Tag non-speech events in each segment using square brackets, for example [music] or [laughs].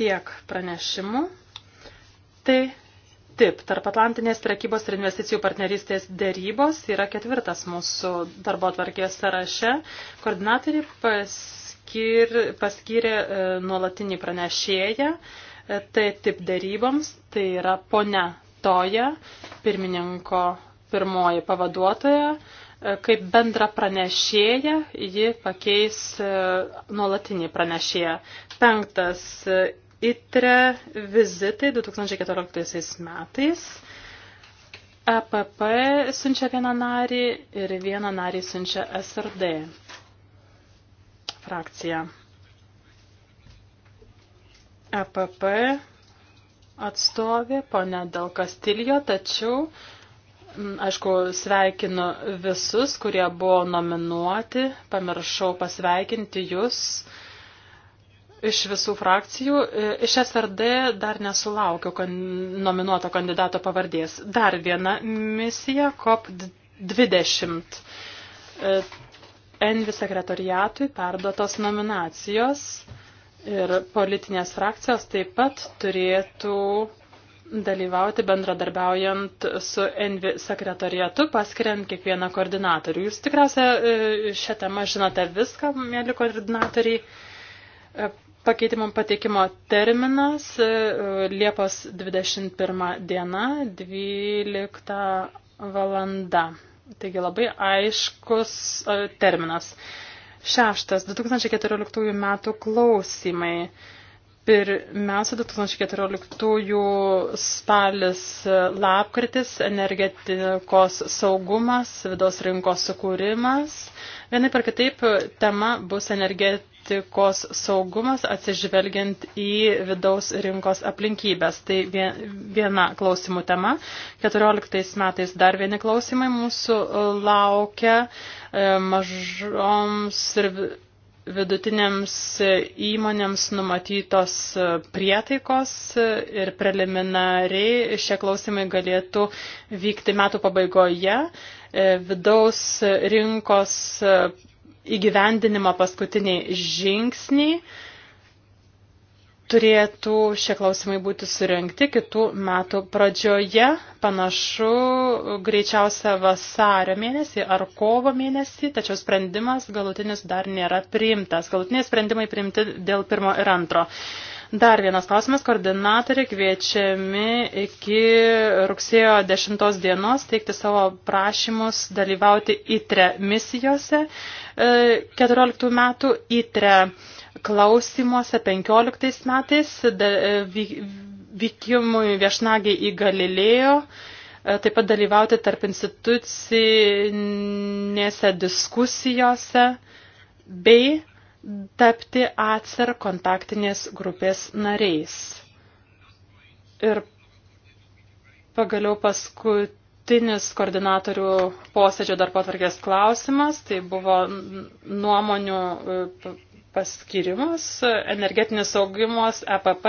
tiek pranešimų. Tai taip, tarp Atlantinės prekybos ir investicijų partnerystės dėrybos yra ketvirtas mūsų darbo tvarkės sąraše. Koordinatoriai paskir, paskyrė e, nuolatinį pranešėją. E, tai taip dėryboms, tai yra ponia Toja, pirmininko pirmoji pavaduotoja, e, kaip bendra pranešėja, ji pakeis e, nuolatinį pranešėją. Penktas e, ITRE vizitai 2014 metais. EPP siunčia vieną narį ir vieną narį siunčia SRD frakcija. EPP atstovė, ponė Del Castillo, tačiau, aišku, sveikinu visus, kurie buvo nominuoti, pamiršau pasveikinti jūs iš visų frakcijų. E, iš SRD dar nesulaukiu kan, nominuoto kandidato pavardės. Dar viena misija COP20. E, Envi sekretariatui perduotos nominacijos ir politinės frakcijos taip pat turėtų dalyvauti bendradarbiaujant su Envi sekretariatu, paskiriant kiekvieną koordinatorių. Jūs tikriausia e, šią temą žinote viską, mėly koordinatoriai Pakeitimo pateikimo terminas e, Liepos 21 diena 12 valanda. Taigi labai aiškus e, terminas. Šeštas, 2014 metų klausimai. Pirmiausia, 2014 spalis lapkritis, energetikos saugumas, vidaus rinkos sukūrimas. Vienaip ar kitaip tema bus energetikos politikos saugumas atsižvelgiant į vidaus rinkos aplinkybės. Tai viena klausimų tema. 14 metais dar vieni klausimai mūsų e, laukia e, mažoms ir vidutinėms įmonėms numatytos e, prietaikos ir preliminariai šie klausimai galėtų vykti metų pabaigoje. Vidaus rinkos įgyvendinimo paskutiniai žingsniai. Turėtų šie klausimai būti surinkti kitų metų pradžioje, panašu greičiausia vasario mėnesį ar kovo mėnesį, tačiau sprendimas galutinis dar nėra priimtas. Galutiniai sprendimai priimti dėl pirmo ir antro. Dar vienas klausimas. Koordinatoriai kviečiami iki rugsėjo 10 dienos teikti savo prašymus dalyvauti ITRE misijose 14 e, metų ITRE klausimuose 15 metais e, vykimui viešnagiai į Galilėjo e, taip pat dalyvauti tarp institucinėse diskusijose bei tapti ACER kontaktinės grupės nariais. Ir pagaliau paskutinis koordinatorių posėdžio darbo tvarkės klausimas, tai buvo nuomonių e, paskirimas, energetinis saugimas, EPP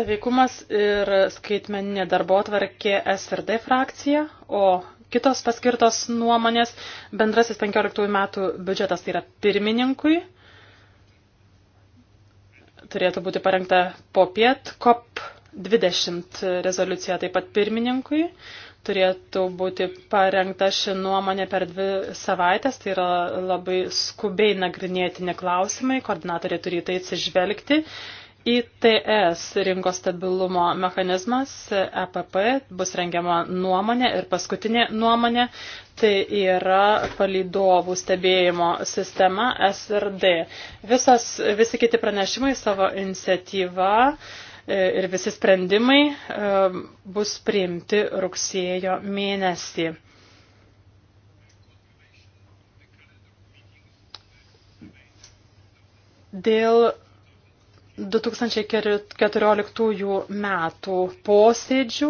Saveikumas ir skaitmeninė darbo atvarkė SRD frakcija, o kitos paskirtos nuomonės bendrasis 15 metų biudžetas tai yra pirmininkui. Turėtų būti parengta popiet COP 20 rezoliucija taip pat pirmininkui. Turėtų būti parengta ši nuomonė per dvi savaitės, tai yra labai skubiai nagrinėtini klausimai, koordinatoriai turi tai atsižvelgti. ITS rinkos stabilumo mechanizmas, EPP, bus rengiama nuomonė ir paskutinė nuomonė, tai yra palydovų stebėjimo sistema SRD. Visas, visi kiti pranešimai savo iniciatyva e, ir visi sprendimai e, bus priimti rugsėjo mėnesį. Dėl 2014 metų posėdžių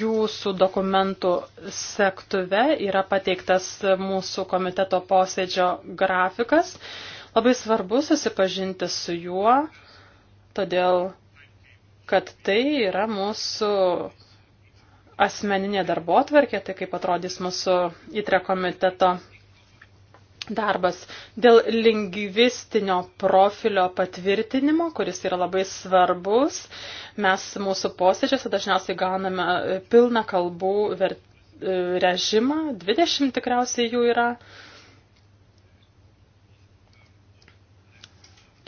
jūsų dokumentų sektuve yra pateiktas mūsų komiteto posėdžio grafikas. Labai svarbu susipažinti su juo, todėl kad tai yra mūsų asmeninė darbo tvarkė, tai kaip atrodys mūsų įtre komiteto darbas dėl lingvistinio profilio patvirtinimo, kuris yra labai svarbus. Mes mūsų posėdžiuose dažniausiai gauname e, pilną kalbų e, režimą, 20 tikriausiai jų yra.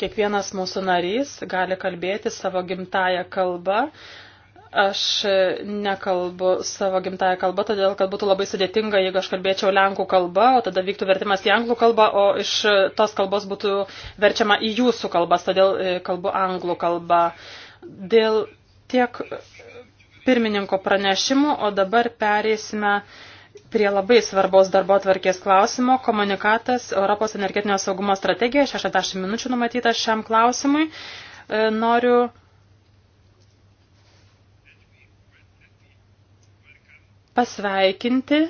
Kiekvienas mūsų narys gali kalbėti savo gimtają kalbą, Aš nekalbu savo gimtają kalbą, todėl kad būtų labai sudėtinga, jeigu aš kalbėčiau lenkų kalbą, o tada vyktų vertimas į anglų kalbą, o iš tos kalbos būtų verčiama į jūsų kalbas, todėl e, kalbu anglų kalbą. Dėl tiek pirmininko pranešimų, o dabar pereisime prie labai svarbaus darbo atvarkės klausimo. Komunikatas Europos energetinio saugumo strategija, 60 minučių numatytas šiam klausimui. E, noriu pasveikinti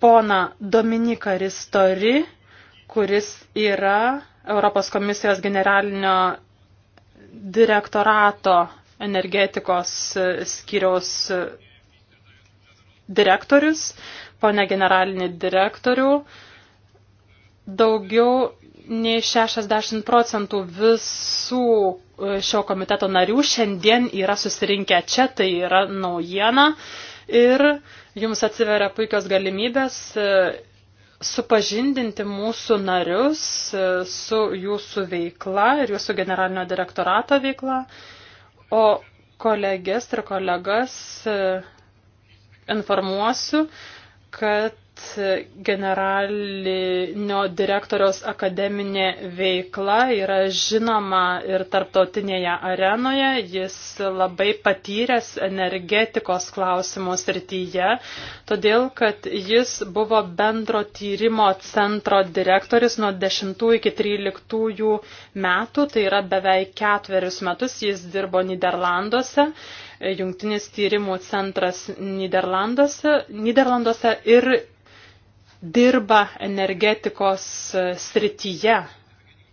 poną Dominiką Ristori, kuris yra Europos komisijos generalinio direktorato energetikos skyriaus direktorius, pone generalinį direktorių. Daugiau nei 60 procentų visų šio komiteto narių šiandien yra susirinkę čia, tai yra naujiena ir jums atsiveria puikios galimybės e, supažindinti mūsų narius e, su jūsų veikla ir jūsų generalinio direktorato veikla, o kolegės ir kolegas e, informuosiu, kad generalinio direktoriaus akademinė veikla yra žinoma ir tarptautinėje arenoje. Jis labai patyręs energetikos klausimų srityje, todėl kad jis buvo bendro tyrimo centro direktorius nuo 10 iki 13 metų, tai yra beveik ketverius metus jis dirbo Niderlanduose. Jungtinis tyrimų centras Niderlanduose, Niderlanduose ir dirba energetikos e, srityje.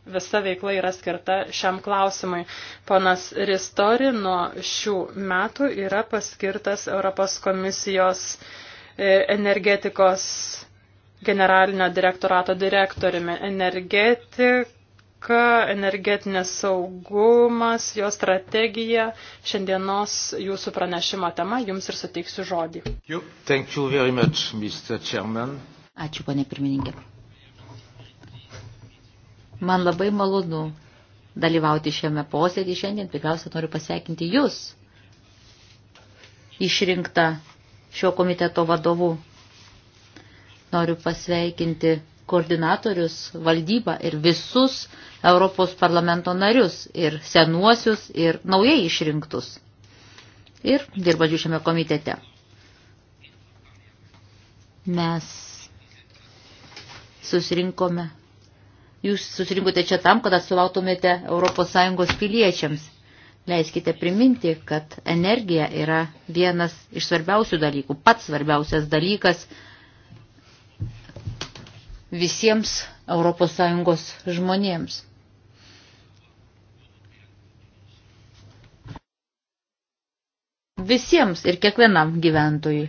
Visa veikla yra skirta šiam klausimui. Ponas Ristori nuo šių metų yra paskirtas Europos komisijos e, energetikos generalinio direktorato direktoriumi. Energetika, energetinės saugumas, jo strategija, šiandienos jūsų pranešimo tema, jums ir suteiksiu žodį. Thank you very much, Mr. Chairman. Ačiū, ponė pirmininkė. Man labai malonu dalyvauti šiame posėdį šiandien. Pirmiausia, noriu pasveikinti Jūs, išrinktą šio komiteto vadovu. Noriu pasveikinti koordinatorius, valdybą ir visus Europos parlamento narius, ir senuosius, ir naujai išrinktus, ir dirbančių šiame komitete. Mes susirinkome. Jūs susirinkote čia tam, kad atstovautumėte ES piliečiams. Leiskite priminti, kad energija yra vienas iš svarbiausių dalykų, pats svarbiausias dalykas visiems ES žmonėms. Visiems ir kiekvienam gyventojui.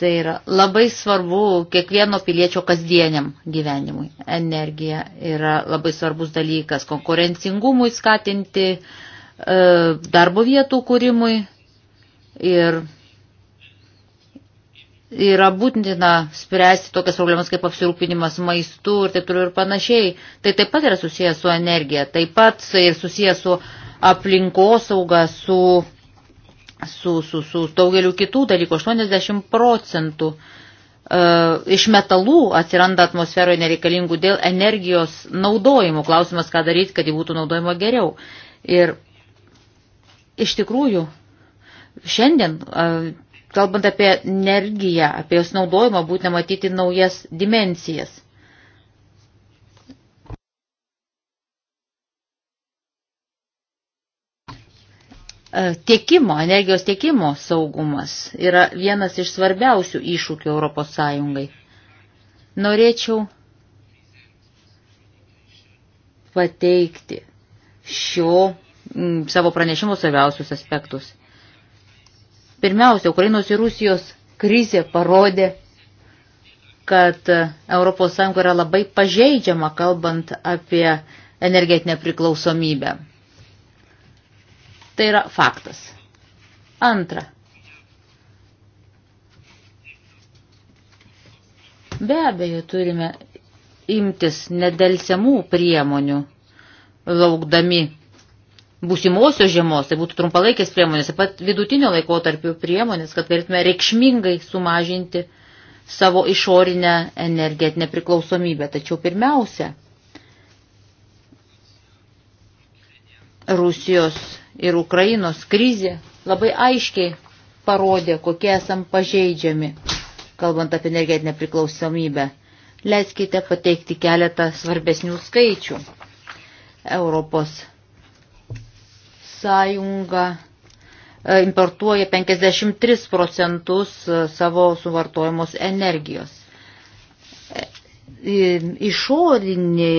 Tai yra labai svarbu kiekvieno piliečio kasdieniam gyvenimui. Energija yra labai svarbus dalykas konkurencingumui skatinti, e, darbo vietų kūrimui ir yra būtina spręsti tokias problemas kaip apsirūpinimas maistu ir taip toliau ir panašiai. Tai taip pat yra susijęs su energija, taip pat ir susijęs su aplinkosauga, su su, su, su daugeliu kitų dalykų. 80 procentų e, iš metalų atsiranda atmosferoje nereikalingų dėl energijos naudojimo. Klausimas, ką daryti, kad jį būtų naudojama geriau. Ir iš tikrųjų, šiandien, e, kalbant apie energiją, apie jos naudojimą, būtina matyti naujas dimensijas. E, tiekimo, energijos tiekimo saugumas yra vienas iš svarbiausių iššūkių Europos Sąjungai. Norėčiau pateikti šio m, savo pranešimo svarbiausius aspektus. Pirmiausia, Ukrainos ir Rusijos krizė parodė, kad ES yra labai pažeidžiama, kalbant apie energetinę priklausomybę. Tai yra faktas. Antra. Be abejo, turime imtis nedelsiamų priemonių, laukdami būsimosios žiemos, tai būtų trumpalaikės priemonės, pat vidutinio laikotarpio priemonės, kad galėtume reikšmingai sumažinti savo išorinę energetinę priklausomybę. Tačiau pirmiausia, Rusijos ir Ukrainos krizė labai aiškiai parodė, kokie esam pažeidžiami, kalbant apie energetinę priklausomybę. Leiskite pateikti keletą svarbesnių skaičių. Europos sąjunga e, importuoja 53 procentus e, savo suvartojamos energijos. E, išorinį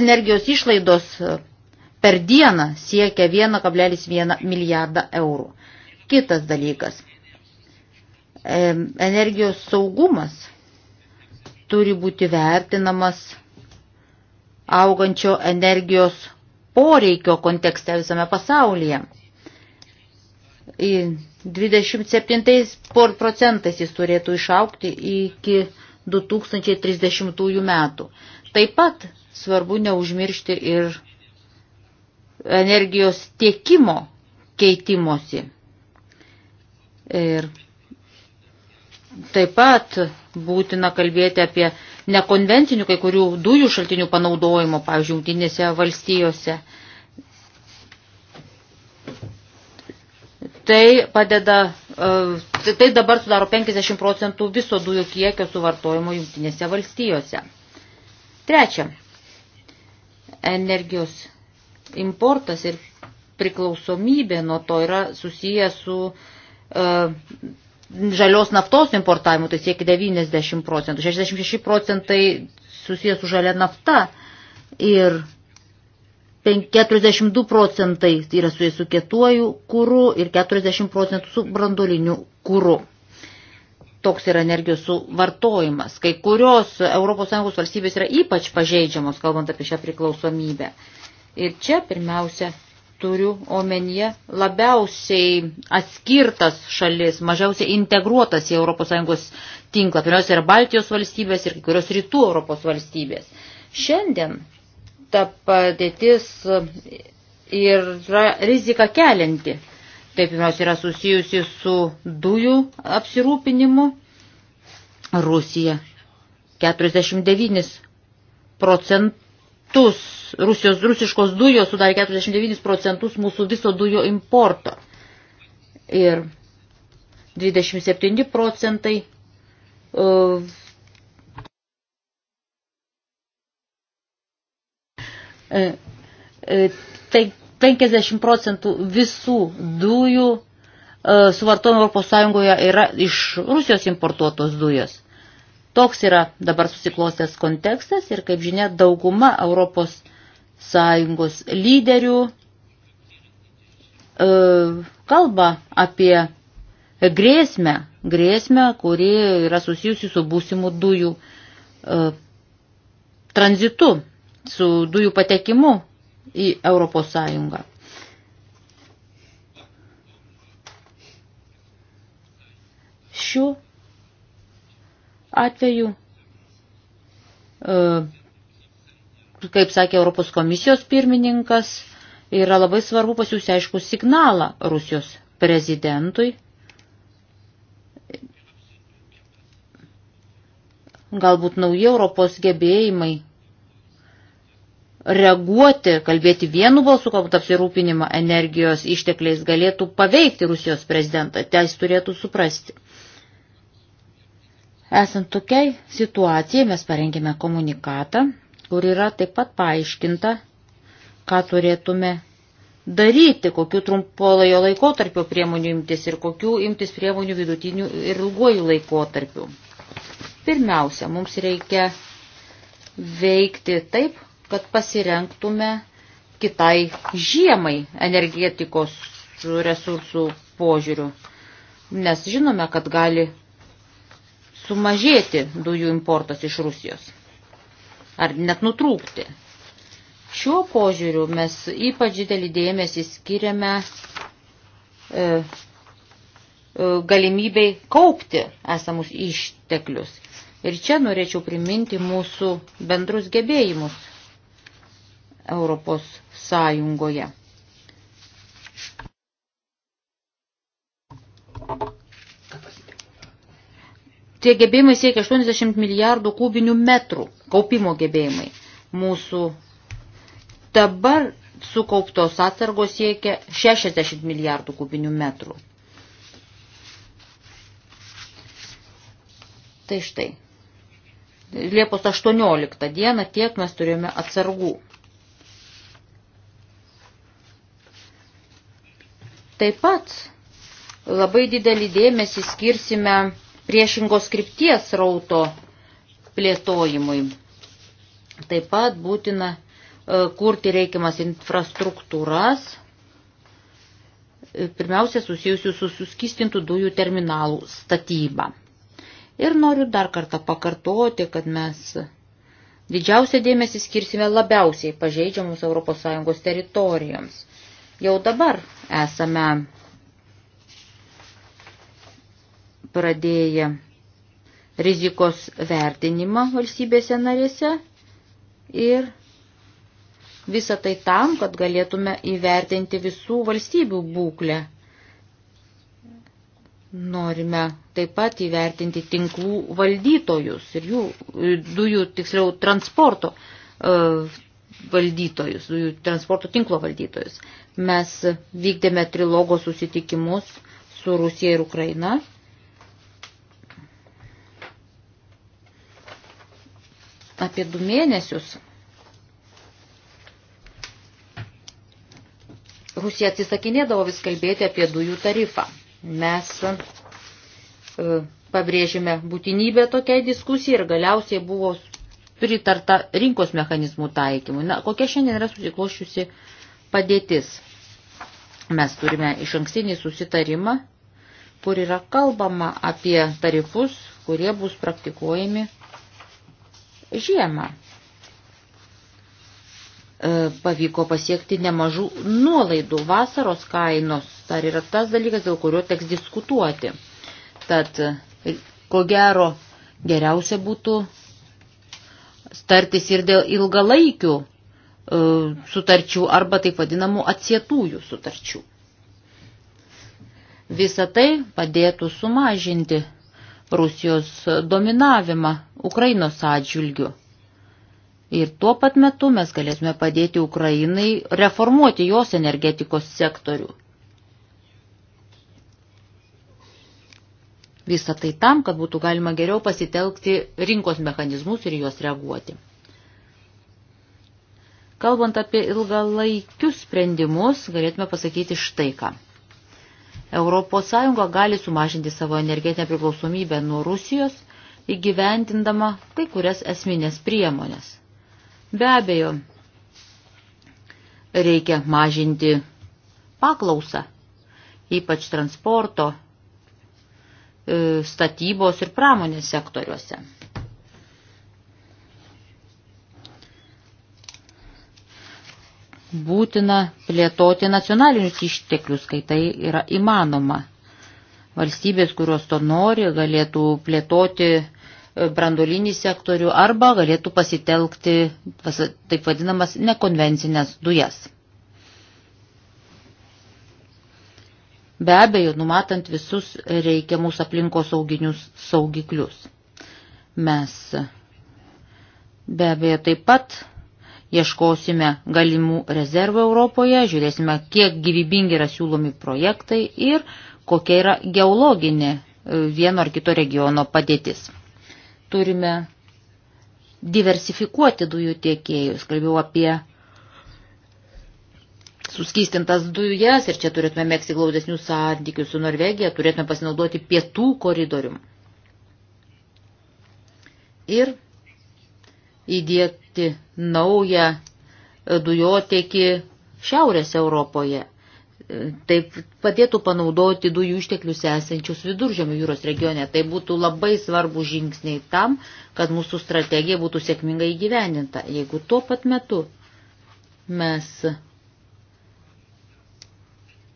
energijos išlaidos per dieną siekia 1,1 milijardą eurų. Kitas dalykas. Energijos saugumas turi būti vertinamas augančio energijos poreikio kontekste visame pasaulyje. 27 procentais jis turėtų išaukti iki 2030 metų. Taip pat svarbu neužmiršti ir energijos tiekimo keitimosi. Ir taip pat būtina kalbėti apie nekonvencinių kai kurių dujų šaltinių panaudojimo, pavyzdžiui, jungtinėse valstijose. Tai padeda, e, tai dabar sudaro 50 procentų viso dujų kiekio suvartojimo jungtinėse valstijose. Trečia, energijos importas ir priklausomybė nuo to yra susiję su uh, žalios naftos importavimu, tai siekia 90 procentų, 66 procentai susiję su žalia nafta ir 42 procentai yra susiję su kietuoju kūru ir 40 procentų su brandoliniu kūru toks yra energijos suvartojimas. Kai kurios ES valstybės yra ypač pažeidžiamos, kalbant apie šią priklausomybę. Ir čia pirmiausia turiu omenyje labiausiai atskirtas šalis, mažiausiai integruotas į ES tinklą. Pirmiausia yra Baltijos valstybės ir kai kurios rytų Europos valstybės. Šiandien ta padėtis yra rizika kelianti Tai pirmiausia yra susijusi su dujų apsirūpinimu. Rusija 49 procentus, Rusijos, rusiškos dujos sudarė 49 procentus mūsų viso dujo importo. Ir 27 procentai uh, uh, uh, tai 50 procentų visų dujų e, suvartojimo Europos Sąjungoje yra iš Rusijos importuotos dujos. Toks yra dabar susiklostęs kontekstas ir, kaip žinia, dauguma Europos Sąjungos lyderių e, kalba apie grėsmę, grėsmę, kuri yra susijusi su būsimu dujų e, tranzitu, su dujų patekimu į Europos Sąjungą. Šiuo atveju, e, kaip sakė Europos komisijos pirmininkas, yra labai svarbu pasiūsti aišku signalą Rusijos prezidentui. Galbūt nauji Europos gebėjimai reaguoti, kalbėti vienu balsu, kalbant apsirūpinimą energijos ištekliais, galėtų paveikti Rusijos prezidentą, teis tai turėtų suprasti. Esant tokiai situacijai mes parengėme komunikatą, kur yra taip pat paaiškinta, ką turėtume daryti, kokiu trumpolajo laikotarpio priemonių imtis ir kokiu imtis priemonių vidutinių ir ilguoju laikotarpiu. Pirmiausia, mums reikia veikti taip, kad pasirenktume kitai žiemai energetikos resursų požiūrių. Nes žinome, kad gali sumažėti dujų importas iš Rusijos. Ar net nutrūkti. Šiuo požiūriu mes ypač didelį dėmesį skiriame e, e, galimybei kaupti esamus išteklius. Ir čia norėčiau priminti mūsų bendrus gebėjimus Europos Sąjungoje. Tie gebėjimai siekia 80 milijardų kubinių metrų kaupimo gebėjimai. Mūsų dabar sukauptos atsargos siekia 60 milijardų kubinių metrų. Tai štai. Liepos 18 dieną tiek mes turėjome atsargų. Taip pat labai didelį dėmesį skirsime priešingos skripties rauto plėtojimui. Taip pat būtina e, kurti reikiamas infrastruktūras, e, pirmiausia susijusių su suskistintų dujų terminalų statyba. Ir noriu dar kartą pakartoti, kad mes didžiausią dėmesį skirsime labiausiai pažeidžiamus ES teritorijoms. Jau dabar esame pradėję rizikos vertinimą valstybėse narėse ir visą tai tam, kad galėtume įvertinti visų valstybių būklę. Norime taip pat įvertinti tinklų valdytojus ir jų dujų, tiksliau, transporto e, valdytojus, dujų transporto tinklo valdytojus. Mes vykdėme trilogo susitikimus su Rusija ir Ukraina. Apie du mėnesius Rusija atsisakinėdavo vis kalbėti apie dujų tarifą. Mes e, pabrėžime būtinybę tokiai diskusijai ir galiausiai buvo pritarta rinkos mechanizmų taikymui. Na, kokia šiandien yra susiklošiusi padėtis? Mes turime iš ankstinį susitarimą, kur yra kalbama apie tarifus, kurie bus praktikuojami žiemą. E, pavyko pasiekti nemažų nuolaidų vasaros kainos. Dar yra tas dalykas, dėl kurio teks diskutuoti. Tad, ko gero, geriausia būtų startis ir dėl ilgalaikių e, sutarčių arba taip vadinamų atsietųjų sutarčių. Visa tai padėtų sumažinti Rusijos dominavimą Ukrainos atžvilgiu. Ir tuo pat metu mes galėsime padėti Ukrainai reformuoti jos energetikos sektorių. Visą tai tam, kad būtų galima geriau pasitelkti rinkos mechanizmus ir juos reaguoti. Kalbant apie ilgalaikius sprendimus, galėtume pasakyti štai ką. ES gali sumažinti savo energetinę priklausomybę nuo Rusijos, įgyvendindama kai kurias esminės priemonės. Be abejo, reikia mažinti paklausą, ypač transporto E, statybos ir pramonės sektoriuose. Būtina plėtoti nacionalinius išteklius, kai tai yra įmanoma. Valstybės, kurios to nori, galėtų plėtoti e, brandolinį sektorių arba galėtų pasitelkti taip vadinamas nekonvencinės dujas. be abejo, numatant visus reikiamus aplinkos sauginius saugiklius. Mes be abejo taip pat ieškosime galimų rezervų Europoje, žiūrėsime, kiek gyvybingi yra siūlomi projektai ir kokia yra geologinė e, vieno ar kito regiono padėtis. Turime diversifikuoti dujų tiekėjus, kalbėjau apie suskystintas dujas ir čia turėtume mėgsti glaudesnių santykių su Norvegija, turėtume pasinaudoti pietų koridorium. Ir įdėkti naują e, dujotiekį Šiaurės Europoje. E, taip padėtų panaudoti dujų išteklius esančius viduržėmio jūros regione. Tai būtų labai svarbu žingsniai tam, kad mūsų strategija būtų sėkmingai įgyvendinta. Jeigu tuo pat metu mes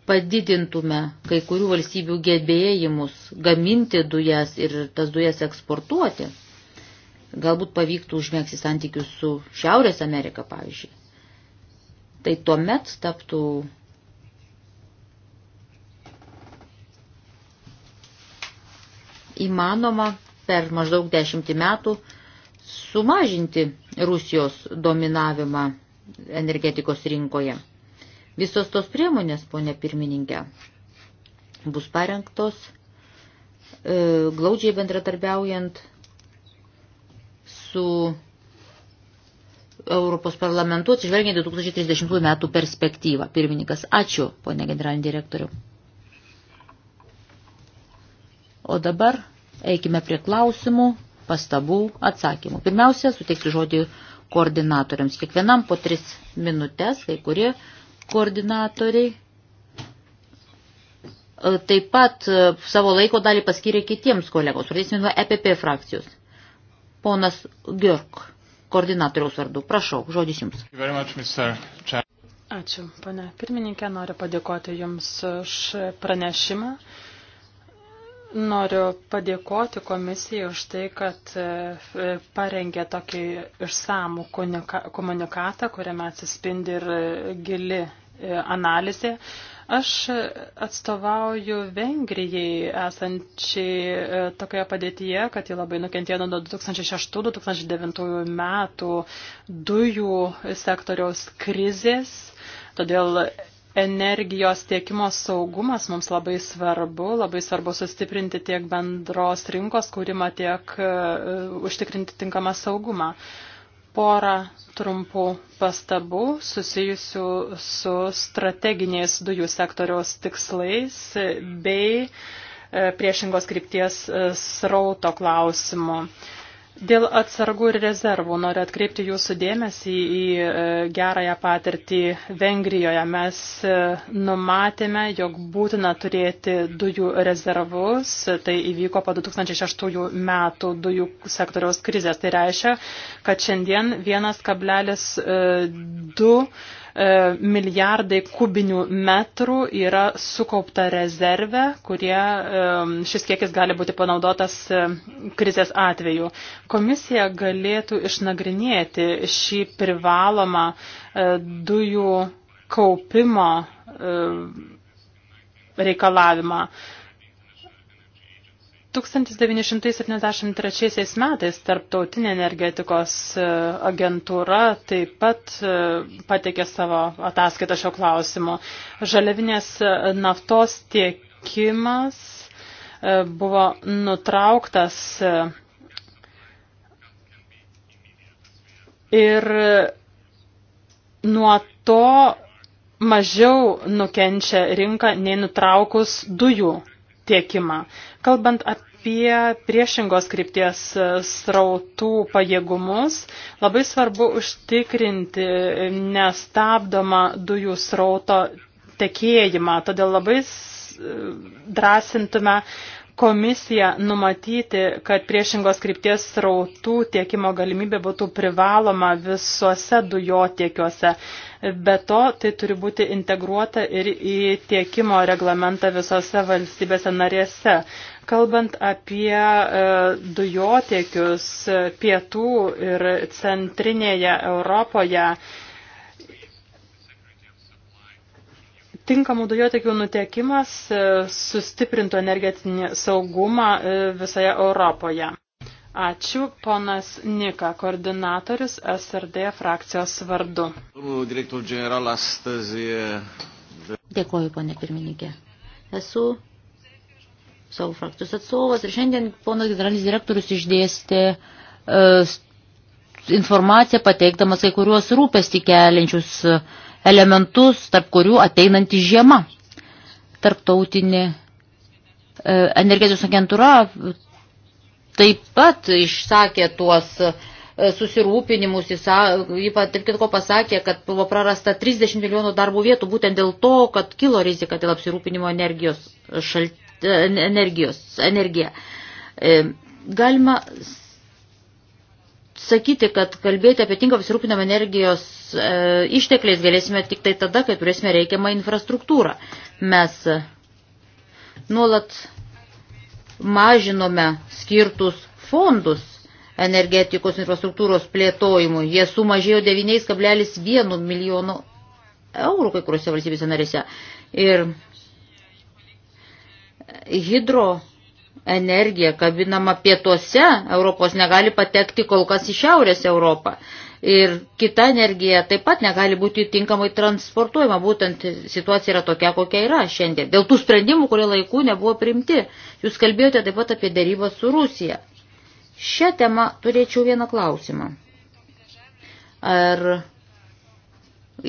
padidintume kai kurių valstybių gebėjimus gaminti dujas ir tas dujas eksportuoti, galbūt pavyktų užmėgsti santykius su Šiaurės Amerika, pavyzdžiui, tai tuomet taptų įmanoma per maždaug dešimtį metų sumažinti Rusijos dominavimą energetikos rinkoje. Visos tos priemonės, ponė pirmininkė, bus parengtos e, glaudžiai bendratarbiaujant su Europos parlamentu atsižvelgiant 2030 metų perspektyvą. Pirmininkas, ačiū, ponė generalinį direktorių. O dabar eikime prie klausimų, pastabų, atsakymų. Pirmiausia, suteiksiu žodį koordinatoriams. Kiekvienam po tris minutės, kai kurie koordinatoriai e, taip pat e, savo laiko dalį paskyrė kitiems kolegos. Pradėsime nuo EPP frakcijos. Ponas Gjörk, koordinatoriaus vardu. Prašau, žodis jums. Ačiū, pane pirmininkė. Noriu padėkoti jums už pranešimą. Noriu padėkoti komisijai už tai, kad e, parengė tokį išsamų komunikatą, kuriame atsispindi ir e, gili e, analizė. Aš atstovauju Vengrijai esančiai tokioje padėtyje, kad ji labai nukentėjo nuo 2006-2009 metų dujų sektoriaus krizės. Todėl Energijos tiekimo saugumas mums labai svarbu, labai svarbu sustiprinti tiek bendros rinkos kūrimą, tiek e, užtikrinti tinkamą saugumą. Porą trumpų pastabų susijusių su strateginiais dujų sektoriaus tikslais bei e, priešingos krypties e, srauto klausimu. Dėl atsargų ir rezervų noriu atkreipti jūsų dėmesį į e, gerąją patirtį Vengrijoje. Mes e, numatėme, jog būtina turėti dujų rezervus. Tai įvyko po 2006 metų dujų sektoriaus krizės. Tai reiškia, kad šiandien 1,2 E, milijardai kubinių metrų yra sukaupta rezerve, kurie e, šis kiekis gali būti panaudotas e, krizės atveju. Komisija galėtų išnagrinėti šį privalomą dujų kaupimo reikalavimą. 1973 metais Tarptautinė energetikos e, agentūra taip pat e, pateikė savo ataskaitą šio klausimo. Žaliavinės e, naftos tiekimas buvo nutrauktas ir nuo to mažiau nukenčia rinka nei nutraukus dujų tiekimą. Kalbant apie priešingos krypties srautų pajėgumus, labai svarbu užtikrinti nestabdomą dujų srauto tekėjimą. Todėl labai drąsintume komisiją numatyti, kad priešingos krypties srautų tiekimo galimybė būtų privaloma visuose dujotiekiuose. Be to, tai turi būti integruota ir į tiekimo reglamentą visose valstybėse narėse. Kalbant apie e, dujotiekius e, pietų ir centrinėje Europoje, Tinkamų dujotekių nutiekimas e, sustiprintų energetinį saugumą visoje Europoje. Ačiū, ponas Nika, koordinatorius SRD frakcijos vardu. E Dėkuoju, ponė pirmininkė. Esu savo frakcijos atstovas ir šiandien ponas generalinis direktorius išdėstė e, informaciją pateikdamas kai kuriuos rūpestį keliančius elementus, tarp kurių ateinanti žiema. Tarptautinė e, energetikos agentūra taip pat išsakė tuos e, susirūpinimus, ji taip kitko pasakė, kad buvo prarasta 30 milijonų darbo vietų būtent dėl to, kad kilo rizika dėl apsirūpinimo energijos, šalt, e, energijos energija. E, galima sakyti, kad kalbėti apie tinkamą apsirūpinimą energijos e, ištekliais galėsime tik tai tada, kai turėsime reikiamą infrastruktūrą. Mes nuolat mažinome skirtus fondus energetikos infrastruktūros plėtojimui. Jie sumažėjo 9,1 milijono eurų kai kuriuose valstybėse narėse. Ir hidro energija kabinama pietuose Europos negali patekti kol kas į šiaurės Europą. Ir kita energija taip pat negali būti tinkamai transportuojama. Būtent situacija yra tokia, kokia yra šiandien. Dėl tų sprendimų, kurie laikų nebuvo primti. Jūs kalbėjote taip pat apie dėrybą su Rusija. Šią temą turėčiau vieną klausimą. Ar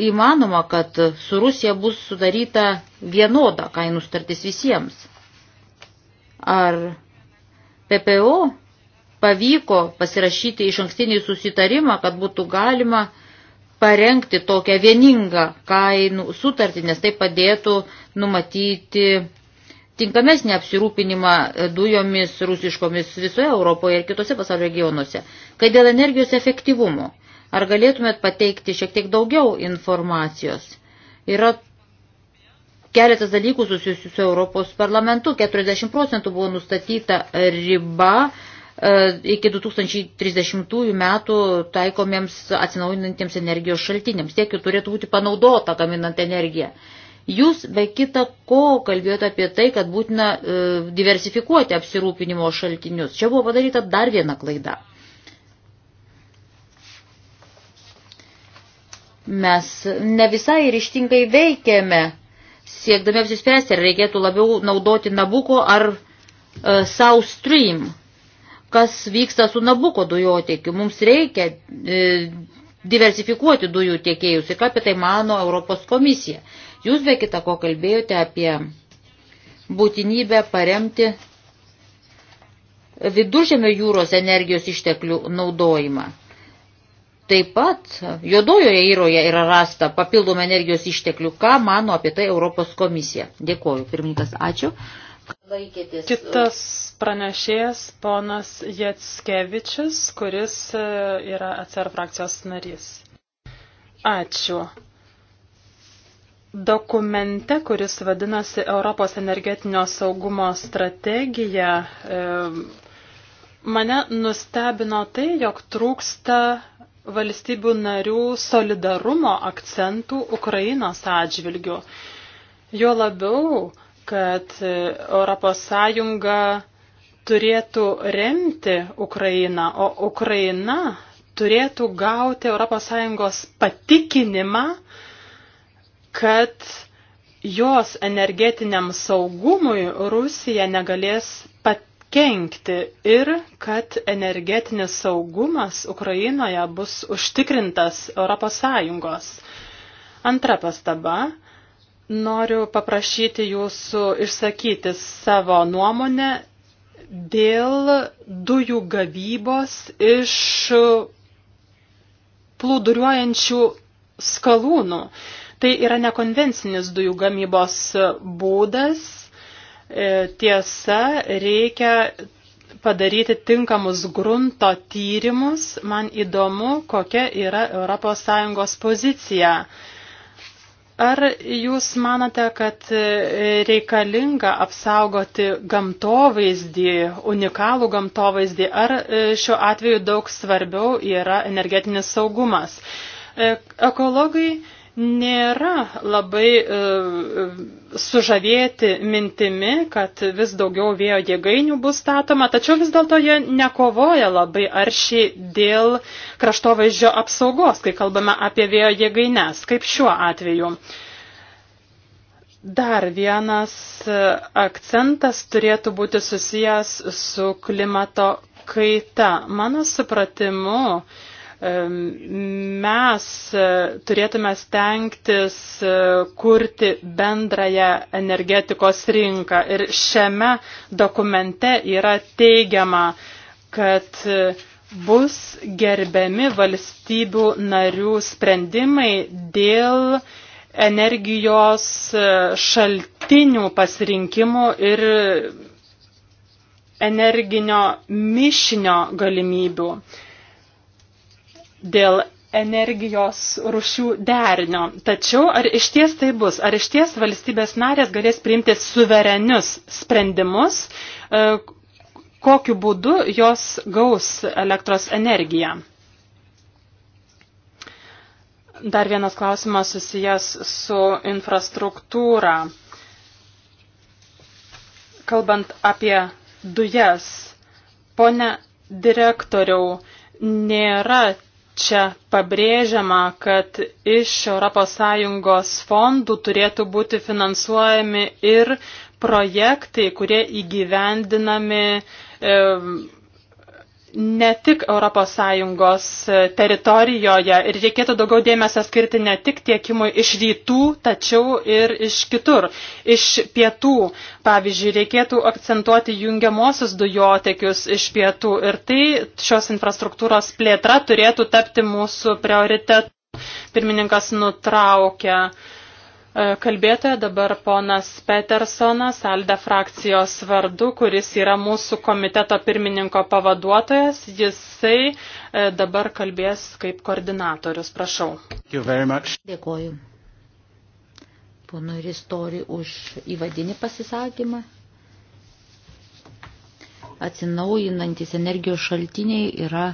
įmanoma, kad su Rusija bus sudaryta vienoda kainų startis visiems? Ar PPO pavyko pasirašyti iš ankstinį susitarimą, kad būtų galima parengti tokią vieningą kainų sutartį, nes tai padėtų numatyti tinkamesnį apsirūpinimą e, dujomis rusiškomis visoje Europoje ir kitose pasaulio regionuose. Kai dėl energijos efektyvumo, ar galėtumėt pateikti šiek tiek daugiau informacijos? Yra keletas dalykų susijusių su Europos parlamentu. 40 procentų buvo nustatyta riba e, iki 2030 metų taikomiems atsinaujinantiems energijos šaltiniams. Tiek jų turėtų būti panaudota gaminant energiją. Jūs be kita ko kalbėjote apie tai, kad būtina e, diversifikuoti apsirūpinimo šaltinius. Čia buvo padaryta dar viena klaida. Mes ne visai ryštingai veikėme, siekdami apsispręsti, ar reikėtų labiau naudoti Nabuko ar e, South Stream. Kas vyksta su Nabuko dujotiekiu? Mums reikia e, diversifikuoti dujų tiekėjus ir ką apie tai mano Europos komisija. Jūs be kita ko kalbėjote apie būtinybę paremti viduržėmio jūros energijos išteklių naudojimą. Taip pat juodojoje įroje yra rasta papildomų energijos išteklių. Ką mano apie tai Europos komisija? Dėkoju, pirmininkas, ačiū. Laikėtis. Kitas pranešėjas, ponas Jatskevičius, kuris e, yra ACR frakcijos narys. Ačiū. Dokumente, kuris vadinasi Europos energetinio saugumo strategija, e, mane nustebino tai, jog trūksta valstybių narių solidarumo akcentų Ukrainos atžvilgių. Jo labiau, kad ES turėtų remti Ukrainą, o Ukraina turėtų gauti ES patikinimą, kad jos energetiniam saugumui Rusija negalės pakenkti ir kad energetinis saugumas Ukrainoje bus užtikrintas ES. Antra pastaba. Noriu paprašyti jūsų išsakyti savo nuomonę dėl dujų gavybos iš plūduriuojančių skalūnų. Tai yra nekonvencinis dujų gamybos būdas. E, tiesa, reikia padaryti tinkamus grunto tyrimus. Man įdomu, kokia yra ES pozicija. Ar jūs manote, kad reikalinga apsaugoti gamtovaizdį, unikalų gamtovaizdį, ar e, šiuo atveju daug svarbiau yra energetinis saugumas? E, ekologai nėra labai e, e, sužavėti mintimi, kad vis daugiau vėjo jėgainių bus statoma, tačiau vis dėlto jie nekovoja labai aršiai dėl kraštovaizdžio apsaugos, kai kalbame apie vėjo jėgaines, kaip šiuo atveju. Dar vienas e, akcentas turėtų būti susijęs su klimato kaita. Mano supratimu, uh, mes e, turėtume stengtis e, kurti bendrąją energetikos rinką. Ir šiame dokumente yra teigiama, kad e, bus gerbiami valstybių narių sprendimai dėl energijos šaltinių pasirinkimų ir energinio mišinio galimybių dėl energijos rušių derinio. Tačiau ar iš ties tai bus? Ar iš ties valstybės narės galės priimti suverenius sprendimus, e, kokiu būdu jos gaus elektros energiją? Dar vienas klausimas susijęs su infrastruktūra. Kalbant apie dujas, pone direktoriau, nėra čia pabrėžiama, kad iš ES fondų turėtų būti finansuojami ir projektai, kurie įgyvendinami e, ne tik ES teritorijoje ir reikėtų daugiau dėmesio skirti ne tik tiekimui iš rytų, tačiau ir iš kitur, iš pietų. Pavyzdžiui, reikėtų akcentuoti jungiamosius dujotekius iš pietų ir tai šios infrastruktūros plėtra turėtų tapti mūsų prioritetu. Pirmininkas nutraukia E, kalbėtoja dabar ponas Petersonas, Alde frakcijos vardu, kuris yra mūsų komiteto pirmininko pavaduotojas. Jisai e, dabar kalbės kaip koordinatorius. Prašau. Dėkoju. Ponui Ristori už įvadinį pasisakymą. Atsinaujinantis energijos šaltiniai yra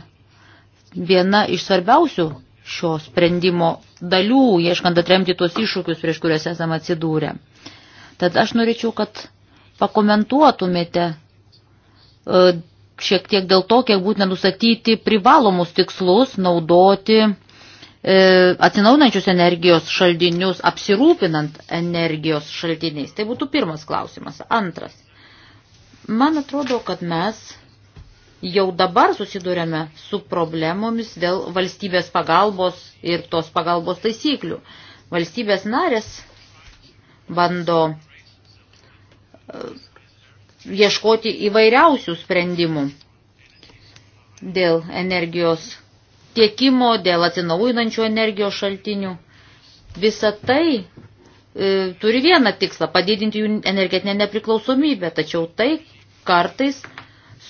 viena iš svarbiausių šio sprendimo dalių, ieškant atremti tuos iššūkius, prieš kuriuos esame atsidūrę. Tad aš norėčiau, kad pakomentuotumėte e, šiek tiek dėl to, kiek būtina nustatyti privalomus tikslus, naudoti e, atsinaunančius energijos šaltinius, apsirūpinant energijos šaltiniais. Tai būtų pirmas klausimas. Antras. Man atrodo, kad mes jau dabar susidurėme su problemomis dėl valstybės pagalbos ir tos pagalbos taisyklių. Valstybės narės bando e, ieškoti įvairiausių sprendimų dėl energijos tiekimo, dėl atsinaujinančių energijos šaltinių. Visa tai e, turi vieną tikslą – padidinti jų energetinę nepriklausomybę, tačiau tai kartais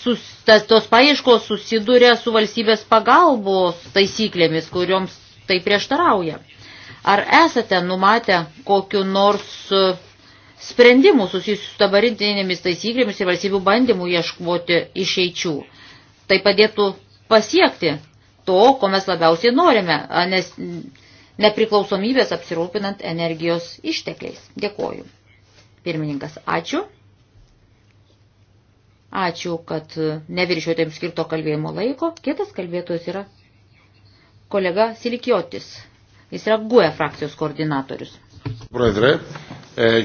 sus, tas, tos paieškos susiduria su valstybės pagalbos taisyklėmis, kurioms tai prieštarauja. Ar esate numatę kokiu nors e, sprendimų susijusių su dabarintinėmis taisyklėmis ir valstybių bandymų ieškoti išeičių? Tai padėtų pasiekti to, ko mes labiausiai norime, nes nepriklausomybės apsirūpinant energijos ištekliais. Dėkoju. Pirmininkas, ačiū. Ačiū, kad neviršiuotėm skirto kalbėjimo laiko. Kitas kalbėtojas yra kolega Silikiotis. Jis yra GUE frakcijos koordinatorius. E,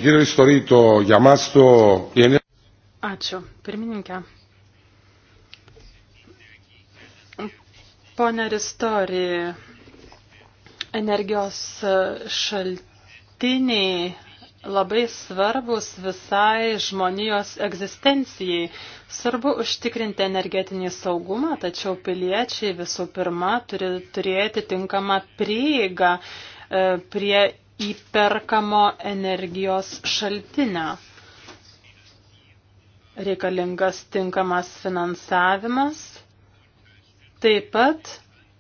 Ačiū, pirmininkė. Pone Ristori, energijos šaltiniai labai svarbus visai žmonijos egzistencijai. Svarbu užtikrinti energetinį saugumą, tačiau piliečiai visų pirma turi turėti tinkamą prieigą e, prie įperkamo energijos šaltinio. Reikalingas tinkamas finansavimas, taip pat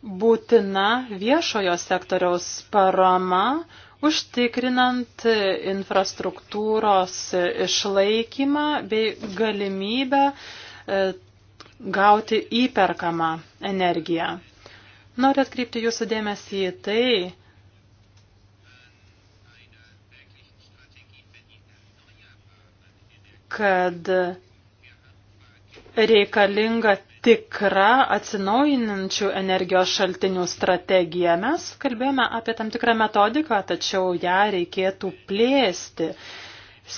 būtina viešojo sektoriaus parama, užtikrinant infrastruktūros išlaikymą bei galimybę e, gauti įperkamą energiją. Noriu atkreipti jūsų dėmesį į tai, kad reikalinga tikra atsinaujinančių energijos šaltinių strategija. Mes kalbėjome apie tam tikrą metodiką, tačiau ją reikėtų plėsti,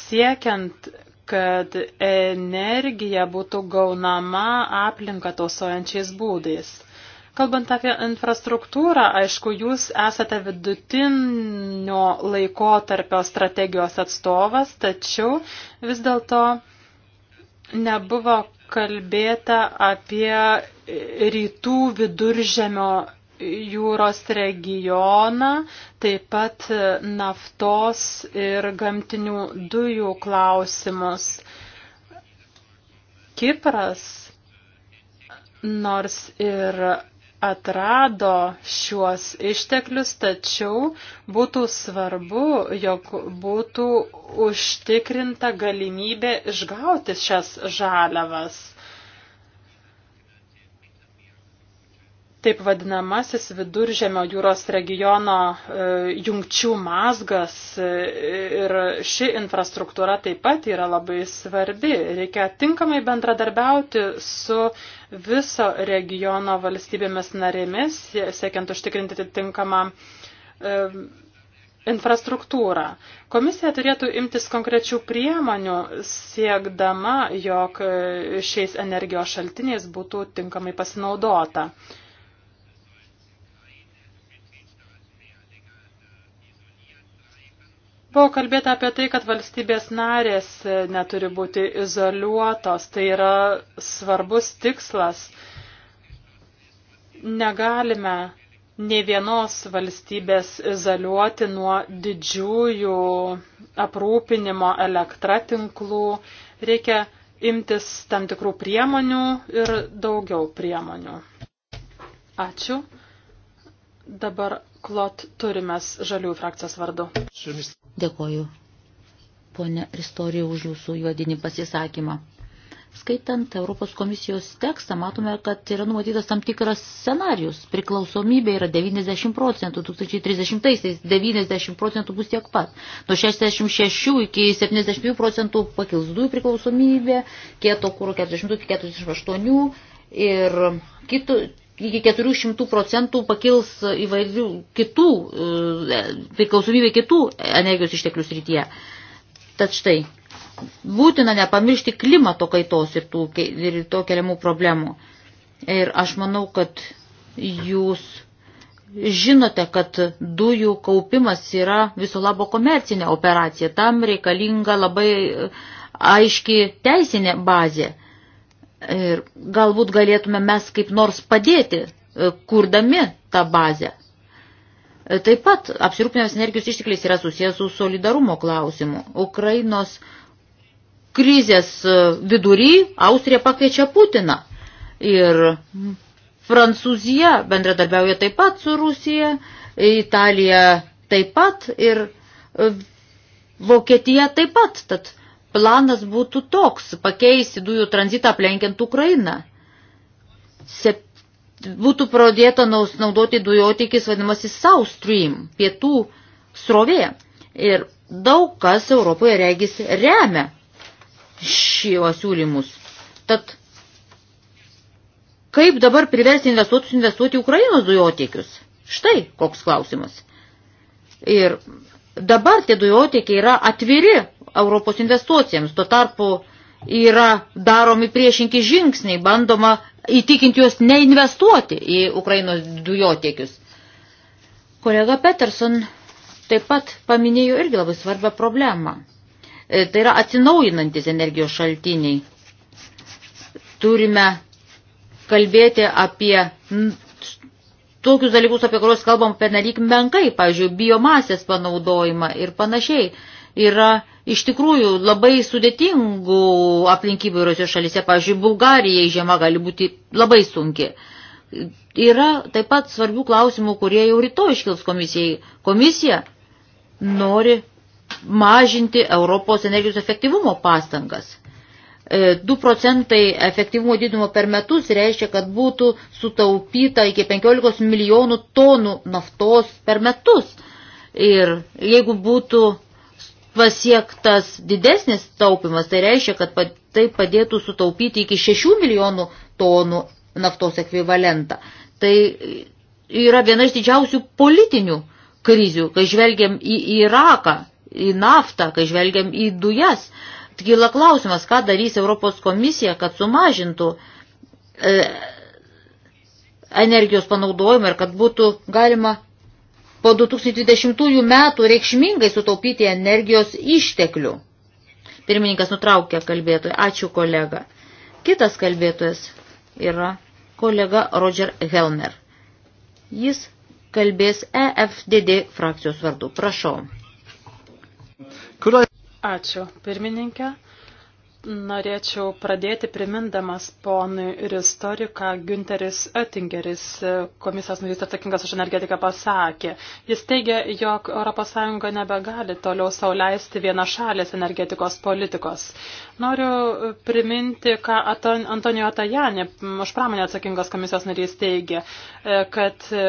siekiant, kad energija būtų gaunama aplinką tausojančiais būdais. Kalbant apie infrastruktūrą, aišku, jūs esate vidutinio laikotarpio strategijos atstovas, tačiau vis dėlto nebuvo kalbėta apie rytų viduržemio jūros regioną, taip pat naftos ir gamtinių dujų klausimus. Kipras, nors ir atrado šiuos išteklius, tačiau būtų svarbu, jog būtų užtikrinta galimybė išgauti šias žaliavas. taip vadinamasis viduržemio jūros regiono e, jungčių mazgas e, ir ši infrastruktūra taip pat yra labai svarbi. Reikia tinkamai bendradarbiauti su viso regiono valstybėmis narėmis, siekiant užtikrinti tinkamą e, infrastruktūrą. Komisija turėtų imtis konkrečių priemonių, siekdama, jog šiais energijos šaltiniais būtų tinkamai pasinaudota. Buvo kalbėta apie tai, kad valstybės narės e, neturi būti izoliuotos. Tai yra svarbus tikslas. Negalime nei vienos valstybės izoliuoti nuo didžiųjų aprūpinimo elektratinklų. Reikia imtis tam tikrų priemonių ir daugiau priemonių. Ačiū. Dabar Klot turimės žaliųjų frakcijos vardu. Dėkoju, ponė Ristorija, už jūsų juodinį pasisakymą. Skaitant Europos komisijos tekstą, matome, kad yra numatytas tam tikras scenarius. Priklausomybė yra 90 procentų, 2030-aisiais 90 procentų bus tiek pat. Nuo 66 iki 70 procentų pakils dujų priklausomybė, kieto kūro 40 iki 48 ir kitų iki 400 procentų pakils įvairių kitų, e, priklausomybė kitų energijos išteklių srityje. Tad štai, būtina nepamiršti klimato kaitos ir, tų, ir to keliamų problemų. Ir aš manau, kad jūs žinote, kad dujų kaupimas yra viso labo komercinė operacija. Tam reikalinga labai e, aiški teisinė bazė. Ir galbūt galėtume mes kaip nors padėti, e, kurdami tą bazę. E, taip pat apsirūpinęs energijos ištikliais yra susijęs su solidarumo klausimu. Ukrainos krizės e, vidury Austrija pakviečia Putiną ir Prancūzija bendradarbiauja taip pat su Rusija, Italija taip pat ir Vokietija taip pat. Tad planas būtų toks – pakeisti dujų tranzitą aplenkiant Ukrainą. Sep būtų pradėta naudoti dujotikis vadinamasis South Stream, pietų srovė. Ir daug kas Europoje regis remia šios siūlymus. Tad kaip dabar priversti investuotus investuoti Ukrainos dujotiekius? Štai koks klausimas. Ir Dabar tie dujotiekiai yra atviri Europos investuocijams, tuo tarpu yra daromi priešinki žingsniai, bandoma įtikinti juos neinvestuoti į Ukrainos dujotiekius. Kolega Peterson taip pat paminėjo irgi labai svarbią problemą. E, tai yra atsinaujinantis energijos šaltiniai. Turime kalbėti apie tokius dalykus, apie kuriuos kalbam pernelyg menkai, pavyzdžiui, biomasės panaudojimą ir panašiai, yra iš tikrųjų labai sudėtingų aplinkybių įvairiose šalise. Pavyzdžiui, Bulgarijai žiema gali būti labai sunki. Yra taip pat svarbių klausimų, kurie jau rytoj iškils komisijai. Komisija nori mažinti Europos energijos efektyvumo pastangas. 2 e, procentai efektyvumo didinimo per metus reiškia, kad būtų sutaupyta iki 15 milijonų tonų naftos per metus. Ir jeigu būtų pasiektas didesnis taupimas, tai reiškia, kad tai padėtų sutaupyti iki 6 milijonų tonų naftos ekvivalentą. Tai yra viena iš didžiausių politinių krizių, kai žvelgiam į Iraką, į naftą, kai žvelgiam į dujas. Uh, kyla klausimas, ką darys Europos komisija, kad sumažintų e, energijos panaudojimą ir kad būtų galima po 2020 metų reikšmingai sutaupyti energijos išteklių. Pirmininkas nutraukė kalbėtoją. Ačiū kolega. Kitas kalbėtojas yra kolega Roger Helmer. Jis kalbės EFDD frakcijos vardu. Prašau. Ačiū, pirmininkė. Norėčiau pradėti primindamas ponui ir istoriką Günteris Oettingeris, e, komisijos narys atsakingas už energetiką, pasakė. Jis teigia, jog ES nebegali toliau sauliaisti vienašalės energetikos politikos. Noriu priminti, ką Antonijo Tajani, už pramonę atsakingas komisijos narys, teigia, e, kad e,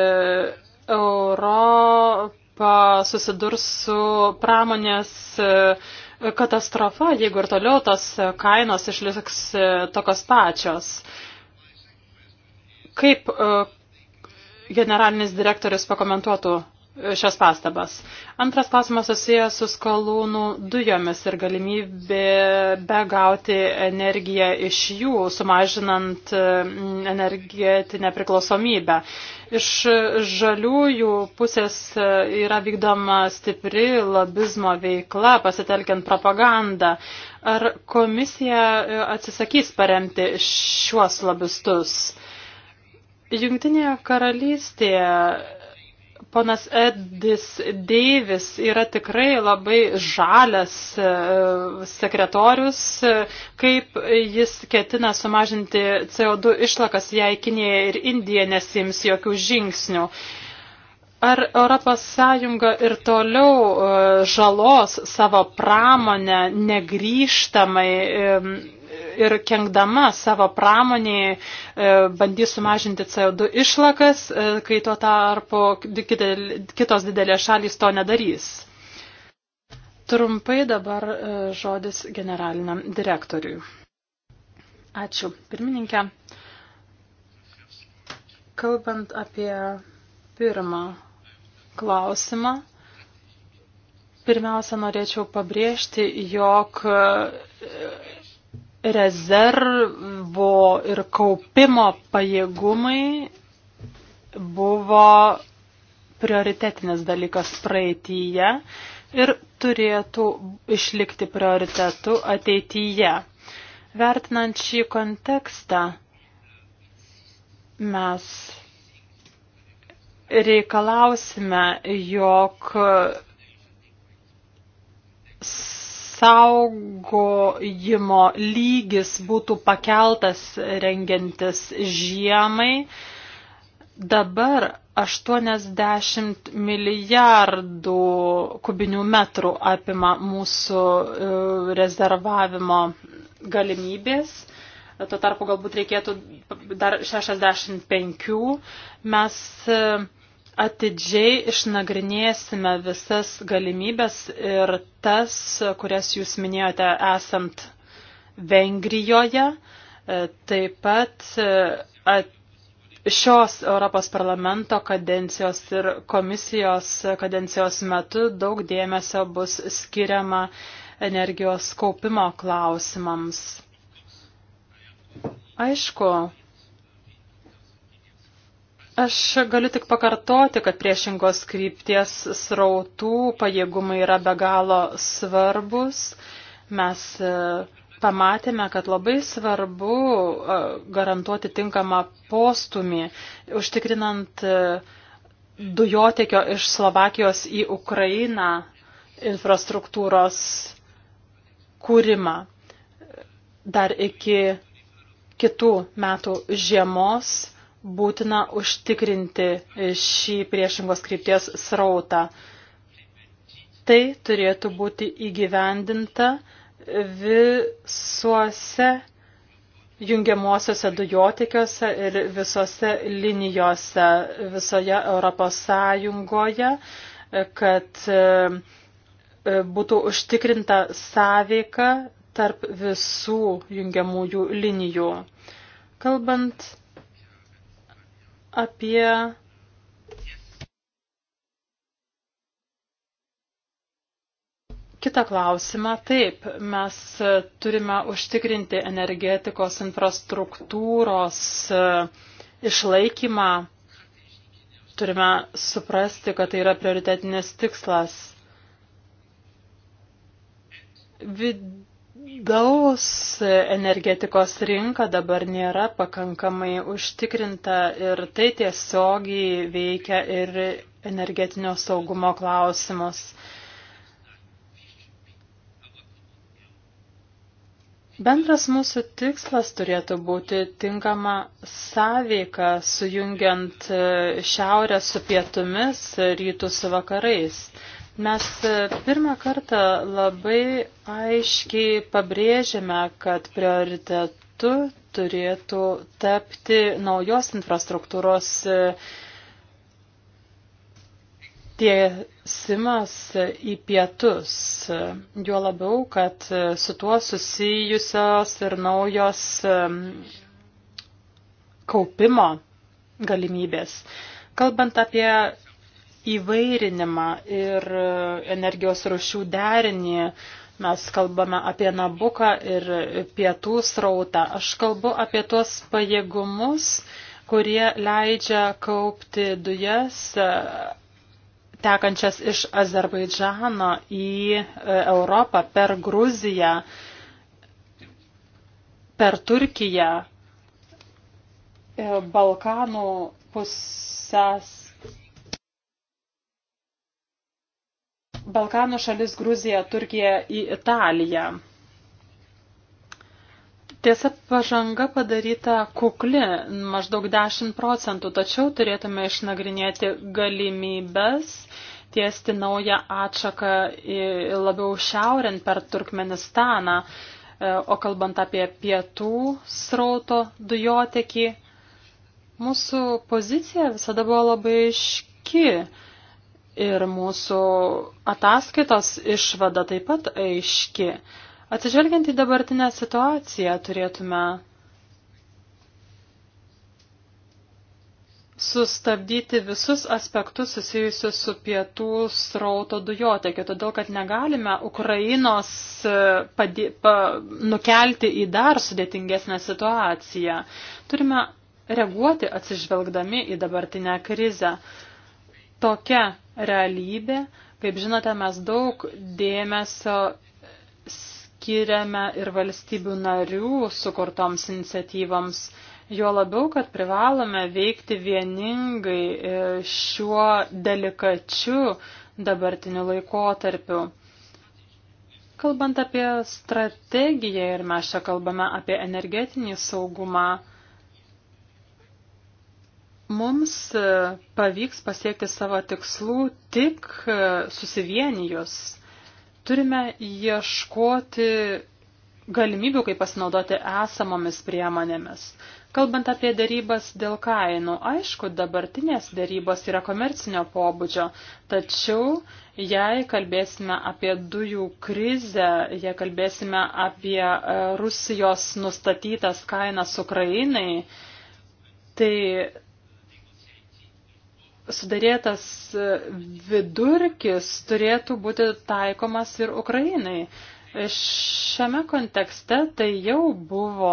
Europa susidurs su pramonės katastrofa, jeigu ir toliau tas kainos išliks e, tokios pačios. Kaip e, generalinis direktorius pakomentuotų e, šias pastabas. Antras klausimas susijęs su skalūnų dujomis ir galimybė begauti energiją iš jų, sumažinant energetinę priklausomybę. Iš žaliųjų pusės e, yra vykdoma stipri lobizmo veikla, pasitelkiant propagandą. Ar komisija e, atsisakys paremti šiuos lobistus? Jungtinėje karalystėje Ponas Edis Deivis yra tikrai labai žalias e, sekretorius, e, kaip jis ketina sumažinti CO2 išlakas, jei Kinėje ir Indija nesims jokių žingsnių. Ar ES ir toliau e, žalos savo pramonę negryžtamai ir kengdama savo pramoniai e, bandys sumažinti CO2 išlakas, e, kai tuo tarpu kitos didelės šalys to nedarys. Trumpai dabar e, žodis generaliniam direktoriui. Ačiū, pirmininkė. Kalbant apie pirmą klausimą, pirmiausia norėčiau pabrėžti, jog rezervo ir kaupimo pajėgumai buvo prioritetinis dalykas praeityje ir turėtų išlikti prioritetu ateityje. Vertinant šį kontekstą, mes reikalausime, jog saugojimo lygis būtų pakeltas rengiantis žiemai. Dabar 80 milijardų kubinių metrų apima mūsų e, rezervavimo galimybės. Tuo tarpu galbūt reikėtų dar 65. Mes e, atidžiai išnagrinėsime visas galimybės ir tas, kurias jūs minėjote esant Vengrijoje, e, taip pat e, at, šios Europos parlamento kadencijos ir komisijos kadencijos metu daug dėmesio bus skiriama energijos kaupimo klausimams. Aišku, Aš galiu tik pakartoti, kad priešingos krypties srautų pajėgumai yra be galo svarbus. Mes e, pamatėme, kad labai svarbu e, garantuoti tinkamą postumį, užtikrinant e, dujotekio iš Slovakijos į Ukrainą infrastruktūros kūrimą. Dar iki kitų metų žiemos būtina užtikrinti šį priešingos krypties srautą. Tai turėtų būti įgyvendinta visuose jungiamuosiuose dujotikiuose ir visose linijose visoje Europos Sąjungoje, kad e, būtų užtikrinta sąveika tarp visų jungiamųjų linijų. Kalbant apie Kita klausimą. Taip, mes turime užtikrinti energetikos infrastruktūros e, išlaikymą. Turime suprasti, kad tai yra prioritetinis tikslas. Vid vidaus energetikos rinka dabar nėra pakankamai užtikrinta ir tai tiesiogiai veikia ir energetinio saugumo klausimus. Bendras mūsų tikslas turėtų būti tinkama sąveika, sujungiant šiaurę su pietumis, rytų su vakarais. Mes e, pirmą kartą labai aiškiai pabrėžėme, kad prioritetu turėtų tapti naujos infrastruktūros e, tiesimas į pietus. Juo labiau, kad e, su tuo susijusios ir naujos kaupimo galimybės. Kalbant apie įvairinimą ir e, energijos rušių derinį. Mes kalbame apie nabuką ir pietų srautą. Aš kalbu apie tuos pajėgumus, kurie leidžia kaupti dujas e, tekančias iš Azerbaidžano į e, Europą per Gruziją, per Turkiją, Balkanų pusės Balkanų šalis Gruzija, Turkija į Italiją. Tiesa, pažanga padaryta kukli, maždaug 10 procentų, tačiau turėtume išnagrinėti galimybės tiesti naują atšaką į labiau šiaurint per Turkmenistaną, e, o kalbant apie pietų srauto dujotekį, mūsų pozicija visada buvo labai iški. Ir mūsų ataskaitos išvada taip pat aiški. Atsižvelgiant į dabartinę situaciją turėtume sustabdyti visus aspektus susijusius su pietų srauto dujotekiu, todėl kad negalime Ukrainos e, padė, pa, nukelti į dar sudėtingesnę situaciją. Turime reaguoti atsižvelgdami į dabartinę krizę tokia realybė. Kaip žinote, mes daug dėmesio skiriame ir valstybių narių sukurtoms iniciatyvams. Jo labiau, kad privalome veikti vieningai e, šiuo delikačiu dabartiniu laikotarpiu. Kalbant apie strategiją ir mes čia kalbame apie energetinį saugumą, Mums e, pavyks pasiekti savo tikslų tik e, susivienijus. Turime ieškoti galimybių, kaip pasinaudoti esamomis priemonėmis. Kalbant apie darybas dėl kainų, aišku, dabartinės darybos yra komercinio pobūdžio, tačiau jei kalbėsime apie dujų krizę, jei kalbėsime apie e, Rusijos nustatytas kainas Ukrainai, tai sudarėtas vidurkis turėtų būti taikomas ir Ukrainai. Šiame kontekste tai jau buvo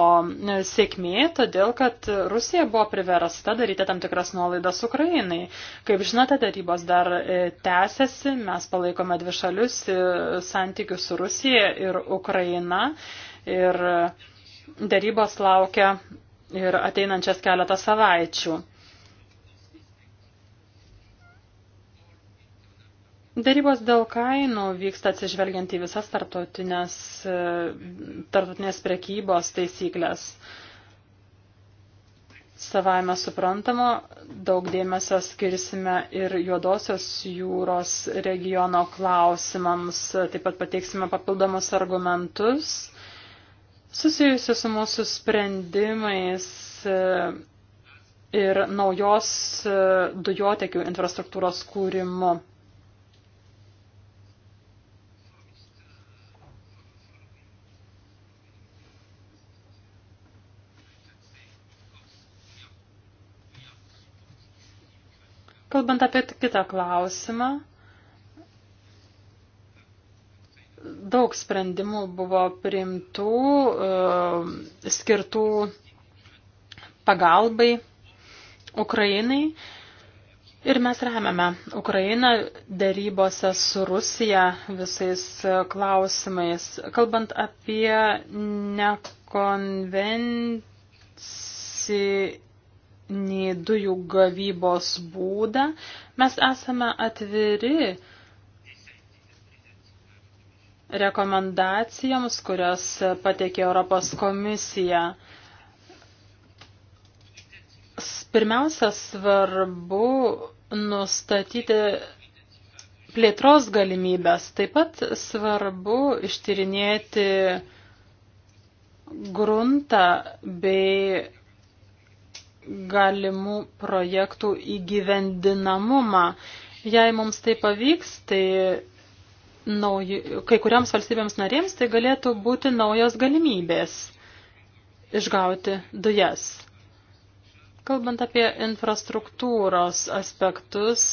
sėkmė, todėl kad Rusija buvo priversta daryti tam tikras nuolaidas Ukrainai. Kaip žinote, darybos dar e, tęsiasi, mes palaikome dvi šalius e, santykius su Rusija ir Ukraina ir e, darybos laukia ir ateinančias keletą savaičių. Darybos dėl kainų vyksta atsižvelgiant į visas tartutinės, e, tartutinės prekybos taisyklės. Savame suprantama, daug dėmesio skirsime ir juodosios jūros regiono klausimams, taip pat pateiksime papildomus argumentus susijusius su mūsų sprendimais e, ir naujos e, dujotekių infrastruktūros kūrimu. Kalbant apie kitą klausimą, daug sprendimų buvo priimtų, e, skirtų pagalbai Ukrainai. Ir mes remiame Ukrainą darybose su Rusija visais klausimais. Kalbant apie nekonvenciją nei dujų gavybos būdą, mes esame atviri rekomendacijoms, kurias pateikė Europos komisija. Pirmiausia, svarbu nustatyti plėtros galimybės. Taip pat svarbu ištyrinėti gruntą bei galimų projektų įgyvendinamumą. Jei mums tai pavyks, tai nauji, kai kuriams valstybėms narėms tai galėtų būti naujos galimybės išgauti dujas. Kalbant apie infrastruktūros aspektus,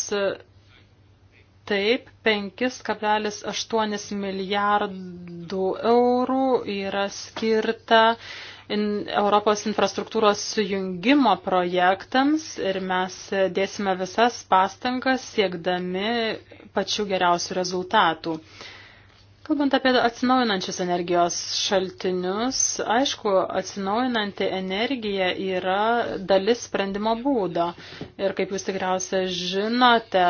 taip, 5,8 milijardų eurų yra skirta uh, in, Europos infrastruktūros sujungimo projektams ir mes dėsime visas pastangas siekdami pačių geriausių rezultatų. Kalbant apie atsinaujinančius energijos šaltinius, aišku, atsinaujinanti energija yra dalis sprendimo būdo. Ir kaip jūs tikriausiai žinote,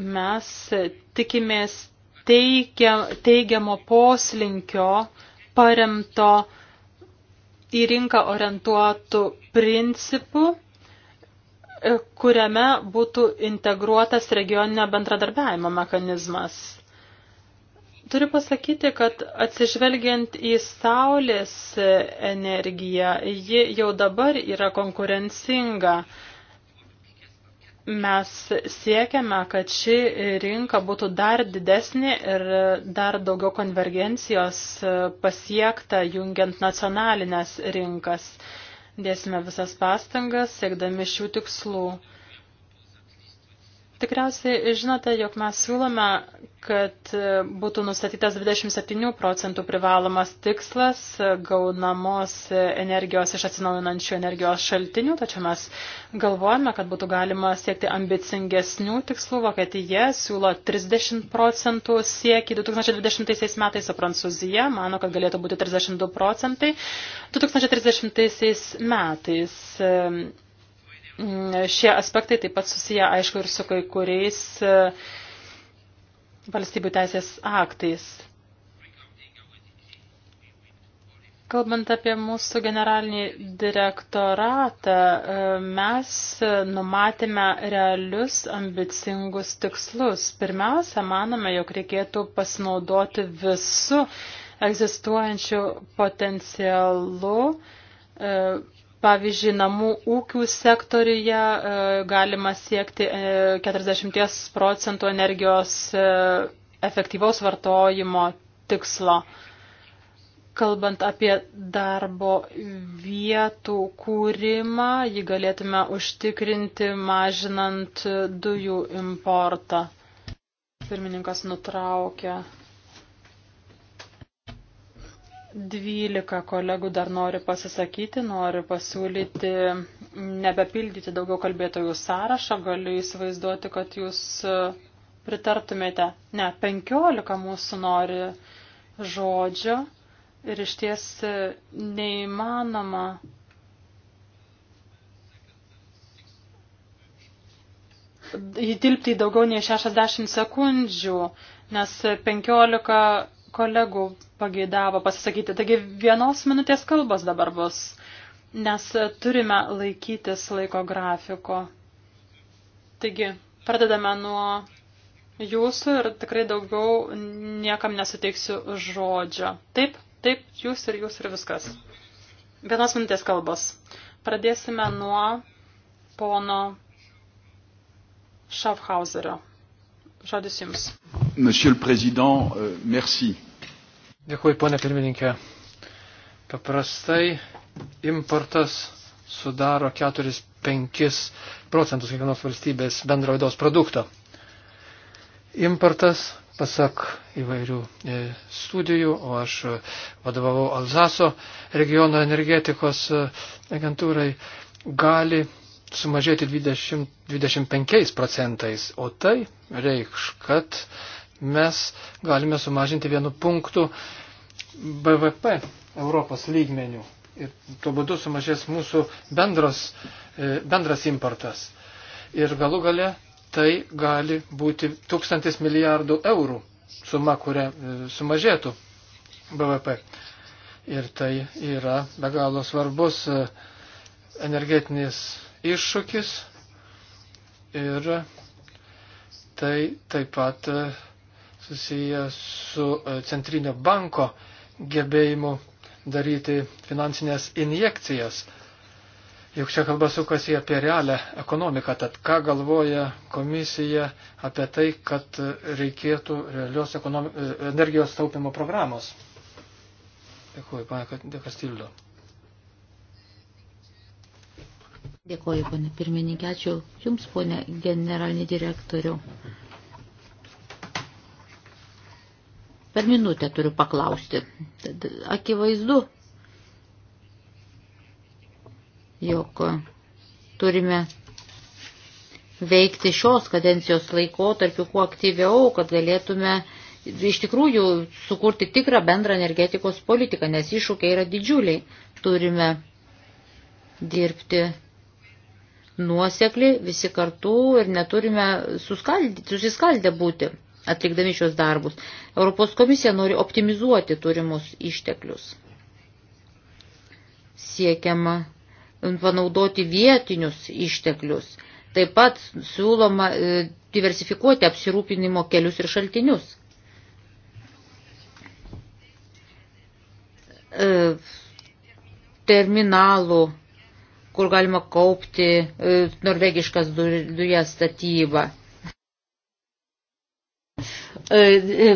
mes tikimės teigia, teigiamo poslinkio paremto į rinką orientuotų principų, e, kuriame būtų integruotas regioninio bendradarbiavimo mechanizmas. Turiu pasakyti, kad atsižvelgiant į saulės energiją, ji jau dabar yra konkurencinga mes siekiame, kad ši rinka būtų dar didesnė ir dar daugiau konvergencijos pasiekta jungiant nacionalinės rinkas. Dėsime visas pastangas, siekdami šių tikslų. Tikriausiai žinote, jog mes siūlome, kad būtų nustatytas 27 procentų privalomas tikslas gaunamos energijos iš atsinaujinančių energijos šaltinių, tačiau mes galvojame, kad būtų galima siekti ambicingesnių tikslų. Vokietija siūlo 30 procentų siekį 2020 metais, o Prancūzija mano, kad galėtų būti 32 procentai 2030 metais Mm, šie aspektai taip pat susiję, aišku, ir su kai kuriais e, valstybių teisės aktais. Kalbant apie mūsų generalinį direktoratą, e, mes numatėme realius ambicingus tikslus. Pirmiausia, manome, jog reikėtų pasinaudoti visų egzistuojančių potencialų e, Pavyzdžiui, namų ūkių sektoriuje e, galima siekti 40 e, procentų energijos e, efektyvaus vartojimo tikslo. Kalbant apie darbo vietų kūrimą, jį galėtume užtikrinti mažinant dujų importą. Pirmininkas nutraukė Dvylika kolegų dar nori pasisakyti, nori pasiūlyti nebepildyti daugiau kalbėtojų sąrašą, galiu įsivaizduoti, kad jūs e, pritartumėte. Ne, penkiolika mūsų nori žodžio ir iš ties e, neįmanoma įtilpti į daugiau nei 60 sekundžių, nes 15 kolegų pageidavo pasisakyti. Taigi vienos minutės kalbos dabar bus, nes turime laikytis laiko grafiko. Taigi, pradedame nuo jūsų ir tikrai daugiau niekam nesuteiksiu žodžio. Taip, taip, jūs ir jūs ir viskas. Vienos minutės kalbos. Pradėsime nuo pono Schaffhauserio. Žodis Jums. Monsieur le Président, euh, merci. Dėkui, ponė pirmininkė. Paprastai importas sudaro 4-5 procentus kiekvienos valstybės bendro vidaus produkto. Importas, pasak įvairių e, studijų, o aš e, vadovavau Alzaso regiono energetikos e, agentūrai, gali sumažėti 20, 25 procentais, o tai reikš, kad mes galime sumažinti vienu punktu BVP Europos lygmenių. Ir tuo būdu sumažės mūsų bendros, e, bendras importas. Ir galų gale tai gali būti tūkstantis milijardų eurų suma, kuria e, sumažėtų BVP. Ir tai yra be galo svarbus e, energetinis iššūkis ir tai taip pat e, susiję su e, centrinio banko gebėjimu daryti finansinės injekcijas. Juk čia kalba sukasi apie realią ekonomiką, tad ką galvoja komisija apie tai, kad reikėtų realios ekonomi... E, energijos taupimo programos. Dėkuoju, pana Dekastildo. Dėkoju, ponė pirmininkė, ačiū Jums, ponė generalinį direktorių. Per minutę turiu paklausti. Akivaizdu, jog turime veikti šios kadencijos laikotarpiu kuo aktyviau, kad galėtume iš tikrųjų sukurti tikrą bendrą energetikos politiką, nes iššūkiai yra didžiuliai. Turime dirbti nuosekliai visi kartu ir neturime susiskaldę būti atlikdami šios darbus. Europos komisija nori optimizuoti turimus išteklius. Siekiama panaudoti vietinius išteklius. Taip pat siūloma e, diversifikuoti apsirūpinimo kelius ir šaltinius. E, terminalų kur galima kaupti e, norvegiškas dujas statybą. E, e,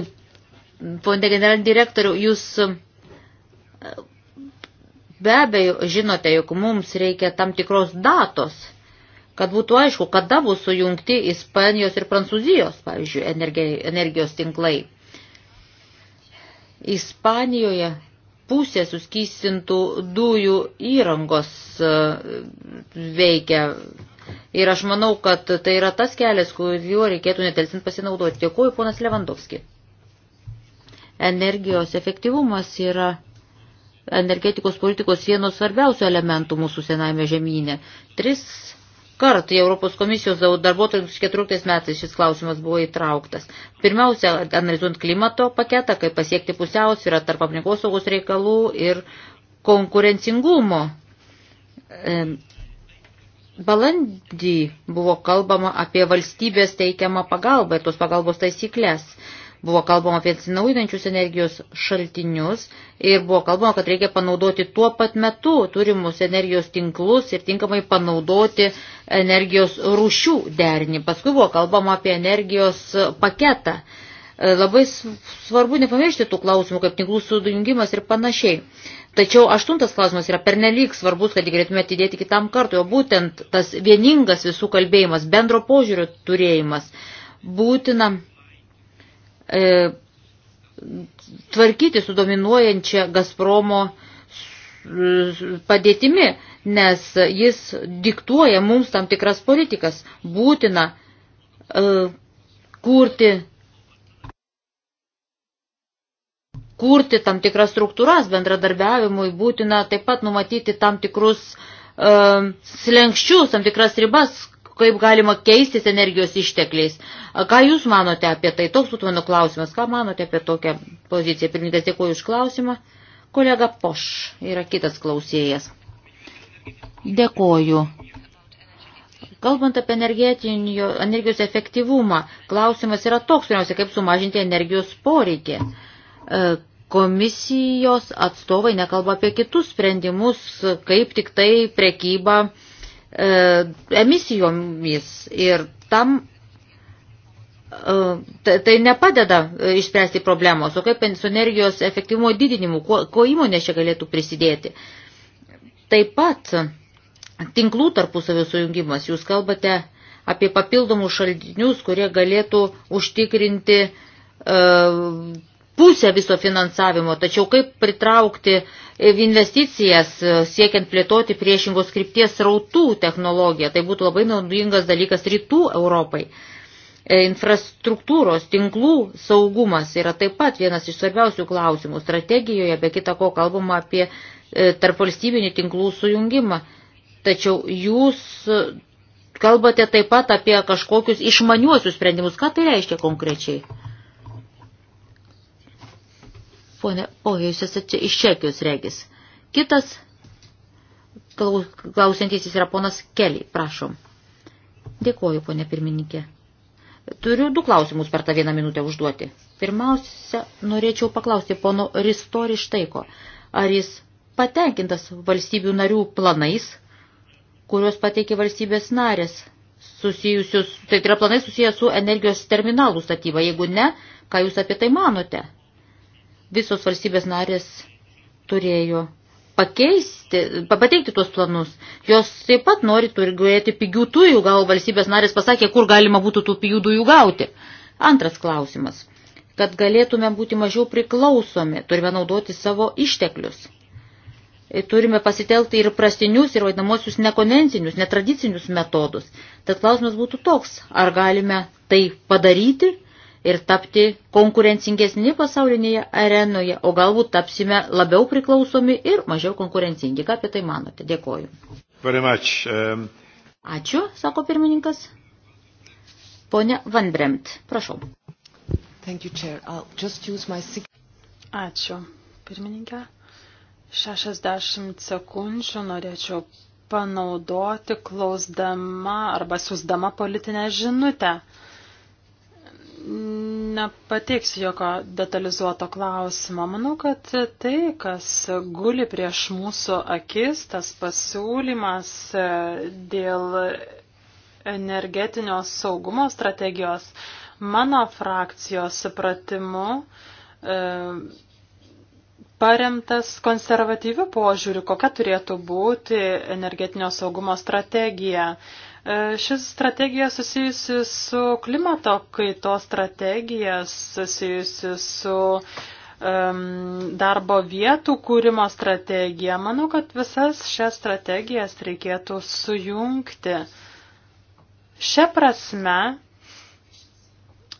Pone generalinį direktorių, jūs be abejo žinote, jog mums reikia tam tikros datos, kad būtų aišku, kada bus sujungti Ispanijos ir Prancūzijos, pavyzdžiui, energijos tinklai. Ispanijoje pusė suskystintų dujų įrangos e, veikia. Ir aš manau, kad tai yra tas kelias, kuriuo reikėtų netelsint pasinaudoti. Dėkuoju, ponas Levandovski. Energijos efektyvumas yra energetikos politikos vienos svarbiausių elementų mūsų sename žemynė. Tris kartą į Europos komisijos darbuotojus 14 metais šis klausimas buvo įtrauktas. Pirmiausia, analizuojant klimato paketą, kaip pasiekti pusiausvyrą tarp aplinkosaugos reikalų ir konkurencingumo. E, balandį buvo kalbama apie valstybės teikiamą pagalbą ir tos pagalbos taisyklės. Buvo kalbama apie atsinaujinančius energijos šaltinius ir buvo kalbama, kad reikia panaudoti tuo pat metu turimus energijos tinklus ir tinkamai panaudoti energijos rūšių derinį. Paskui buvo kalbama apie energijos paketą. E, labai svarbu nepamiršti tų klausimų, kaip tinklų sudungimas ir panašiai. Tačiau aštuntas klausimas yra pernelyg svarbus, kad jį galėtume atidėti kitam kartui, o būtent tas vieningas visų kalbėjimas, bendro požiūrio turėjimas būtina e, tvarkyti su dominuojančia Gazpromo padėtimi, nes jis diktuoja mums tam tikras politikas. Būtina e, kurti, kurti tam tikras struktūras bendradarbiavimui, būtina taip pat numatyti tam tikrus e, slengščius, tam tikras ribas, kaip galima keistis energijos ištekliais. Ką Jūs manote apie tai? Toks būtų mano klausimas. Ką manote apie tokią poziciją? Pirmininkas, dėkuoju už klausimą. Kolega Poš yra kitas klausėjas. Dėkuoju. Kalbant apie energijos efektyvumą, klausimas yra toks, pirmiausia, kaip sumažinti energijos poreikį. E, komisijos atstovai nekalba apie kitus sprendimus, kaip tik tai prekyba E, emisijomis ir tam e, tai, tai nepadeda e, išspręsti problemos, o kaip su energijos efektyvumo didinimu, ko, ko įmonė čia galėtų prisidėti. Taip pat tinklų tarpusavio sujungimas, jūs kalbate apie papildomus šaltinius, kurie galėtų užtikrinti pusę viso finansavimo, tačiau kaip pritraukti investicijas e, siekiant plėtoti priešingos krypties rautų technologiją, tai būtų labai naudingas dalykas rytų Europai. E, infrastruktūros, tinklų saugumas yra taip pat vienas iš svarbiausių klausimų. Strategijoje be kita ko kalbama apie e, tarpvalstybinį tinklų sujungimą. Tačiau jūs kalbate taip pat apie kažkokius išmaniuosius sprendimus. Ką tai reiškia konkrečiai? Pone, o jūs esate iš Čekijos regis. Kitas klausiantysis yra ponas Kelly, prašom. Dėkuoju, ponė pirmininkė. Turiu du klausimus per tą vieną minutę užduoti. Pirmiausia, norėčiau paklausti pono Ristori Štaiko, ar jis patenkintas valstybių narių planais, kuriuos pateikė valstybės narės susijusius, tai yra planai susijęs su energijos terminalų statyba. Jeigu ne, ką jūs apie tai manote? visos valstybės narės turėjo pakeisti, pateikti tuos planus. Jos taip pat nori turguoti pigių dujų, gal valstybės narės pasakė, kur galima būtų tų pigių dujų gauti. Antras klausimas. Kad galėtume būti mažiau priklausomi, turime naudoti savo išteklius. E, turime pasitelti ir prastinius, ir vadinamosius nekonvencinius, netradicinius metodus. Tad klausimas būtų toks, ar galime tai padaryti ir tapti konkurencingesni pasaulinėje arenoje, o galbūt tapsime labiau priklausomi ir mažiau konkurencingi. Ką apie tai manote? Dėkoju. Very much. Um... Ačiū, sako pirmininkas. Pone Van Bremt, prašau. Thank you, Chair. I'll just use my... Ačiū, pirmininkė. 60 sekundžių norėčiau panaudoti klausdama arba siūsdama politinę žinutę. Uh, nepateiksiu jokio detalizuoto klausimo. Manau, kad tai, kas guli prieš mūsų akis, tas pasiūlymas dėl energetinio saugumo strategijos, mano frakcijos supratimu, e, paremtas konservatyviu požiūriu, kokia turėtų būti energetinio saugumo strategija. E, šis strategija susijusi su klimato kaito strategija, susijusi su um, darbo vietų kūrimo strategija. Manau, kad visas šias strategijas reikėtų sujungti. Šia prasme,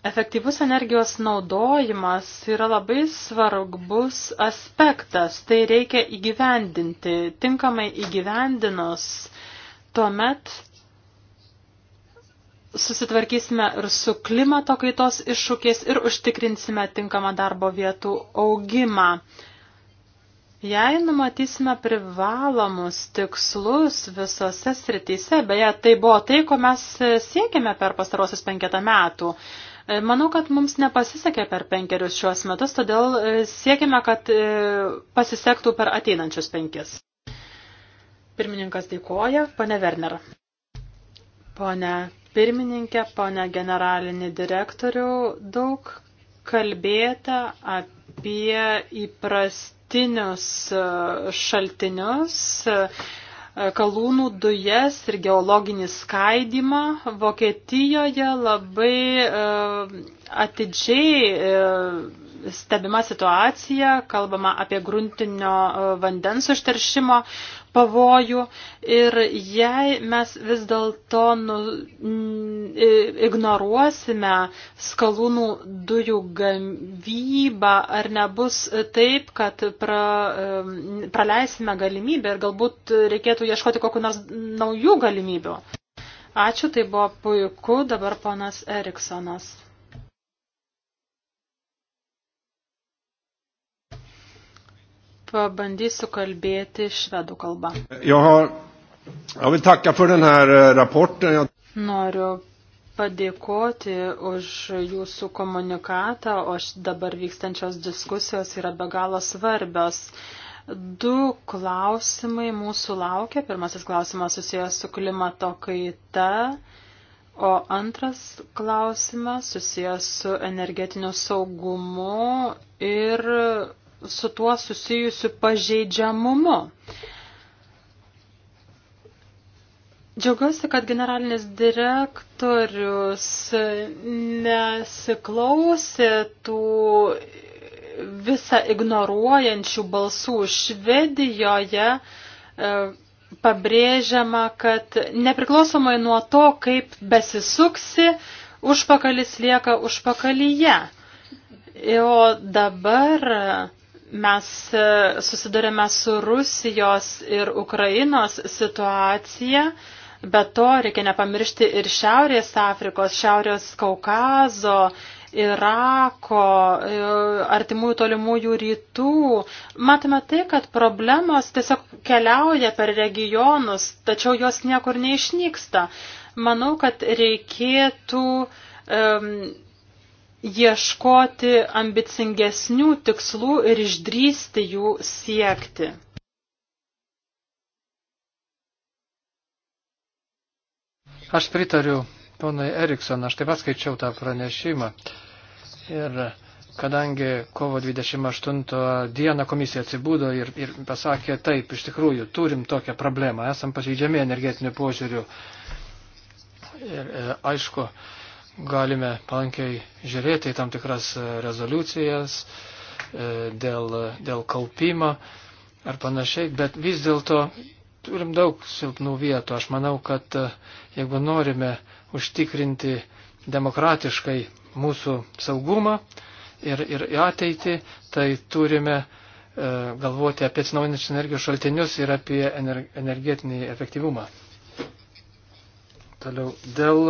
efektyvus energijos naudojimas yra labai svarbus aspektas. Tai reikia įgyvendinti. Tinkamai įgyvendinus, tuomet susitvarkysime ir su klimato kaitos iššūkiais ir užtikrinsime tinkamą darbo vietų augimą. Jei numatysime privalomus tikslus visose srityse, beje, tai buvo tai, ko mes siekėme per pastarosius penketą metų. Manau, kad mums nepasisekė per penkerius šiuos metus, todėl siekime, kad e, pasisektų per ateinančius penkis. Pirmininkas dėkoja, pane Werner. Pone pirmininkė, pone generalinį direktorių, daug kalbėta apie įprastinius e, šaltinius, e, kalūnų dujas ir geologinį skaidimą. Vokietijoje labai e, atidžiai stebima situacija, kalbama apie gruntinio vandens užteršimo pavojų ir jei mes vis dėlto nu, ignoruosime skalūnų dujų gavybą, ar nebus taip, kad pra, praleisime galimybę ir galbūt reikėtų ieškoti kokiu nors naujų galimybių. Ačiū, tai buvo puiku, dabar ponas Eriksonas. Pabandysiu kalbėti švedų kalbą. Eh, Noriu padėkoti už jūsų komunikatą, o dabar vykstančios diskusijos yra be galo svarbios. Du klausimai mūsų laukia. Pirmasis klausimas susijęs su klimato kaita, o antras klausimas susijęs su energetiniu saugumu ir su tuo susijusiu pažeidžiamumu. Džiaugiuosi, kad generalinis direktorius nesiklausė tų visą ignoruojančių balsų Švedijoje. E, pabrėžiama, kad nepriklausomai nuo to, kaip besisuksi, užpakalis lieka užpakalyje. E, o dabar mes e, susidurėme su Rusijos ir Ukrainos situacija, bet to reikia nepamiršti ir Šiaurės Afrikos, Šiaurės Kaukazo, Irako, e, artimųjų tolimųjų rytų. Matome tai, kad problemos tiesiog keliauja per regionus, tačiau jos niekur neišnyksta. Manau, kad reikėtų um, ieškoti ambicingesnių tikslų ir išdrysti jų siekti. Aš pritariu ponai Erikson, aš taip pat skaičiau tą pranešimą. Ir kadangi kovo 28 dieną komisija atsibūdo ir, ir pasakė, taip, iš tikrųjų, turim tokią problemą, esam pažeidžiami energetiniu požiūriu. Ir, ir e, aišku, galime palankiai žiūrėti į tam tikras e, rezoliucijas e, dėl, dėl kaupimo ar panašiai, bet vis dėlto turim daug silpnų vietų. Aš manau, kad e, jeigu norime užtikrinti demokratiškai mūsų saugumą ir, ir ateitį, tai turime galvoti apie atsinaujinančius energijos šaltinius ir apie energetinį efektyvumą. Toliau, dėl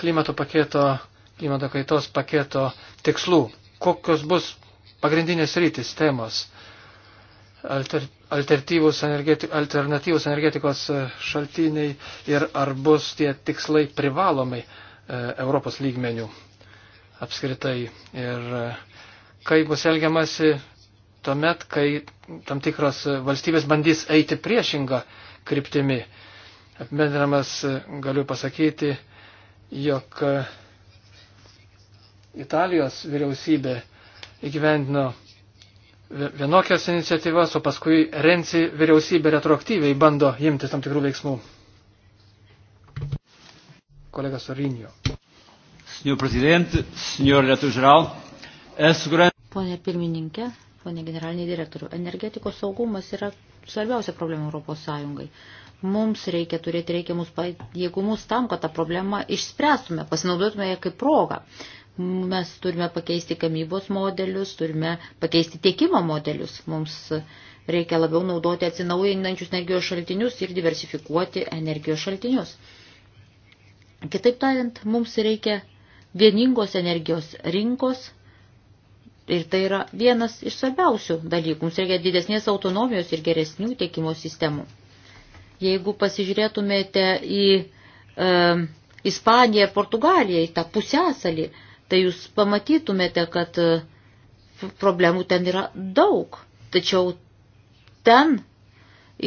klimato paketo, klimato kaitos paketo tikslų. Kokios bus pagrindinės rytis temos? Alter, energeti, alternatyvus energetikos e, šaltiniai ir ar bus tie tikslai privalomai e, Europos lygmenių apskritai ir e, kaip bus elgiamasi tuomet, kai tam tikros valstybės bandys eiti priešingą kryptimi apmedinamas galiu pasakyti, jog Italijos vyriausybė įgyvendino vienokias iniciatyvas, o paskui Renci vyriausybė retroaktyviai bando imtis tam tikrų veiksmų. Kolega Sorinio. Pone pirmininkė, pone generaliniai direktorių, energetikos saugumas yra svarbiausia problema Europos Sąjungai. Mums reikia turėti reikiamus pajėgumus tam, kad tą problemą išspręstume, pasinaudotume ją kaip progą. Mes turime pakeisti gamybos modelius, turime pakeisti tiekimo modelius. Mums reikia labiau naudoti atsinaujinančius energijos šaltinius ir diversifikuoti energijos šaltinius. Kitaip tariant, mums reikia vieningos energijos rinkos ir tai yra vienas iš svarbiausių dalykų. Mums reikia didesnės autonomijos ir geresnių tiekimo sistemų. Jeigu pasižiūrėtumėte į e, Ispaniją ir Portugaliją, į tą pusęsalį, tai jūs pamatytumėte, kad e, problemų ten yra daug. Tačiau ten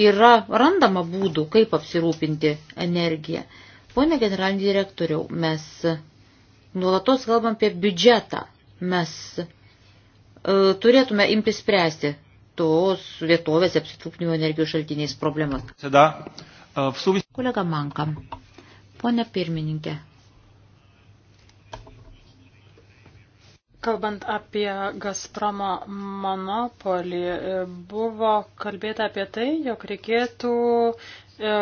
yra randama būdų, kaip apsirūpinti energiją. Pone generalinį direktoriau, mes e, nuolatos kalbam apie biudžetą. Mes e, turėtume imti spręsti tos vietovės apsitrūknimo energijos šaltiniais problemas. Tada, uh, e, suvis... Kolega Mankam, ponė pirmininkė. Kalbant apie Gazpromo monopolį, e, buvo kalbėta apie tai, jog reikėtų e,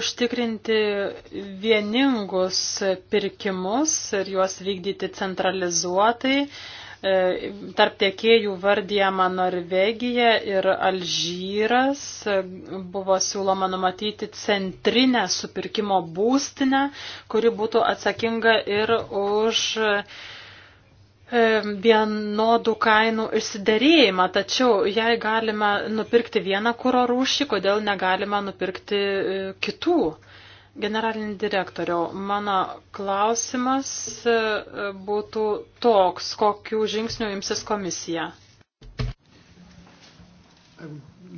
užtikrinti vieningus pirkimus ir juos vykdyti centralizuotai. E, tarp tiekėjų vardijama Norvegija ir Alžyras e, buvo siūloma numatyti centrinę supirkimo būstinę, kuri būtų atsakinga ir už e, vienodų kainų išsiderėjimą. Tačiau jei galime nupirkti vieną kūro rūšį, kodėl negalime nupirkti kitų? Generalinį direktoriau, mano klausimas e, būtų toks, kokių žingsnių imsis komisija.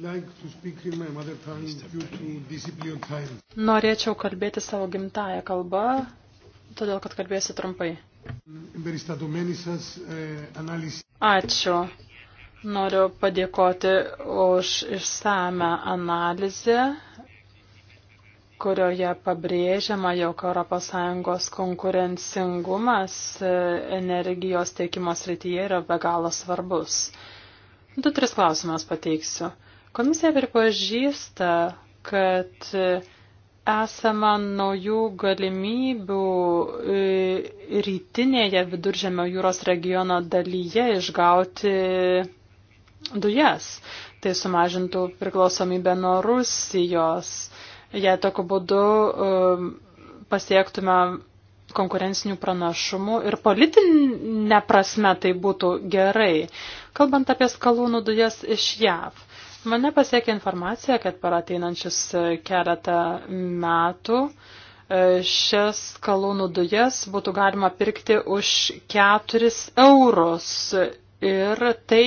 Like Norėčiau kalbėti savo gimtają kalbą, todėl kad kalbėsiu trumpai. E, Ačiū. Noriu padėkoti už išsame analizę kurioje pabrėžiama, jog ES konkurencingumas e, energijos tiekimo srityje yra be galo svarbus. Du, tris klausimas pateiksiu. Komisija pripažįsta, kad e, esama naujų galimybių e, rytinėje viduržėmio jūros regiono dalyje išgauti dujas. Tai sumažintų priklausomybę nuo Rusijos jei tokiu būdu um, pasiektume konkurencinių pranašumų ir politinė prasme tai būtų gerai. Kalbant apie skalūnų dujas iš JAV, mane pasiekė informacija, kad per ateinančius e, keletą metų e, šias skalūnų dujas būtų galima pirkti už 4 eurus ir tai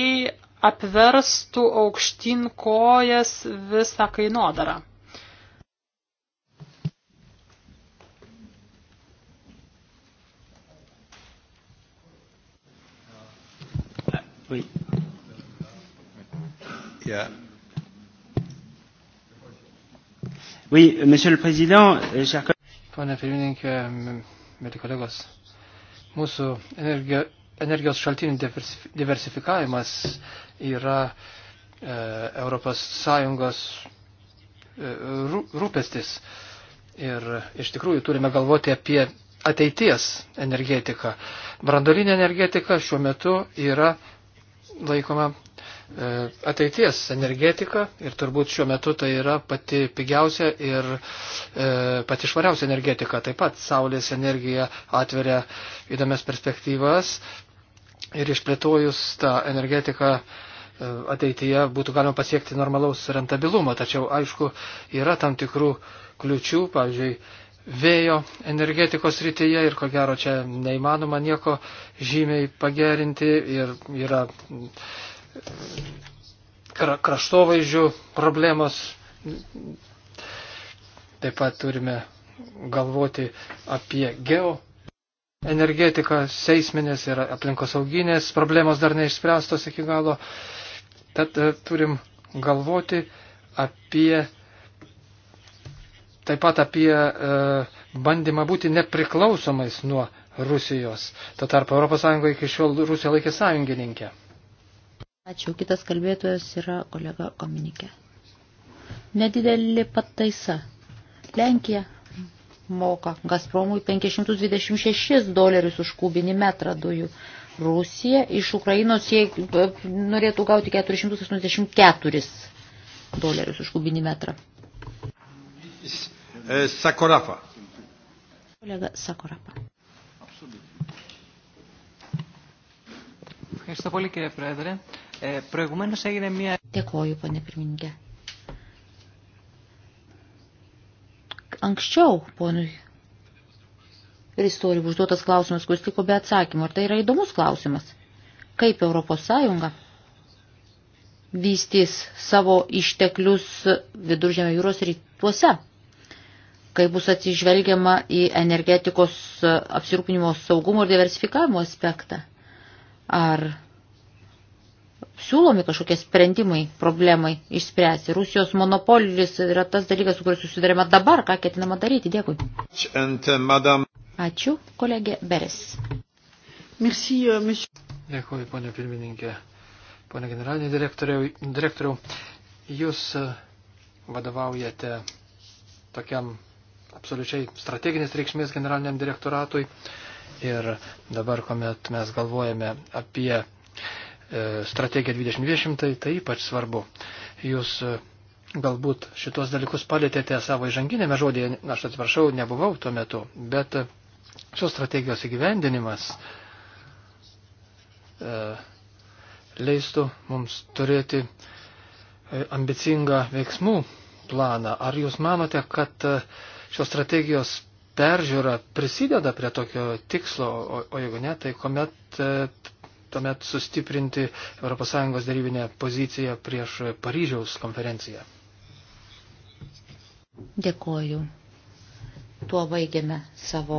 apverstų aukštyn kojas visą kainodarą. Oui. Yeah. Oui, Monsieur le Président, euh, chers collègues. Pone pirmininkė, mėly kolegos, mūsų energija, energijos šaltinių diversifikavimas yra e, Europos Sąjungos e, rūpestis. Ir iš tikrųjų turime galvoti apie ateities energetiką. Brandolinė energetika šiuo metu yra laikoma e, ateities energetika ir turbūt šiuo metu tai yra pati pigiausia ir e, pati švariausia energetika. Taip pat saulės energija atveria įdomias perspektyvas ir išplėtojus tą energetiką e, ateityje būtų galima pasiekti normalaus rentabilumo, tačiau aišku yra tam tikrų kliučių, pavyzdžiui, vėjo energetikos rytyje ir ko gero čia neįmanoma nieko žymiai pagerinti ir yra mm, kraštovaizdžių problemos. Taip pat turime galvoti apie geo energetiką, seisminės ir aplinkosauginės problemos dar neišspręstos iki galo. Tad e, turim galvoti apie taip pat apie e, bandymą būti nepriklausomais nuo Rusijos. Tuo tarpu ES iki šiol Rusija laikė sąjungininkę. Ačiū. Kitas kalbėtojas yra kolega Kominikė. Nedidelė pataisa. Lenkija moka Gazpromui 526 dolerius už kubinį metrą dujų. Rusija iš Ukrainos jie e, norėtų gauti 484 dolerius už kubinį metrą. E, Sakorafa. Kolega Sakorafa. Ευχαριστώ πολύ κύριε Πρόεδρε. Ε, προηγουμένως έγινε μια... Dėkoju, ponė pirmininkė. Anksčiau, ponui Ristoriui, užduotas klausimas, kuris tiko be atsakymų. Ar tai yra įdomus klausimas? Kaip Europos Sąjunga vystys savo išteklius viduržėmio jūros rytuose? kai bus atsižvelgiama į energetikos e, apsirūpinimo saugumo ir diversifikavimo aspektą. Ar siūlomi kažkokie sprendimai problemai išspręsti. Rusijos monopolis yra tas dalykas, su kuriuo susidarėme dabar, ką ketinama daryti. Dėkui. And, uh, madam... Ačiū, kolegė Beres. Merci, uh, Dėkui, ponė pirmininkė. Pone generalinė direktoriau, jūs e, vadovaujate tokiam absoliučiai strateginės reikšmės generaliniam direktoratui. Ir dabar, kuomet mes galvojame apie e, strategiją 2020, tai, tai ypač svarbu. Jūs e, galbūt šitos dalykus palėtėte savo įžanginėme žodėje, aš atsiprašau, nebuvau tuo metu, bet e, šios strategijos įgyvendinimas leistų mums turėti ambicingą veiksmų planą. Ar jūs manote, kad šios strategijos peržiūra prisideda prie tokio tikslo, o, o jeigu ne, tai kuomet e, tuomet sustiprinti ES darybinę poziciją prieš Paryžiaus konferenciją. Dėkoju. Tuo baigiame savo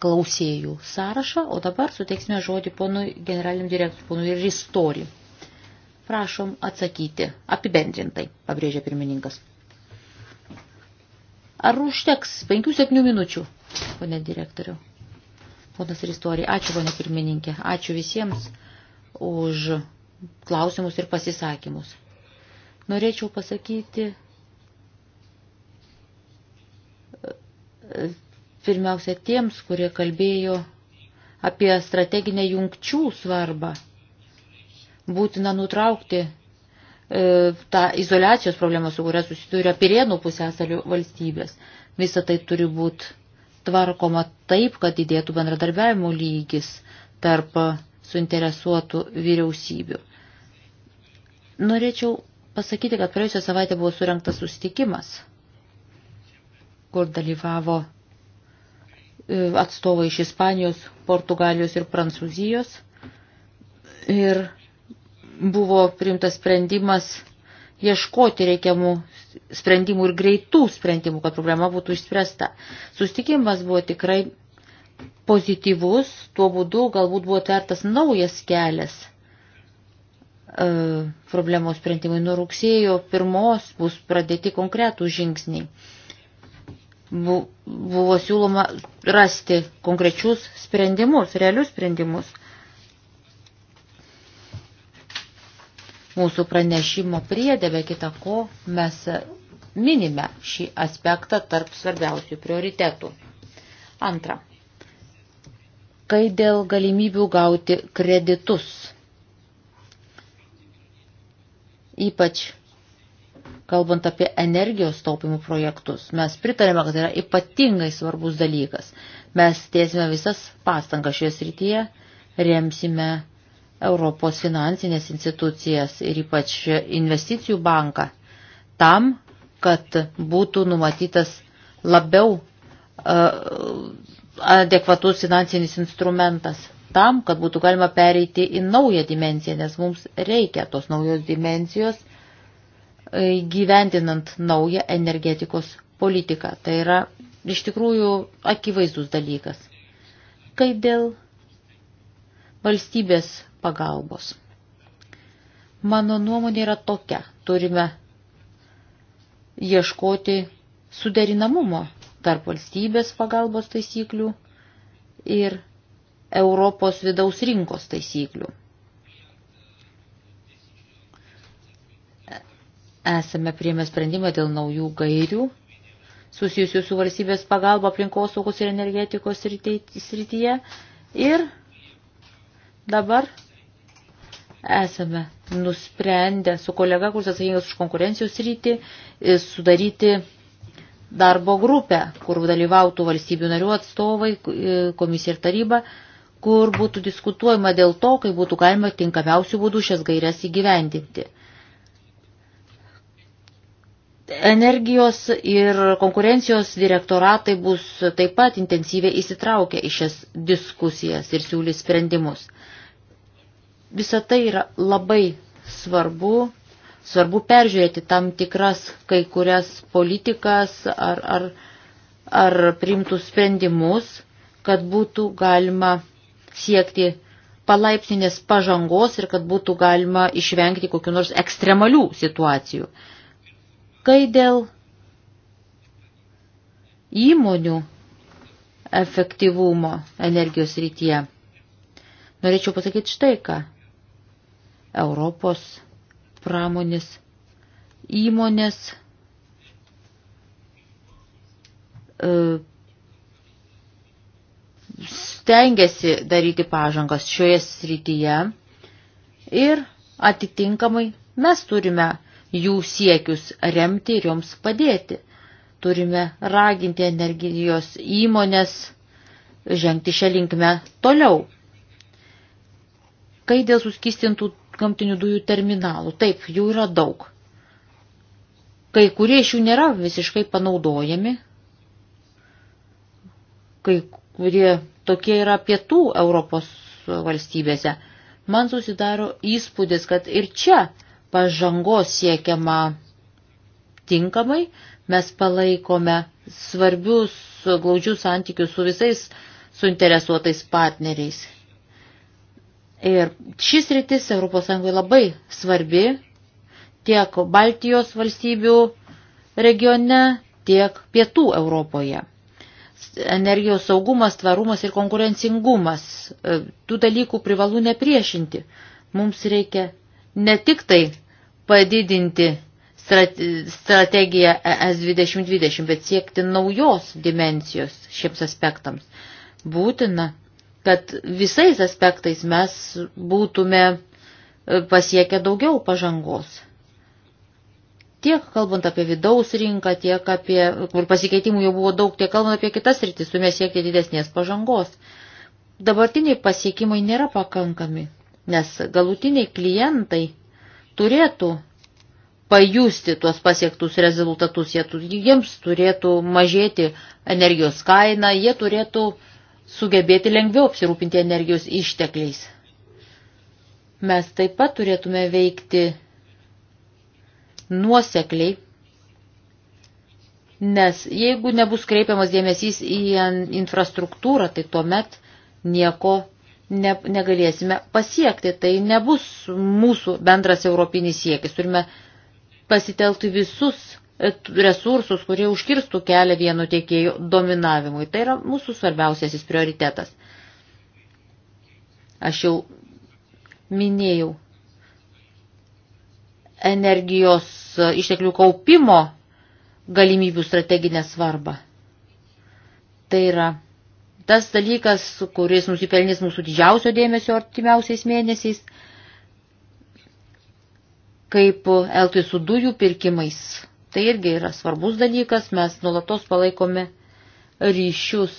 klausėjų sąrašą, o dabar suteiksime žodį ponui generaliniam direktoriui, ponui Ristori. Prašom atsakyti apibendrintai, pabrėžia pirmininkas. Ar užteks 5-7 minučių, pone direktoriu? Ponas ir istorija. Ačiū, pone pirmininkė. Ačiū visiems už klausimus ir pasisakymus. Norėčiau pasakyti pirmiausia tiems, kurie kalbėjo apie strateginę jungčių svarbą. Būtina nutraukti E, tą izolacijos problemą, su kuria susiduria Pirėnų pusėsalių valstybės. Visą tai turi būti tvarkoma taip, kad didėtų bendradarbiavimo lygis tarp suinteresuotų vyriausybių. Norėčiau pasakyti, kad praėjusią savaitę buvo surinktas susitikimas, kur dalyvavo e, atstovai iš Ispanijos, Portugalijos ir Prancūzijos. Ir buvo priimtas sprendimas ieškoti reikiamų sprendimų ir greitų sprendimų, kad problema būtų išspręsta. Sustikimas buvo tikrai pozityvus, tuo būdu galbūt buvo atvertas naujas kelias e, problemos sprendimai. Nuo rugsėjo pirmos bus pradėti konkretų žingsniai. Bu, buvo siūloma rasti konkrečius sprendimus, realius sprendimus. Mūsų pranešimo priedė be kita ko mes minime šį aspektą tarp svarbiausių prioritetų. Antra. Kai dėl galimybių gauti kreditus, ypač kalbant apie energijos taupimų projektus, mes pritarėme, kad tai yra ypatingai svarbus dalykas. Mes tiesime visas pastangas šioje srityje, remsime Europos finansinės institucijas ir ypač investicijų banką tam, kad būtų numatytas labiau e, adekvatus finansinis instrumentas tam, kad būtų galima pereiti į naują dimenciją, nes mums reikia tos naujos dimensijos e, gyvendinant naują energetikos politiką. Tai yra iš tikrųjų akivaizdus dalykas. Kai dėl valstybės pagalbos. Mano nuomonė yra tokia. Turime ieškoti suderinamumo tarp valstybės pagalbos taisyklių ir Europos vidaus rinkos taisyklių. Esame priėmę sprendimą dėl naujų gairių susijusių su valstybės pagalba aplinkos saugos ir energetikos srityje ir dabar esame nusprendę su kolega, kuris atsakingas už konkurencijos rytį, e, sudaryti darbo grupę, kur dalyvautų valstybių narių atstovai, e, komisija ir taryba, kur būtų diskutuojama dėl to, kaip būtų galima tinkamiausių būdų šias gairias įgyvendinti. Energijos ir konkurencijos direktoratai bus taip pat intensyviai įsitraukę į šias diskusijas ir siūlys sprendimus. Visa tai yra labai svarbu. Svarbu peržiūrėti tam tikras kai kurias politikas ar, ar, ar priimtus sprendimus, kad būtų galima siekti palaipsninės pažangos ir kad būtų galima išvengti kokiu nors ekstremalių situacijų. Kai dėl įmonių efektyvumo energijos rytyje, norėčiau pasakyti štai ką. Europos pramonės įmonės e, stengiasi daryti pažangas šioje srityje ir atitinkamai mes turime jų siekius remti ir joms padėti. Turime raginti energijos įmonės žengti šią linkmę toliau. Kai dėl suskistintų gamtinių dujų terminalų. Taip, jų yra daug. Kai kurie iš jų nėra visiškai panaudojami. Kai kurie tokie yra pietų Europos valstybėse. Man susidaro įspūdis, kad ir čia pažangos siekiama tinkamai, mes palaikome svarbius glaudžius santykius su visais suinteresuotais partneriais. Ir šis rytis ES labai svarbi tiek Baltijos valstybių regione, tiek Pietų Europoje. Energijos saugumas, tvarumas ir konkurencingumas. E, tų dalykų privalu nepriešinti. Mums reikia ne tik tai padidinti strategiją ES 2020, bet siekti naujos dimensijos šiems aspektams. Būtina kad visais aspektais mes būtume e, pasiekę daugiau pažangos. Tiek kalbant apie vidaus rinką, tiek apie, kur pasikeitimų jau buvo daug, tiek kalbant apie kitas rytis, turime siekti didesnės pažangos. Dabartiniai pasiekimai nėra pakankami, nes galutiniai klientai turėtų pajusti tuos pasiektus rezultatus, jiems turėtų mažėti energijos kaina, jie turėtų uh, sugebėti lengviau apsirūpinti energijos ištekliais. Mes taip pat turėtume veikti nuosekliai, nes jeigu nebus kreipiamas dėmesys į infrastruktūrą, tai tuomet nieko ne, negalėsime pasiekti. Tai nebus mūsų bendras europinis siekis. Turime pasitelkti visus resursus, kurie užkirstų kelią vieno tiekėjų dominavimui. Tai yra mūsų svarbiausiasis prioritetas. Aš jau minėjau energijos išteklių kaupimo galimybių strateginę svarbą. Tai yra tas dalykas, kuris nusipelnys mūsų didžiausio dėmesio artimiausiais mėnesiais, kaip elgtis su dujų pirkimais Tai irgi yra svarbus dalykas, mes nulatos palaikome ryšius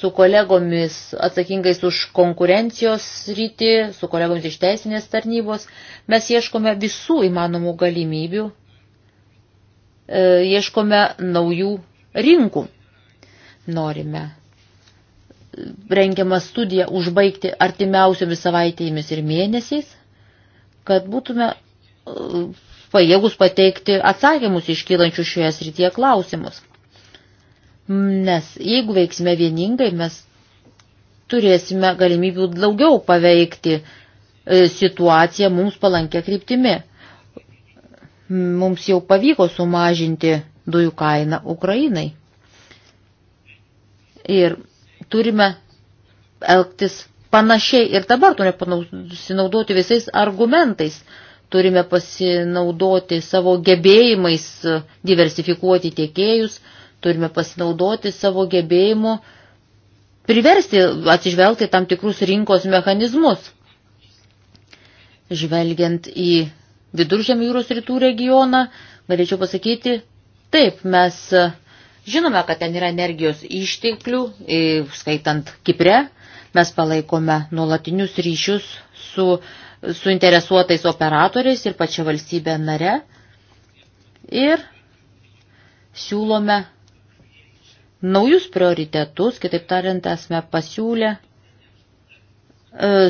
su kolegomis atsakingais už konkurencijos rytį, su kolegomis iš teisinės tarnybos. Mes ieškome visų įmanomų galimybių, e, ieškome naujų rinkų. Norime rengiamą studiją užbaigti artimiausiomis savaitėmis ir mėnesiais, kad būtume e, pajėgus pateikti atsakymus iškylančių šioje srityje klausimus. Nes jeigu veiksime vieningai, mes turėsime galimybių daugiau paveikti e, situaciją mums palankia kryptimi. Mums jau pavyko sumažinti dujų kainą Ukrainai. Ir turime elgtis panašiai ir dabar turime pasinaudoti visais argumentais, turime pasinaudoti savo gebėjimais diversifikuoti tiekėjus, turime pasinaudoti savo gebėjimu priversti atsižvelgti tam tikrus rinkos mechanizmus. Žvelgiant į viduržėmio jūros rytų regioną, galėčiau pasakyti, taip, mes žinome, kad ten yra energijos išteklių, e, skaitant Kipre, mes palaikome nuolatinius ryšius su uh, suinteresuotais operatoriais ir pačia valstybė nare. Ir siūlome naujus prioritetus, kitaip tariant, esame pasiūlę e,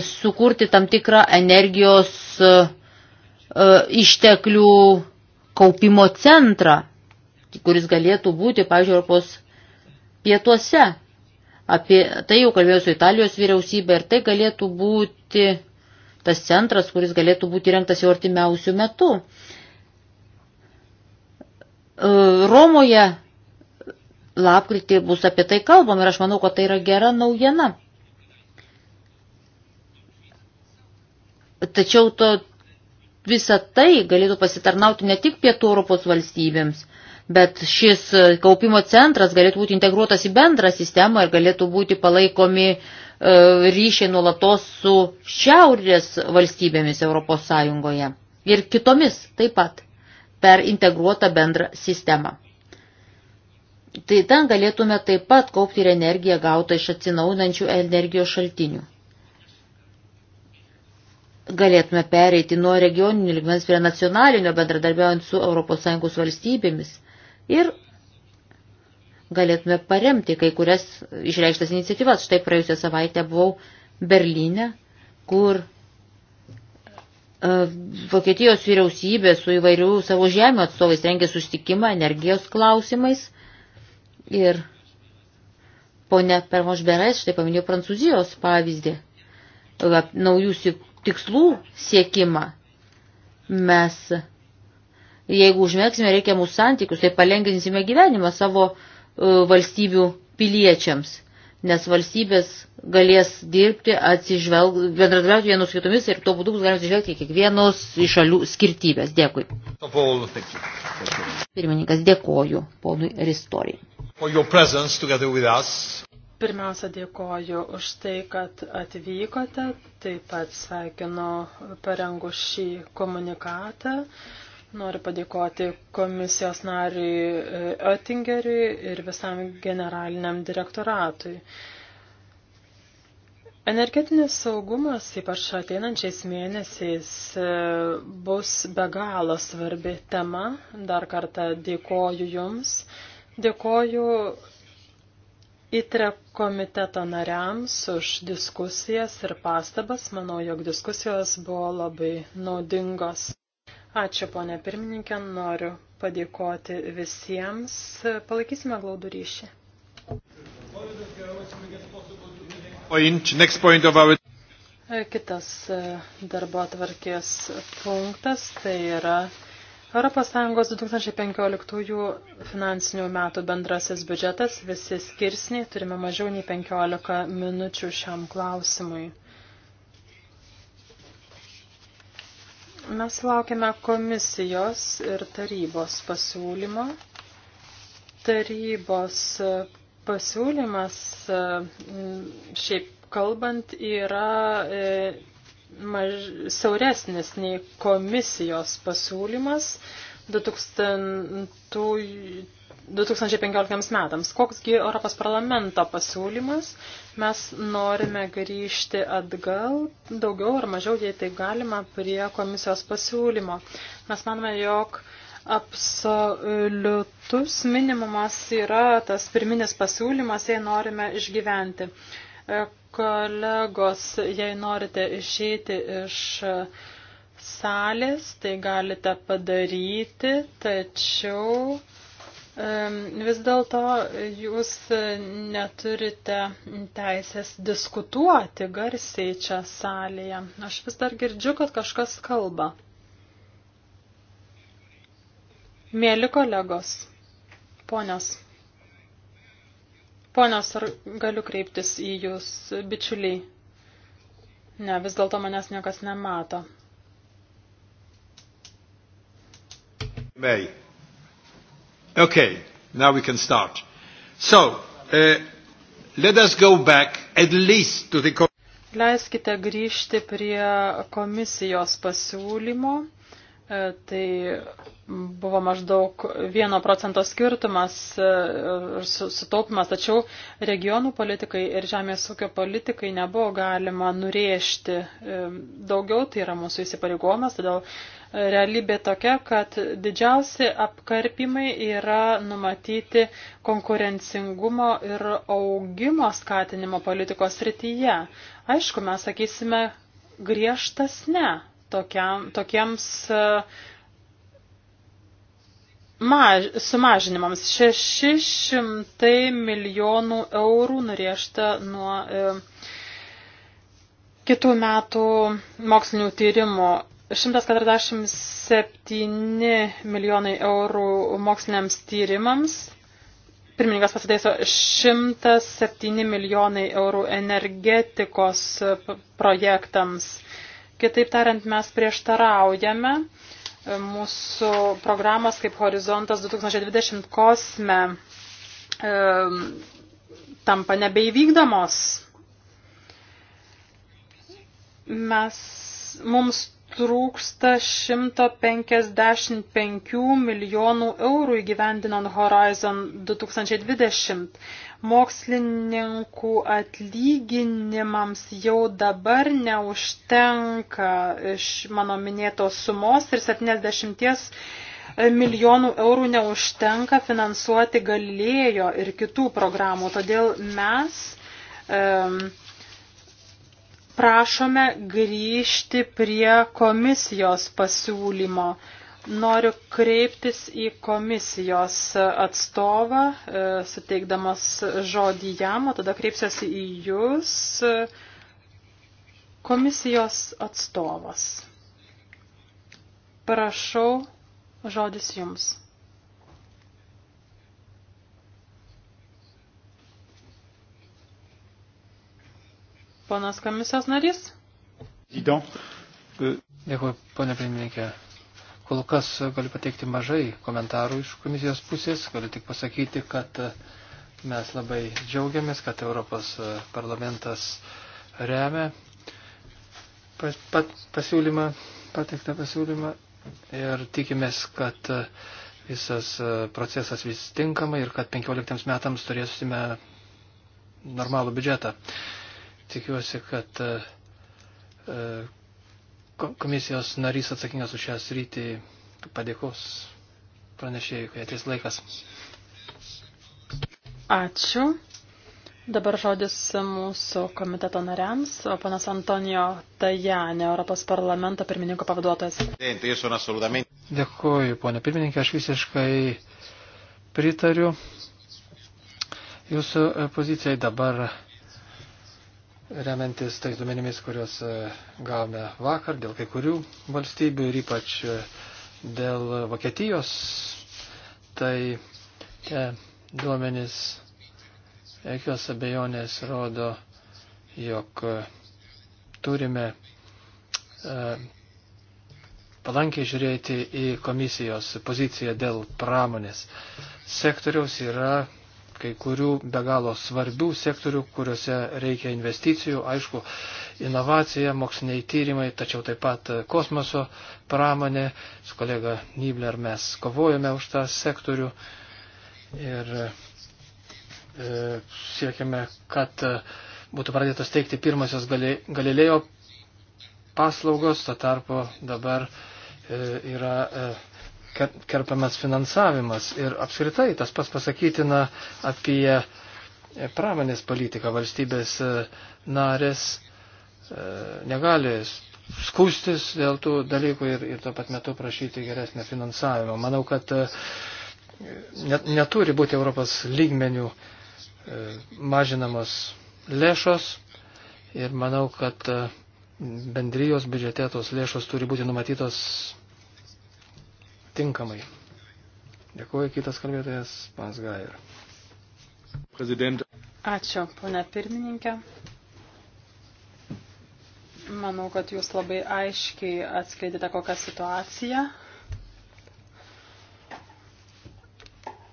sukurti tam tikrą energijos e, e, išteklių kaupimo centrą, kuris galėtų būti, pavyzdžiui, Europos pietuose. Apie tai jau kalbėjau su Italijos vyriausybė ir tai galėtų būti tas centras, kuris galėtų būti rengtas jau artimiausių metų. E, Romoje lapkritį bus apie tai kalbam ir aš manau, kad tai yra gera naujiena. Tačiau to visą tai galėtų pasitarnauti ne tik pietų Europos valstybėms, bet šis kaupimo centras galėtų būti integruotas į bendrą sistemą ir galėtų būti palaikomi E, ryšiai nuolatos su šiaurės valstybėmis Europos Sąjungoje ir kitomis taip pat per integruotą bendrą sistemą. Tai ten galėtume taip pat kaupti ir energiją gautą iš atsinaunančių energijos šaltinių. Galėtume pereiti nuo regioninių lygmens prie nacionalinio bendradarbiaujant su ES valstybėmis ir galėtume paremti kai kurias išreikštas iniciatyvas. Štai praėjusią savaitę buvau Berlyne, kur e, Vokietijos vyriausybė su įvairių savo žemio atstovais rengė sustikimą energijos klausimais. Ir ponia Permošberais štai paminėjo Prancūzijos pavyzdį, naujų tikslų siekimą. Mes, jeigu užmėgsime reikiamus santykius, tai palengvinsime gyvenimą savo uh, E, valstybių piliečiams, nes valstybės galės dirbti, bendradarbiauti vienus kitomis ir tuo būdu bus galima atsižvelgti kiekvienos iš šalių skirtybės. Dėkui. Pirmininkas, dėkoju ponui Ristoriai. Pirmiausia, dėkoju už tai, kad atvykote, taip pat sveikinu parengus šį komunikatą. Noriu padėkoti komisijos nariui e, Oettingeriui ir visam generaliniam direktoratui. Energetinis saugumas, ypač ateinančiais mėnesiais, e, bus be galo svarbi tema. Dar kartą dėkoju Jums. Dėkoju ITRE komiteto nariams už diskusijas ir pastabas. Manau, jog diskusijos buvo labai naudingos. Ačiū, ponė pirmininkė, noriu padėkoti visiems. Palaikysime glaudų ryšį. Point, next point of our... Kitas e, darbo atvarkės punktas tai yra ES 2015 finansinių metų bendrasis biudžetas, visi skirsniai, turime mažiau nei 15 minučių šiam klausimui. Mes laukiame komisijos ir tarybos pasiūlymo. Tarybos pasiūlymas, šiaip kalbant, yra e, maž, siauresnis nei komisijos pasiūlymas. 2000 2015 metams. Koksgi Europos parlamento pasiūlymas? Mes norime grįžti atgal daugiau ar mažiau, jei tai galima, prie komisijos pasiūlymo. Mes manome, jog absoliutus minimumas yra tas pirminis pasiūlymas, jei norime išgyventi. Kolegos, jei norite išeiti iš salės, tai galite padaryti, tačiau Vis dėlto jūs neturite teisės diskutuoti garsiai čia salėje. Aš vis dar girdžiu, kad kažkas kalba. Mėly kolegos, ponios. Ponios, ar galiu kreiptis į jūs, bičiuliai? Ne, vis dėlto manęs niekas nemato. Bei. Okay, now we can start. So, uh, let us go back at least to the. Leiskite grįžti prie komisijos pasiūlymo. E, tai buvo maždaug 1 procento skirtumas e, ir sutaupimas, tačiau regionų politikai ir žemės ūkio politikai nebuvo galima nurėžti e, daugiau, tai yra mūsų įsipareigojimas, todėl realybė tokia, kad didžiausi apkarpimai yra numatyti konkurencingumo ir augimo skatinimo politikos rytyje. Aišku, mes sakysime griežtas ne tokiam, tokiems e, maž, sumažinimams. 600 milijonų eurų nuriešta nuo. E, kitų metų mokslinių tyrimų 147 milijonai eurų moksliniams tyrimams. Pirmininkas pasidėso 107 milijonai eurų energetikos projektams. Kitaip tariant, mes prieštaraujame mūsų programos kaip Horizontas 2020 kosme e, tampa nebeįvykdomos. Mes, mums trūksta 155 milijonų eurų įgyvendinant Horizon 2020. Mokslininkų atlyginimams jau dabar neužtenka iš mano minėtos sumos ir 70 milijonų eurų neužtenka finansuoti galėjo ir kitų programų. Todėl mes um, prašome grįžti prie komisijos pasiūlymo. Noriu kreiptis į komisijos atstovą, e, suteikdamas žodį jam, o tada kreipsiuosi į jūs. Komisijos atstovas. Prašau, žodis jums. Ponas komisijos narys. E, Dėkui, ponė pirmininkė. Kol kas galiu pateikti mažai komentarų iš komisijos pusės. Galiu tik pasakyti, kad e, mes labai džiaugiamės, kad Europos e, parlamentas remia pas, pat, pasiūlymą, pateiktą pasiūlymą ir tikimės, kad visas procesas vis tinkamai ir kad 15 metams turėsime normalų biudžetą. Tikiuosi, kad e, e, komisijos narys atsakingas už šią sritį padėkos pranešėjai, kai ateis laikas. Ačiū. Dabar žodis mūsų komiteto nariams, o panas Antonijo Tajanė, Europos parlamento pirmininko pavaduotojas. Dėkuoju, ponė pirmininkė, aš visiškai pritariu jūsų e, pozicijai dabar remiantis tais duomenimis, kuriuos e, gavome vakar dėl kai kurių valstybių ir ypač e, dėl Vokietijos, tai tie duomenys jokios abejonės rodo, jog e, turime palankiai žiūrėti į komisijos poziciją dėl pramonės. Sektoriaus yra kai kurių be galo svarbių sektorių, kuriuose reikia investicijų, aišku, inovacija, moksliniai tyrimai, tačiau taip pat kosmoso pramonė. Su kolega Nibler mes kovojame už tą sektorių ir e, siekiame, kad e, būtų pradėtos teikti pirmosios Galilėjo paslaugos, to tarpu dabar e, yra. E, kertamas finansavimas. Ir apskritai tas pas pasakytina apie e, pramonės politiką. Valstybės e, narės e, negali skūstis dėl tų dalykų ir, ir tuo pat metu prašyti geresnio finansavimo. Manau, kad net, neturi būti Europos lygmenių mažinamos lėšos ir manau, kad bendrijos biudžete tos lėšos turi būti numatytos tinkamai. Dėkuoju kitas kalbėtojas, Pans Gair. Prezidentė. Ačiū, ponia pirmininkė. Manau, kad jūs labai aiškiai atskleidėte kokią situaciją.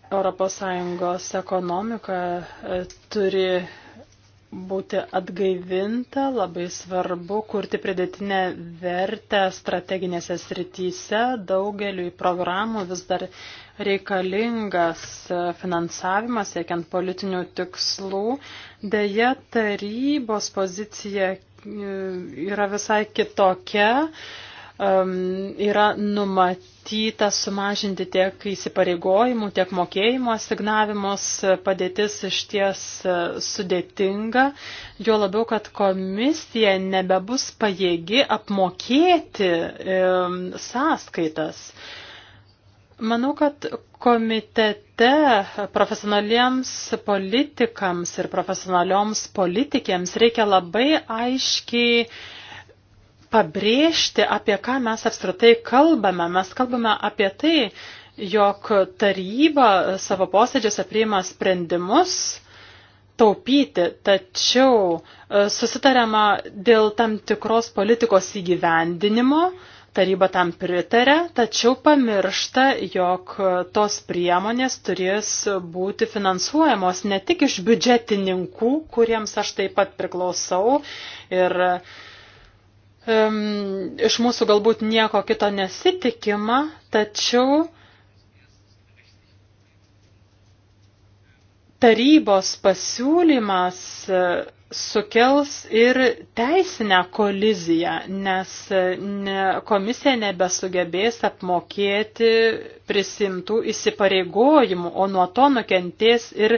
Europos Sąjungos ekonomika e, turi būti atgaivinta, labai svarbu kurti pridėtinę vertę strateginėse srityse. Daugeliui programų vis dar reikalingas finansavimas siekiant politinių tikslų. Deja, tarybos pozicija e, yra visai kitokia um, yra numatyta sumažinti tiek įsipareigojimų, tiek mokėjimo asignavimus. Padėtis iš ties e, sudėtinga, jo labiau, kad komisija nebebus pajėgi apmokėti um, sąskaitas. Manau, kad komitete profesionaliems politikams ir profesionalioms politikėms reikia labai aiškiai uh, pabrėžti, apie ką mes apskritai kalbame. Mes kalbame apie tai, jog taryba savo posėdžiuose priima sprendimus taupyti, tačiau e, susitariama dėl tam tikros politikos įgyvendinimo, taryba tam pritarė, tačiau pamiršta, jog tos priemonės turės būti finansuojamos ne tik iš biudžetininkų, kuriems aš taip pat priklausau ir uh, um, iš mūsų galbūt nieko kito nesitikima, tačiau tarybos pasiūlymas e, sukels ir teisinę koliziją, nes e, ne, komisija nebesugebės apmokėti prisimtų įsipareigojimų, o nuo to nukentės ir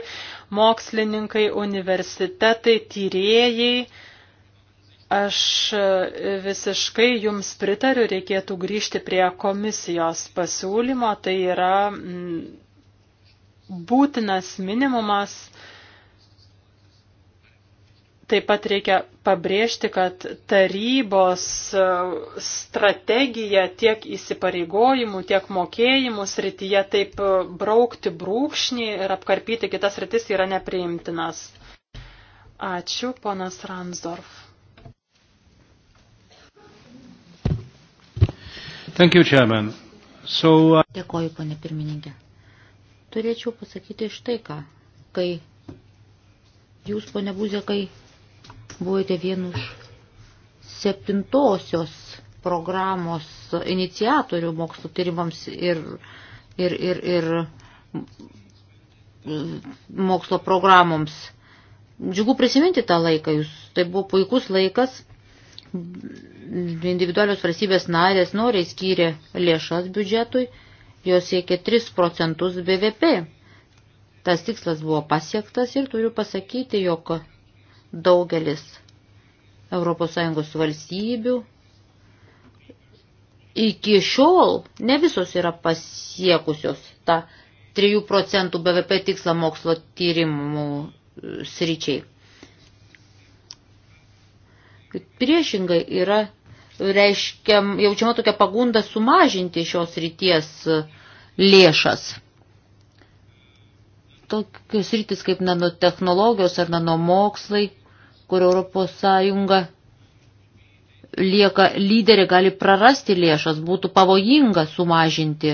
mokslininkai, universitetai, tyrėjai, Aš visiškai jums pritariu, reikėtų grįžti prie komisijos pasiūlymo, tai yra mm, būtinas minimumas. Taip pat reikia pabrėžti, kad tarybos e, strategija tiek įsipareigojimų, tiek mokėjimų srityje taip e, braukti brūkšnį ir apkarpyti kitas rytis yra nepriimtinas. Ačiū, ponas Ransdorf. Thank you, Chairman. So, uh... Dėkoju, ponė pirmininkė. Turėčiau pasakyti štai ką. Kai jūs, ponė Buzekai, buvote vienu iš septintosios programos iniciatorių mokslo tyrimams ir, ir, ir, ir mokslo programoms. Džiugu prisiminti tą laiką, jūs tai buvo puikus laikas, individualios valstybės narės noriai skyrė lėšas biudžetui, jos siekė 3 procentus BVP. Tas tikslas buvo pasiektas ir turiu pasakyti, jog daugelis ES valstybių iki šiol ne visos yra pasiekusios tą 3 procentų BVP tikslą mokslo tyrimų sričiai. Priešingai yra reiškia, jaučiama tokia pagunda sumažinti šios ryties e, lėšas. Tokios rytis kaip nanotehnologijos ar nanomokslai, kur Europos Sąjunga lieka lyderė, gali prarasti lėšas, būtų pavojinga sumažinti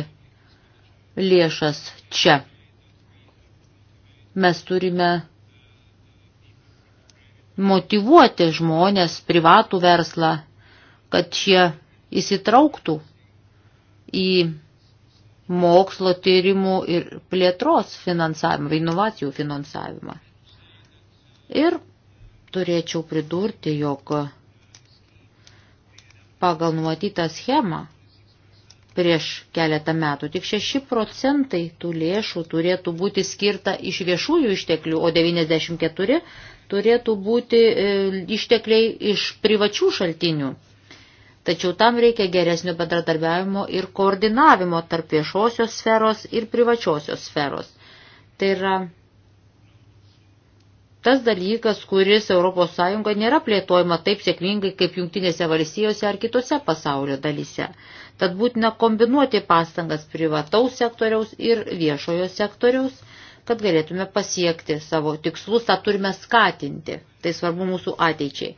lėšas čia. Mes turime motivuoti žmonės, privatų verslą, kad šie įsitrauktų į mokslo tyrimų ir plėtros finansavimą, inovacijų finansavimą. Ir turėčiau pridurti, jog pagal numatytą schemą prieš keletą metų tik 6 procentai tų lėšų turėtų būti skirta iš viešųjų išteklių, o 94 turėtų būti e, ištekliai iš privačių šaltinių. Tačiau tam reikia geresnio bendradarbiavimo ir koordinavimo tarp viešosios sferos ir privačiosios sferos. Tai yra tas dalykas, kuris ES nėra plėtojama taip sėkmingai kaip Junktinėse valstijose ar kitose pasaulio dalyse. Tad būtina kombinuoti pastangas privataus sektoriaus ir viešojo sektoriaus, kad galėtume pasiekti savo tikslus, tą turime skatinti. Tai svarbu mūsų ateičiai.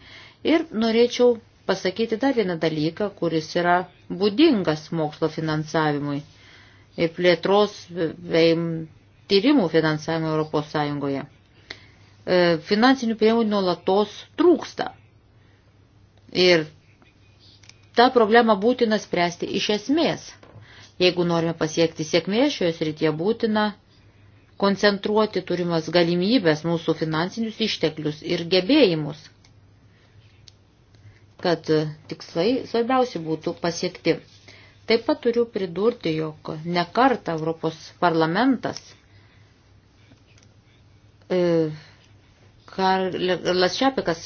Ir norėčiau pasakyti dar vieną dalyką, kuris yra būdingas mokslo finansavimui ir plėtros bei tyrimų finansavimui Europos Sąjungoje. E, finansinių priemonių nuolatos trūksta. Ir tą problemą būtina spręsti iš esmės. Jeigu norime pasiekti sėkmės šioje srityje, būtina koncentruoti turimas galimybės mūsų finansinius išteklius ir gebėjimus – kad tikslai svarbiausi būtų pasiekti. Taip pat turiu pridurti, jog ne kartą Europos parlamentas e, Karlas Šepikas,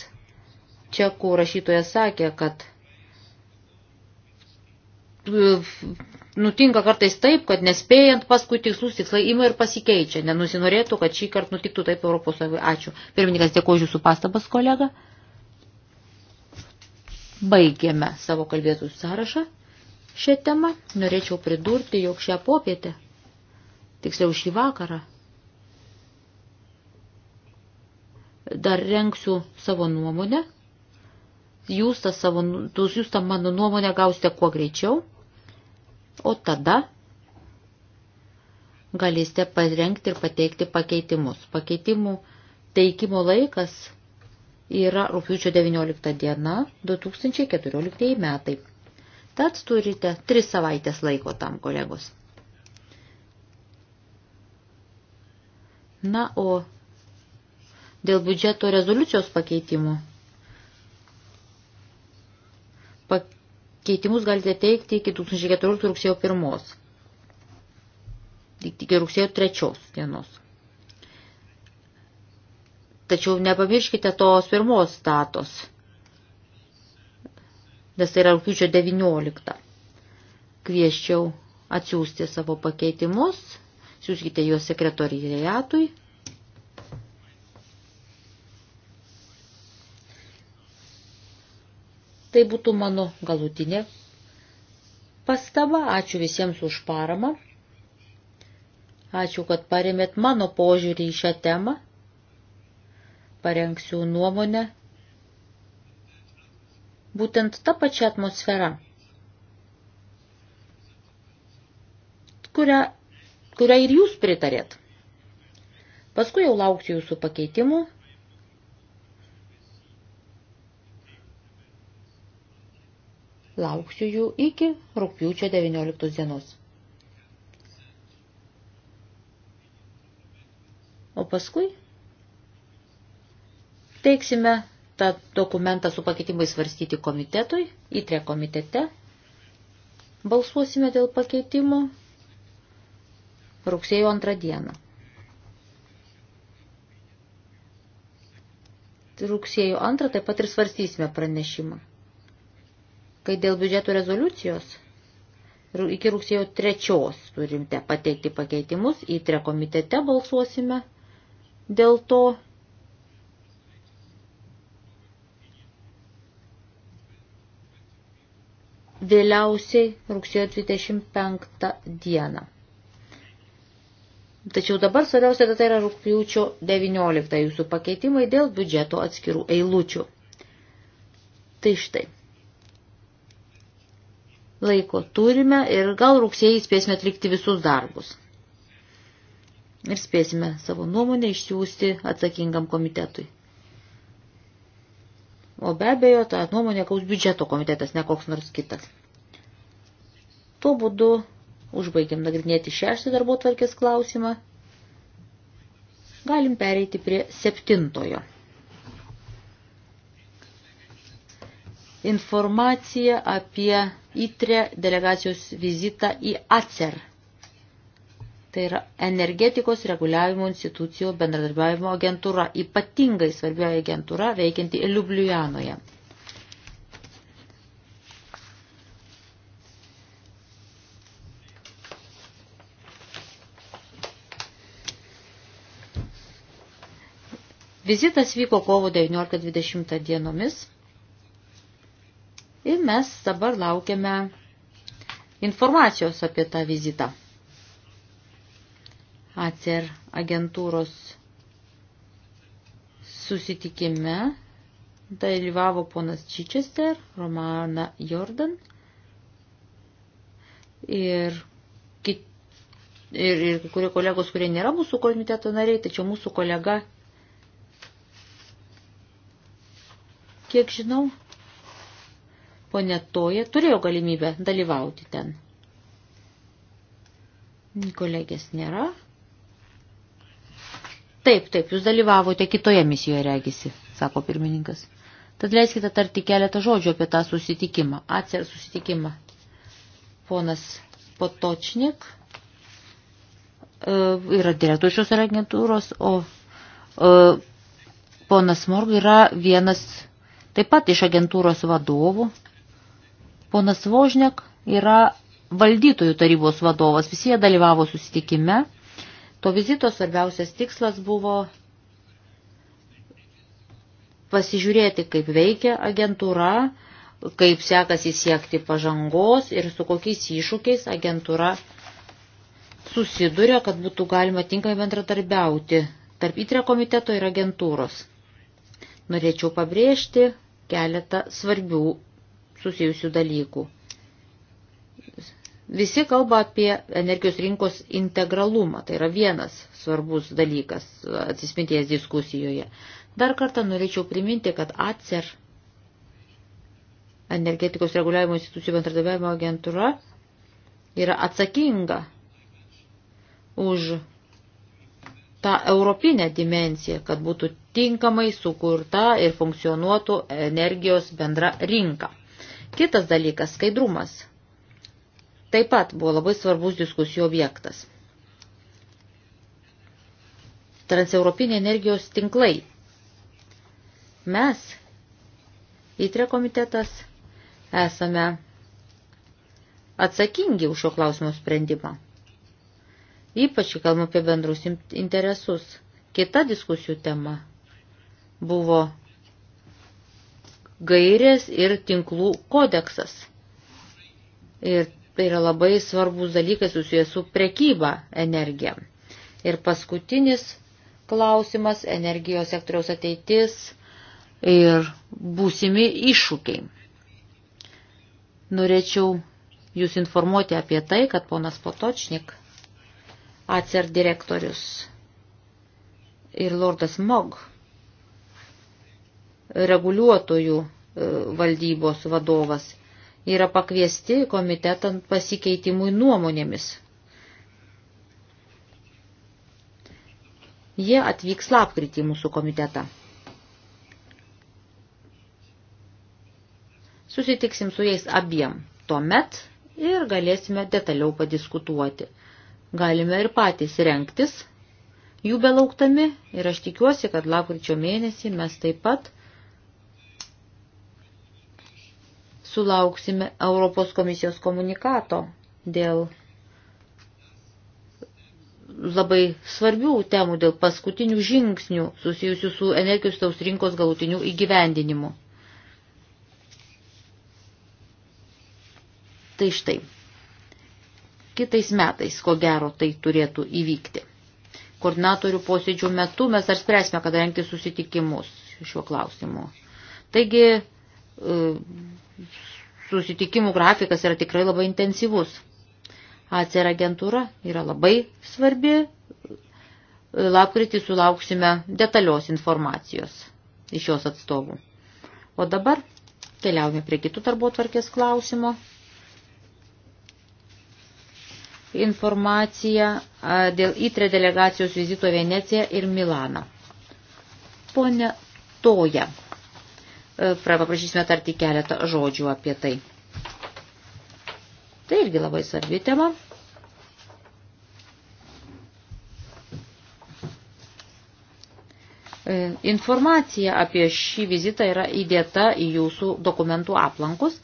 čekų rašytojas, sakė, kad e, nutinka kartais taip, kad nespėjant paskui tikslus tikslai ima ir pasikeičia. Nenusinorėtų, kad šį kartą nutiktų taip Europos Sąjungoje. Ačiū. Pirmininkas, dėkuoju jūsų pastabas, kolega baigėme savo kalbėtų sąrašą šią temą. Norėčiau pridurti, jog šią popietę, tiksliau šį vakarą, dar renksiu savo nuomonę. Jūs tą, savo, jūs tą mano nuomonę gausite kuo greičiau, o tada galėsite parengti ir pateikti pakeitimus. Pakeitimų teikimo laikas yra rūpiučio 19 diena 2014 metai. Tad turite 3 savaitės laiko tam, kolegos. Na, o dėl biudžeto rezoliucijos pakeitimų. Pakeitimus galite teikti iki 2014 rugsėjo 1. Iki rugsėjo 3 dienos. Tačiau nepamirškite tos pirmos datos, nes tai yra rūpiučio 19. Kvieščiau atsiųsti savo pakeitimus, siūskite juos sekretorijatui. Tai būtų mano galutinė pastaba. Ačiū visiems už paramą. Ačiū, kad paremėt mano požiūrį į šią temą parengsiu nuomonę būtent tą pačią atmosferą, kurią, kurią ir jūs pritarėt. Paskui jau lauksiu jūsų pakeitimų. Lauksiu jų iki rūpjūčio 19 dienos. O paskui Teiksime tą dokumentą su pakeitimais svarstyti komitetui, įtrė komitete. Balsuosime dėl pakeitimo rugsėjo antrą dieną. Rugsėjo antrą taip pat ir svarstysime pranešimą. Kai dėl biudžeto rezoliucijos, iki rugsėjo trečios turimte pateikti pakeitimus, įtrė komitete balsuosime dėl to vėliausiai rugsėjo 25 dieną. Tačiau dabar svarbiausia data yra rūpjūčio 19 jūsų pakeitimai dėl biudžeto atskirų eilučių. Tai štai. Laiko turime ir gal rugsėjai spėsime atlikti visus darbus. Ir spėsime savo nuomonę išsiųsti atsakingam komitetui. O be abejo, tą nuomonę gaus biudžeto komitetas, ne koks nors kitas. Tuo būdu užbaigiam nagrinėti šeštą darbo tvarkės klausimą. Galim pereiti prie septintojo. Informacija apie ITRE delegacijos vizitą į ACER Tai yra energetikos reguliavimo institucijų bendradarbiavimo agentūra, ypatingai svarbi agentūra veikianti Liublianoje. Vizitas vyko kovo 19-20 dienomis ir mes dabar laukiame informacijos apie tą vizitą. ACER agentūros susitikime dalyvavo ponas Čičester, Romana Jordan ir, kit, ir, ir kurie kolegos, kurie nėra mūsų komiteto nariai, tačiau mūsų kolega, kiek žinau, ponė Toja turėjo galimybę dalyvauti ten. Kolegės nėra. Taip, taip, jūs dalyvavote kitoje misijoje, regisi, sako pirmininkas. Tad leiskite tarti keletą žodžių apie tą susitikimą, atsir susitikimą. Ponas Potočnik e, yra direktorius šios agentūros, o, o e, ponas Morg yra vienas taip pat iš agentūros vadovų. Ponas Vožnek yra valdytojų tarybos vadovas, visi jie dalyvavo susitikime To vizito svarbiausias tikslas buvo pasižiūrėti, kaip veikia agentūra, kaip sekasi siekti pažangos ir su kokiais iššūkiais agentūra susiduria, kad būtų galima tinkamai bendradarbiauti tarp įtrio komiteto ir agentūros. Norėčiau pabrėžti keletą svarbių susijusių dalykų. Visi kalba apie energijos rinkos integralumą, tai yra vienas svarbus dalykas atsispinties diskusijoje. Dar kartą norėčiau priminti, kad ACER, energetikos reguliavimo institucijų bendradarbiavimo agentūra, yra atsakinga už tą europinę dimenciją, kad būtų tinkamai sukurta ir funkcionuotų energijos bendra rinka. Kitas dalykas - skaidrumas taip pat buvo labai svarbus diskusijų objektas. Transeuropiniai energijos tinklai. Mes, įtre komitetas, esame atsakingi už šio klausimo sprendimą. Ypač kalbam apie bendrus interesus. Kita diskusijų tema buvo gairės ir tinklų kodeksas. Ir tai yra labai svarbus dalykai susijęs su prekyba energija. Ir paskutinis klausimas - energijos sektoriaus ateitis ir būsimi iššūkiai. Norėčiau Jūs informuoti apie tai, kad ponas Potočnik, ACER direktorius ir Lordas Mog, reguliuotojų e, valdybos vadovas, yra pakviesti komitetant pasikeitimui nuomonėmis. Jie atvyks lapkritį į mūsų komitetą. Susitiksim su jais abiem tuomet ir galėsime detaliau padiskutuoti. Galime ir patys renktis, jų belauktami ir aš tikiuosi, kad lapkričio mėnesį mes taip pat sulauksime Europos komisijos komunikato dėl labai svarbių temų, dėl paskutinių žingsnių susijusių su energijos taus rinkos galutiniu įgyvendinimu. Tai štai, kitais metais, ko gero, tai turėtų įvykti. Koordinatorių posėdžių metu mes dar spręsime, kada rengti susitikimus šiuo klausimu. Taigi, susitikimų grafikas yra tikrai labai intensyvus. ACR agentūra yra labai svarbi. Lapkritį sulauksime detalios informacijos iš jos atstovų. O dabar keliaujame prie kitų darbo tvarkės klausimo. Informacija dėl įtre delegacijos vizito Venecija ir Milana. Pone Toja, E, paprašysime tarti keletą žodžių apie tai. Tai irgi labai svarbi tema. E, informacija apie šį vizitą yra įdėta į jūsų dokumentų aplankus,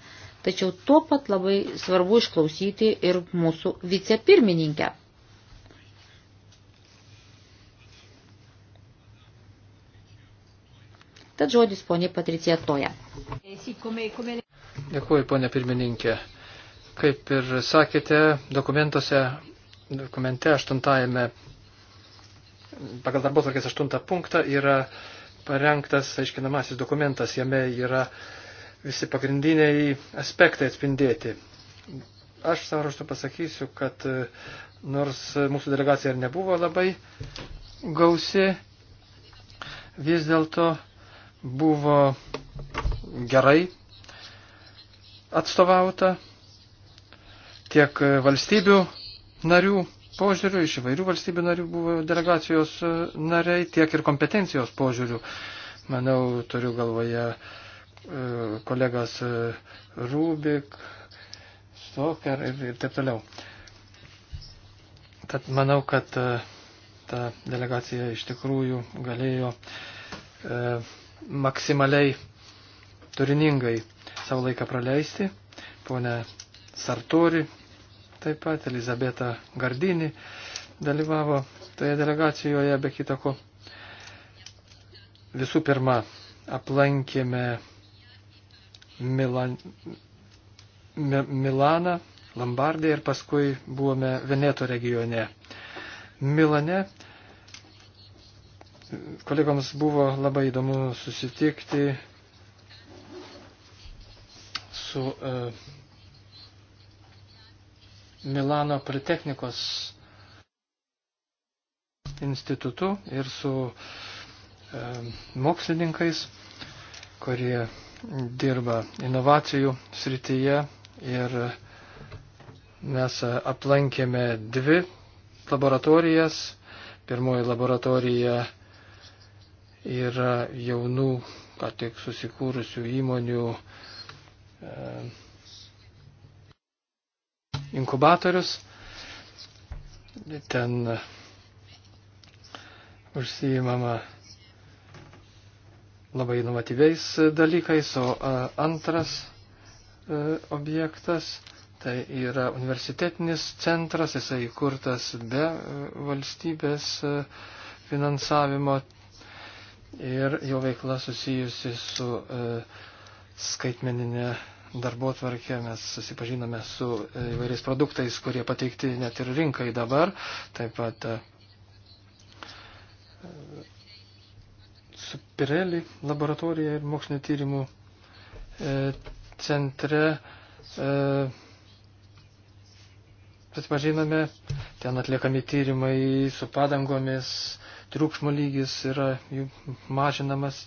tačiau tuo pat labai svarbu išklausyti ir mūsų vicepirmininkę. Tad žodis ponė Patricija Toja. Dėkuoju, ponė pirmininkė. Kaip ir sakėte, dokumentuose, dokumente aštuntajame, pagal darbo tvarkės aštuntą punktą yra parengtas aiškinamasis dokumentas, jame yra visi pagrindiniai aspektai atspindėti. Aš savo ruoštų pasakysiu, kad e, nors mūsų delegacija ir nebuvo labai gausi, vis dėlto buvo gerai atstovauta tiek valstybių narių požiūrių, iš įvairių valstybių narių buvo delegacijos e, nariai, tiek ir kompetencijos požiūrių. Manau, turiu galvoje e, kolegas e, Rubik, Stoker ir, ir taip toliau. Tad manau, kad ta delegacija iš tikrųjų galėjo maksimaliai turiningai savo laiką praleisti. Pone Sartori, taip pat Elizabeta Gardini dalyvavo toje delegacijoje be kitako. Visų pirma, aplankėme Milan, Mi, Milaną, Lombardiją ir paskui buvome Veneto regione. Milane Kolegoms buvo labai įdomu susitikti su uh, Milano Politechnikos institutu ir su uh, mokslininkais, kurie dirba inovacijų srityje ir mes aplankėme dvi laboratorijas. Pirmoji laboratorija yra jaunų, ką tik susikūrusių įmonių e, inkubatorius. Ten užsijimama labai inovatyviais dalykais, o e, antras e, objektas Tai yra universitetinis centras, jisai įkurtas be e, valstybės finansavimo ir jo veikla susijusi su e, skaitmeninė darbo tvarkė. Mes susipažinome su e, įvairiais produktais, kurie pateikti net ir rinkai dabar. Taip pat e, su Pirelli laboratorija ir mokslinio tyrimų e, centre. E, susipažinome, ten atliekami tyrimai su padangomis, triukšmo lygis yra mažinamas.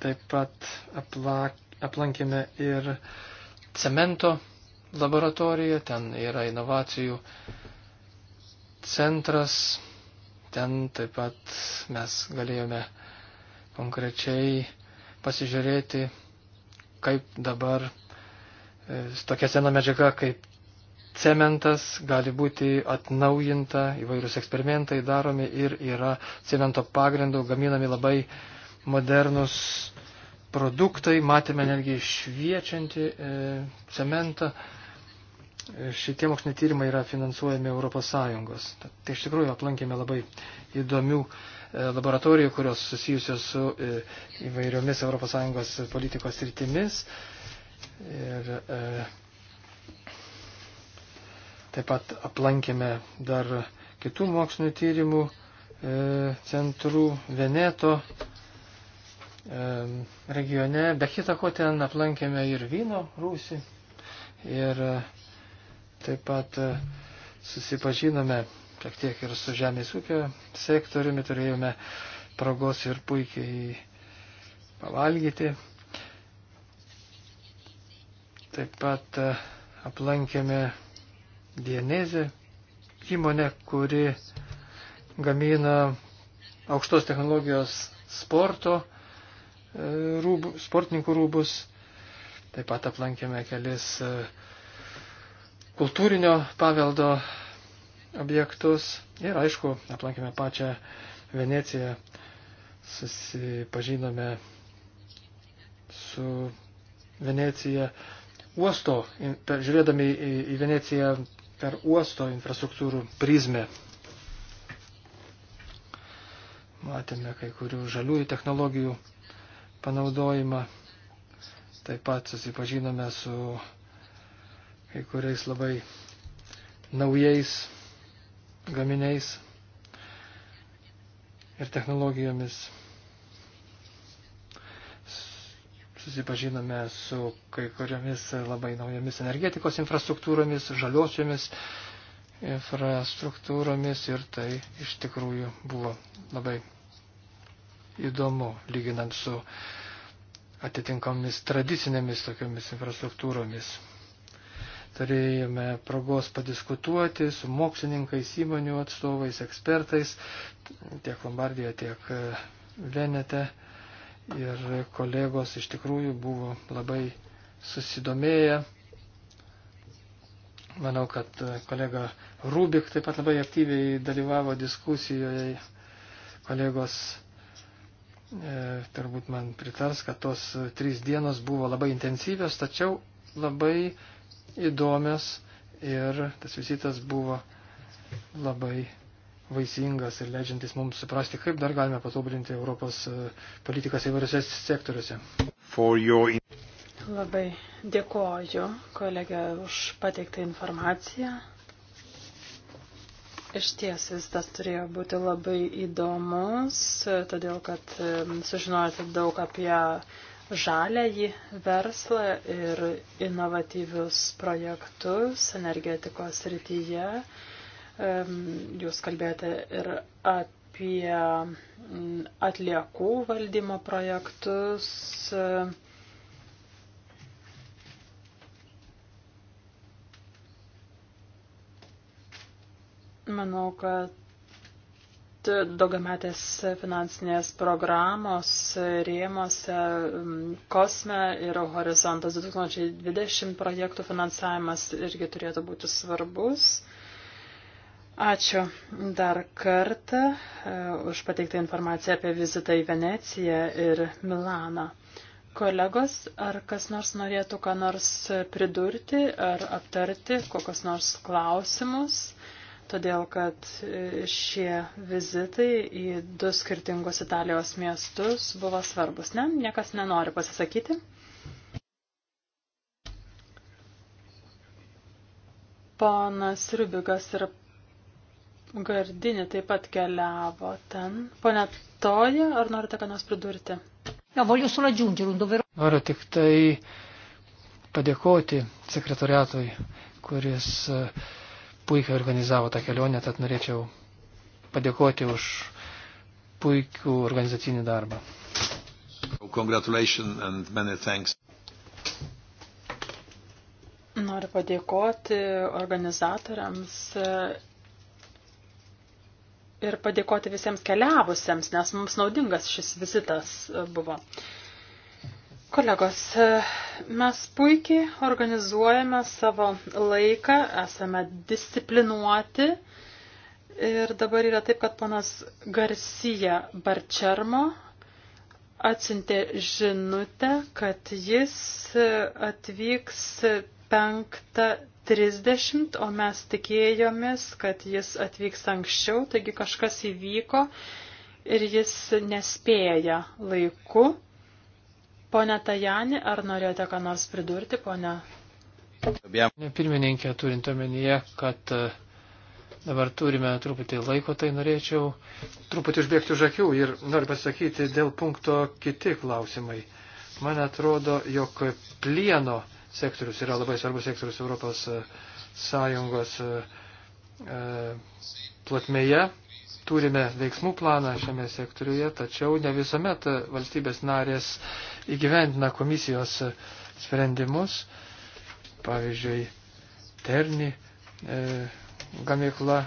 Taip pat aplak, aplankėme ir cemento laboratoriją, ten yra inovacijų centras, ten taip pat mes galėjome konkrečiai pasižiūrėti, kaip dabar e, tokia sena medžiaga kaip cementas gali būti atnaujinta, įvairūs eksperimentai daromi ir yra cemento pagrindų gaminami labai modernus produktai. Matėme netgi šviečiantį e, cementą. E, šitie moksliniai tyrimai yra finansuojami ES. Tai iš tikrųjų aplankėme labai įdomių e, laboratorijų, kurios susijusios su e, įvairiomis ES politikos rytimis. Ir, e, Taip pat aplankėme dar kitų mokslinių tyrimų e, centrų Veneto e, regione. Be kita ko ten aplankėme ir vyno rūsį. Ir e, taip pat e, susipažinome šiek tiek ir su žemės ūkio sektoriumi, turėjome progos ir puikiai pavalgyti. Taip pat e, aplankėme Dienezė, įmonė, kuri gamina aukštos technologijos sporto, e, rūbų, sportininkų rūbus. Taip pat aplankėme kelis e, kultūrinio paveldo objektus ir, aišku, aplankėme pačią Veneciją, susipažinome su Venecija uosto, žiūrėdami į, į Veneciją per uosto infrastruktūrų prizmę. Matėme kai kurių žaliųjų technologijų panaudojimą. Taip pat susipažinome su kai kuriais labai naujais gaminiais ir technologijomis. susipažinome su kai kuriomis labai naujomis energetikos infrastruktūromis, žaliosiomis infrastruktūromis ir tai iš tikrųjų buvo labai įdomu, lyginant su atitinkamomis tradicinėmis tokiomis infrastruktūromis. Turėjome progos padiskutuoti su mokslininkais, įmonių atstovais, ekspertais, tiek Lombardijoje, tiek Venete ir kolegos iš tikrųjų buvo labai susidomėję. Manau, kad kolega Rubik taip pat labai aktyviai dalyvavo diskusijoje. Kolegos e, turbūt man pritars, kad tos trys dienos buvo labai intensyvios, tačiau labai įdomios ir tas vizitas buvo labai vaisingas ir leidžiantis mums suprasti, kaip dar galime patobulinti Europos e, politikas įvairiose sektoriuose. Your... Labai dėkoju, kolegė, už pateiktą informaciją. Iš ties viskas turėjo būti labai įdomus, todėl kad e, sužinojate daug apie žalėjį verslą ir inovatyvius projektus energetikos rytyje. Jūs kalbėjote ir apie mm, atliekų valdymo projektus. Manau, kad daugiametės finansinės programos rėmose mm, Kosme ir Horizontas 2020 projektų finansavimas irgi turėtų būti svarbus. Ačiū dar kartą e, už pateiktą informaciją apie vizitą į Veneciją ir Milaną. Kolegos, ar kas nors norėtų ką nors pridurti ar aptarti kokios nors klausimus? todėl kad e, šie vizitai į du skirtingus Italijos miestus buvo svarbus. Ne, niekas nenori pasisakyti. Ponas Rubigas ir Gardinė taip pat keliavo ten. Pone Toja, ar norite ką nors pridurti? Ja, voglio solo aggiungere un dovero. Noriu tik tai padėkoti sekretoriatui, kuris e, puikiai organizavo tą kelionę, tad norėčiau padėkoti už puikų organizacinį darbą. Congratulations and many thanks. Noriu padėkoti organizatoriams ir padėkoti visiems keliavusiems, nes mums naudingas šis vizitas e, buvo. Kolegos, e, mes puikiai organizuojame savo laiką, esame disciplinuoti ir dabar yra taip, kad ponas Garcija Barčermo atsintė žinutę, kad jis atvyks penktą 30, o mes tikėjomės, kad jis atvyks anksčiau, taigi kažkas įvyko ir jis nespėja laiku. Pone Tajani, ar norėjote ką nors pridurti, pone? Pirmininkė, turint omenyje, kad e, dabar turime truputį laiko, tai norėčiau truputį užbėgti už akių ir noriu pasakyti dėl punkto kiti klausimai. Man atrodo, jog plieno sektorius yra labai svarbus sektorius Europos e, Sąjungos e, e, platmėje. Turime veiksmų planą šiame sektoriuje, tačiau ne visuomet valstybės narės įgyvendina komisijos sprendimus. Pavyzdžiui, Terni gamykla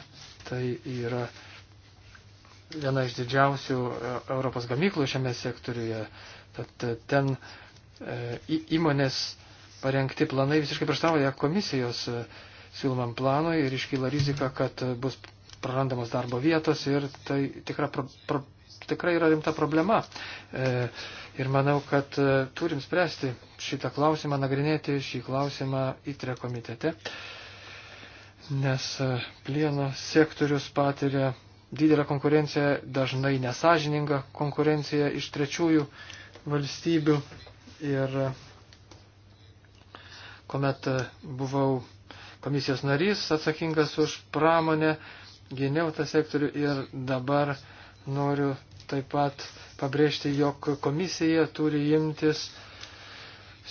tai yra viena iš didžiausių Europos gamyklų šiame sektoriuje. Tad ten įmonės parengti planai visiškai prieštarauja komisijos e, siūlomam planui ir iškyla rizika, kad e, bus prarandamos darbo vietos ir tai tikra, pro, pro, tikrai yra rimta problema. E, ir manau, kad e, turim spręsti šitą klausimą, nagrinėti šį klausimą įtre komitete, nes e, plieno sektorius patiria didelę konkurenciją, dažnai nesažiningą konkurenciją iš trečiųjų valstybių. Ir e, kuomet e, buvau komisijos narys atsakingas už pramonę, gyniau tą sektorių ir dabar noriu taip pat pabrėžti, jog komisija turi imtis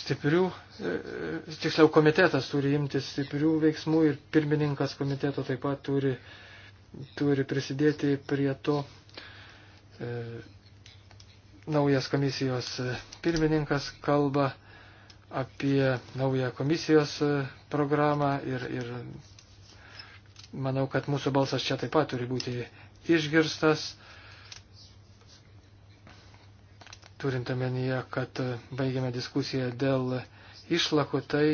stiprių, e, e, tiksliau komitetas turi imtis stiprių veiksmų ir pirmininkas komiteto taip pat turi, turi prisidėti prie to. E, naujas komisijos pirmininkas kalba apie naują komisijos e, programą ir, ir manau, kad mūsų balsas čia taip pat turi būti išgirstas, turint omenyje, kad e, baigėme diskusiją dėl išlakų, tai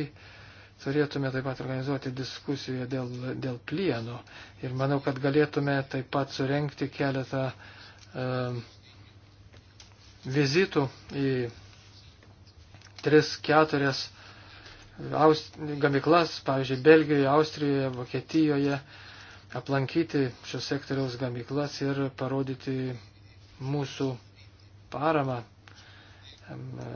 turėtume taip pat organizuoti diskusiją dėl, dėl plieno ir manau, kad galėtume taip pat surenkti keletą e, vizitų į 3-4 gamiklas, pavyzdžiui, Belgijoje, Austrijoje, Vokietijoje, aplankyti šios sektoriaus gamiklas ir parodyti mūsų paramą e,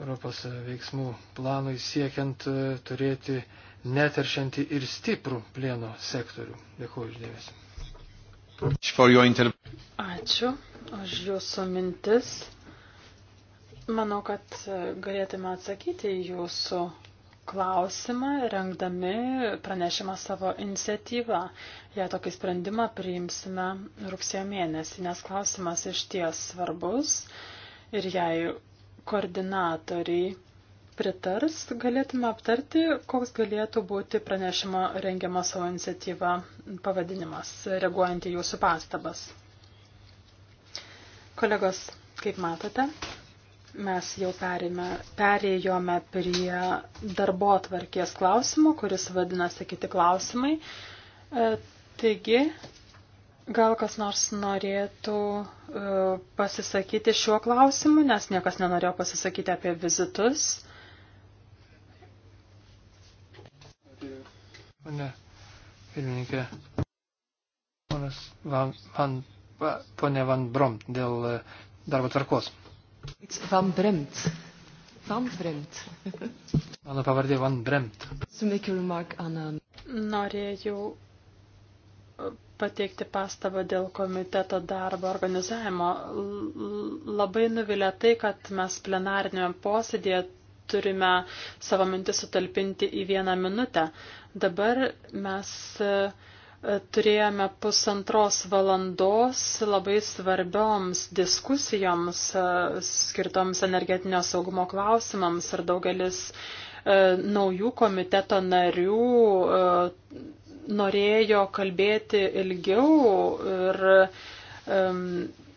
Europos veiksmų planui siekiant e, turėti neteršiantį ir stiprų plieno sektorių. Dėkuoju uždėmesi. Ačiū už Jūsų mintis. Manau, kad galėtume atsakyti į jūsų klausimą, rengdami pranešimą savo iniciatyvą. Jei tokį sprendimą priimsime rugsėjo mėnesį, nes klausimas iš ties svarbus ir jei koordinatoriai pritars, galėtume aptarti, koks galėtų būti pranešimo rengiamo savo iniciatyvą pavadinimas, reaguojant į jūsų pastabas. Kolegos, kaip matote, Mes jau perėme, perėjome prie darbo atvarkės klausimų, kuris vadinasi kiti klausimai. E, taigi, gal kas nors norėtų e, pasisakyti šiuo klausimu, nes niekas nenorėjo pasisakyti apie vizitus. Pane pirmininkė, ponas Van, Van, Pone Van Brom dėl e, darbo tvarkos. Van Bremt. Van Bremt. Mano pavardė Van Bremt. Norėjau e, pateikti pastabą dėl komiteto darbo organizavimo. Labai nuvilia tai, kad mes plenarinėme posėdėje turime savo mintis sutalpinti į vieną minutę. Dabar mes uh, turėjome pusantros valandos labai svarbioms diskusijoms e, skirtoms energetinio saugumo klausimams ir daugelis e, naujų komiteto narių e, norėjo kalbėti ilgiau ir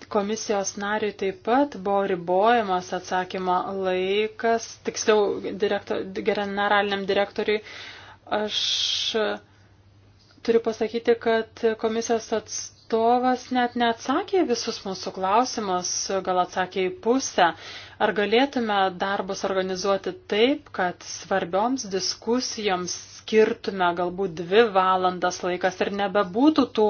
komisijos nariui taip pat buvo ribojamas atsakymo laikas, tiksliau direktor, generaliniam direktoriui. Aš Turiu pasakyti, kad komisijos atstovas net neatsakė visus mūsų klausimus, gal atsakė į pusę. Ar galėtume darbus organizuoti taip, kad svarbioms diskusijoms skirtume galbūt dvi valandas laikas ir nebebūtų tų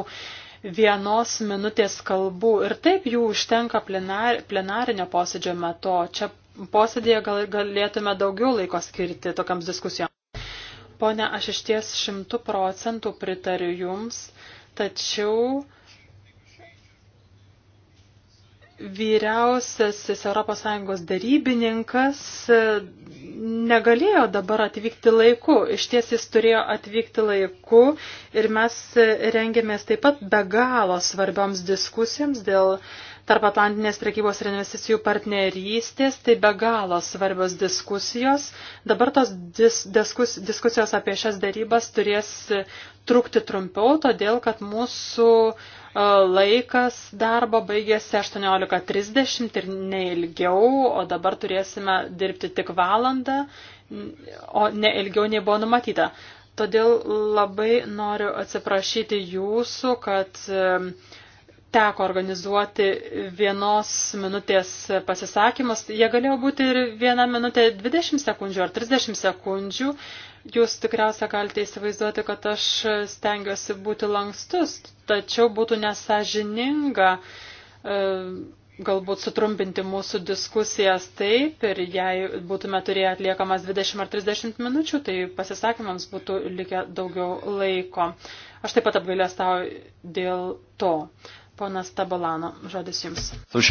vienos minutės kalbų. Ir taip jų užtenka plenar, plenarinio posėdžio metu. Čia posėdėje gal, galėtume daugiau laiko skirti tokiams diskusijoms. Pone, aš iš ties šimtų procentų pritariu Jums, tačiau vyriausiasis ES darybininkas negalėjo dabar atvykti laiku. Iš ties jis turėjo atvykti laiku ir mes rengėmės taip pat be galo svarbioms diskusijoms dėl uh, tarp Atlantinės prekybos ir investicijų partnerystės, tai be galo svarbios diskusijos. Dabar tos dis, diskus, diskusijos apie šias darybas turės e, trukti trumpiau, todėl kad mūsų e, laikas darbo baigėsi 18.30 ir neilgiau, o dabar turėsime dirbti tik valandą, o ne ilgiau nei buvo numatyta. Todėl labai noriu atsiprašyti jūsų, kad e, teko organizuoti vienos minutės pasisakymus. Jie galėjo būti ir vieną minutę 20 sekundžių ar 30 sekundžių. Jūs tikriausia galite įsivaizduoti, kad aš stengiuosi būti lankstus, tačiau būtų nesažininga e, galbūt sutrumpinti mūsų diskusijas taip ir jei būtume turėję atliekamas 20 ar 30 minučių, tai pasisakymams būtų likę daugiau laiko. Aš taip pat apgailestauju dėl to. Ponas Tabalano, žodis Jums. Aš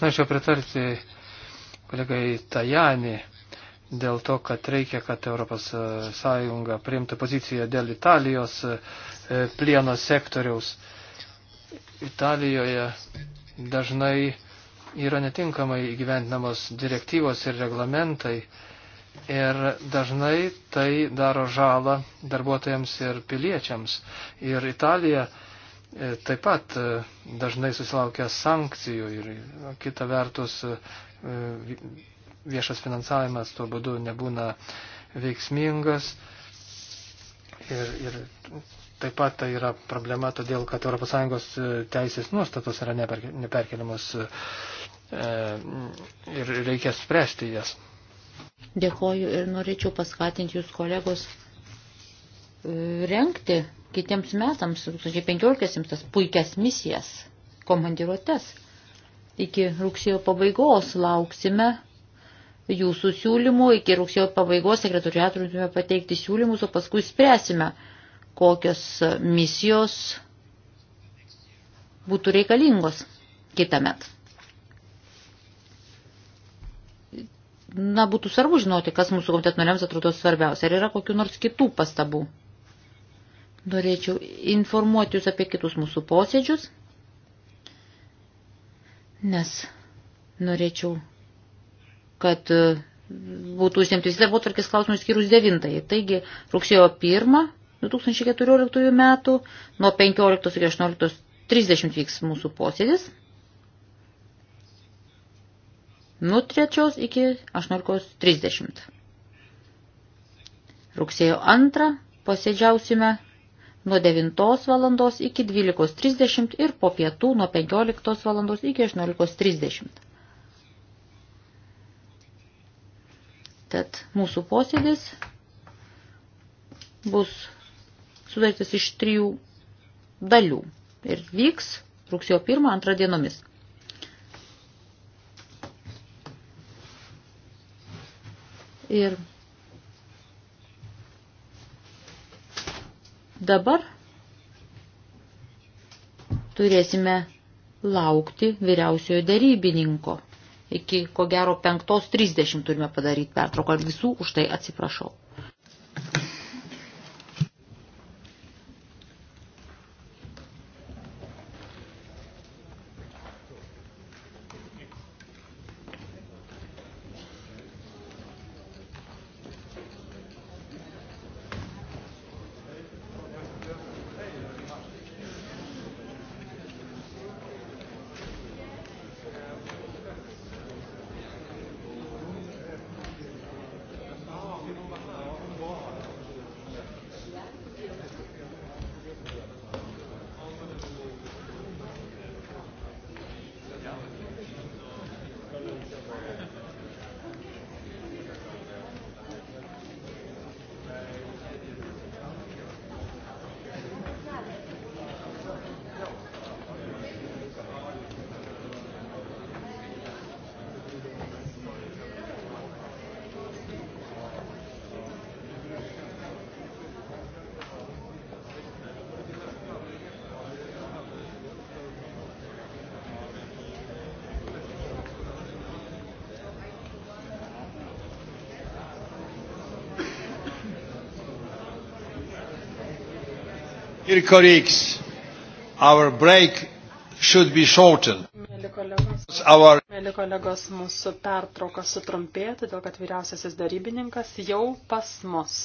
norėčiau pritarti kolegai Tajani dėl to, kad reikia, kad ES e, priimtų poziciją dėl Italijos e, plieno sektoriaus. Italijoje dažnai yra netinkamai įgyventinamos direktyvos ir reglamentai ir dažnai tai daro žalą darbuotojams ir piliečiams. Ir Italija E, taip pat e, dažnai susilaukia sankcijų ir e, kita vertus viešas finansavimas tuo būdu nebūna veiksmingas. Ir, ir taip pat tai yra problema todėl, kad ES teisės nuostatos yra neperkeliamos ir reikia spręsti jas. Dėkoju ir norėčiau paskatinti jūs kolegos renkti kitiems metams, 2015-iesiams, tas puikias misijas, komandiruotes. Iki rugsėjo pabaigos lauksime jūsų siūlymų, iki rugsėjo pabaigos sekretoriatų turime pateikti siūlymus, o paskui spręsime, kokios misijos būtų reikalingos kitą metą. Na, būtų svarbu žinoti, kas mūsų komiteto nariams atrodo svarbiausia. Ar yra kokiu nors kitų pastabų? Norėčiau informuoti Jūs apie kitus mūsų posėdžius, nes norėčiau, kad e, būtų užsiimtis darbo tvarkės klausimų skyrus devintąjį. Taigi, rugsėjo 1 2014 metų nuo 15 iki 18.30 vyks mūsų posėdis. Nuo 3 iki 18.30. Rugsėjo 2 posėdžiausime nuo 9 valandos iki 12.30 ir po pietų nuo 15 valandos iki 18.30. Tad mūsų posėdis bus sudarytas iš trijų dalių ir vyks rugsėjo 1-2 dienomis. Ir Dabar turėsime laukti vyriausiojo darybininko. Iki ko gero 5.30 turime padaryti pertrauką. Visų už tai atsiprašau. Dear colleagues, our break should be shortened. Mėly kolegos, our... Mėly kolegos mūsų pertrauka sutrumpėjo, todėl kad vyriausiasis darybininkas jau pas mus.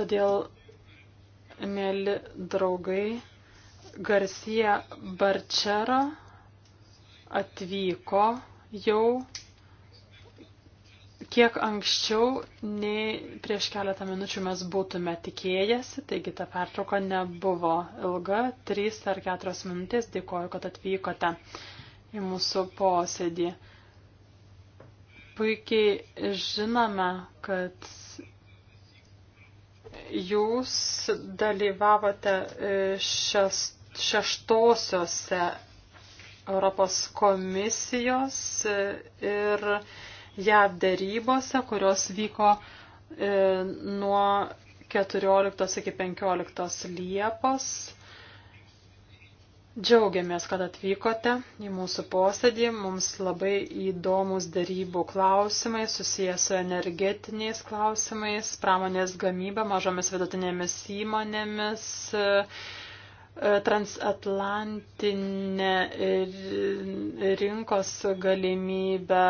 Todėl, mėly draugai, Garcia Barčera atvyko jau kiek anksčiau nei prieš keletą minučių mes būtume tikėjęsi, taigi ta pertrauka nebuvo ilga, trys ar keturios minutės, dėkoju, kad atvykote į mūsų posėdį. Puikiai žinome, kad jūs dalyvavote e, šeš, šeštosiose Europos komisijos e, ir JAV darybose, kurios vyko e, nuo 14 iki 15 Liepos. Džiaugiamės, kad atvykote į mūsų posėdį. Mums labai įdomus darybų klausimai susijęs su energetiniais klausimais, pramonės gamyba, mažomis vidutinėmis įmonėmis, e, e, transatlantinė rinkos galimybė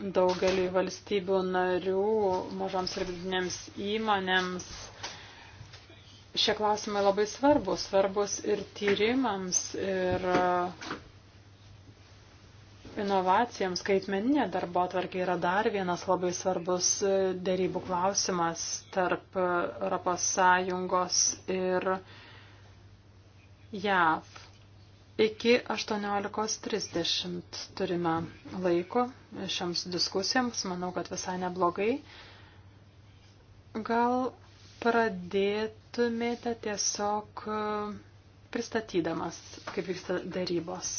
daugeliu valstybių narių, mažoms ir vidinėms įmonėms. Šie klausimai labai svarbus, svarbus ir tyrimams, ir uh, inovacijams, skaitmeninė darbo atvarkė yra dar vienas labai svarbus uh, dėrybų klausimas tarp uh, ES ir JAV. Iki 18.30 turime laiko šiams diskusijams, manau, kad visai neblogai. Gal pradėtumėte tiesiog e, pristatydamas, kaip vyksta darybos.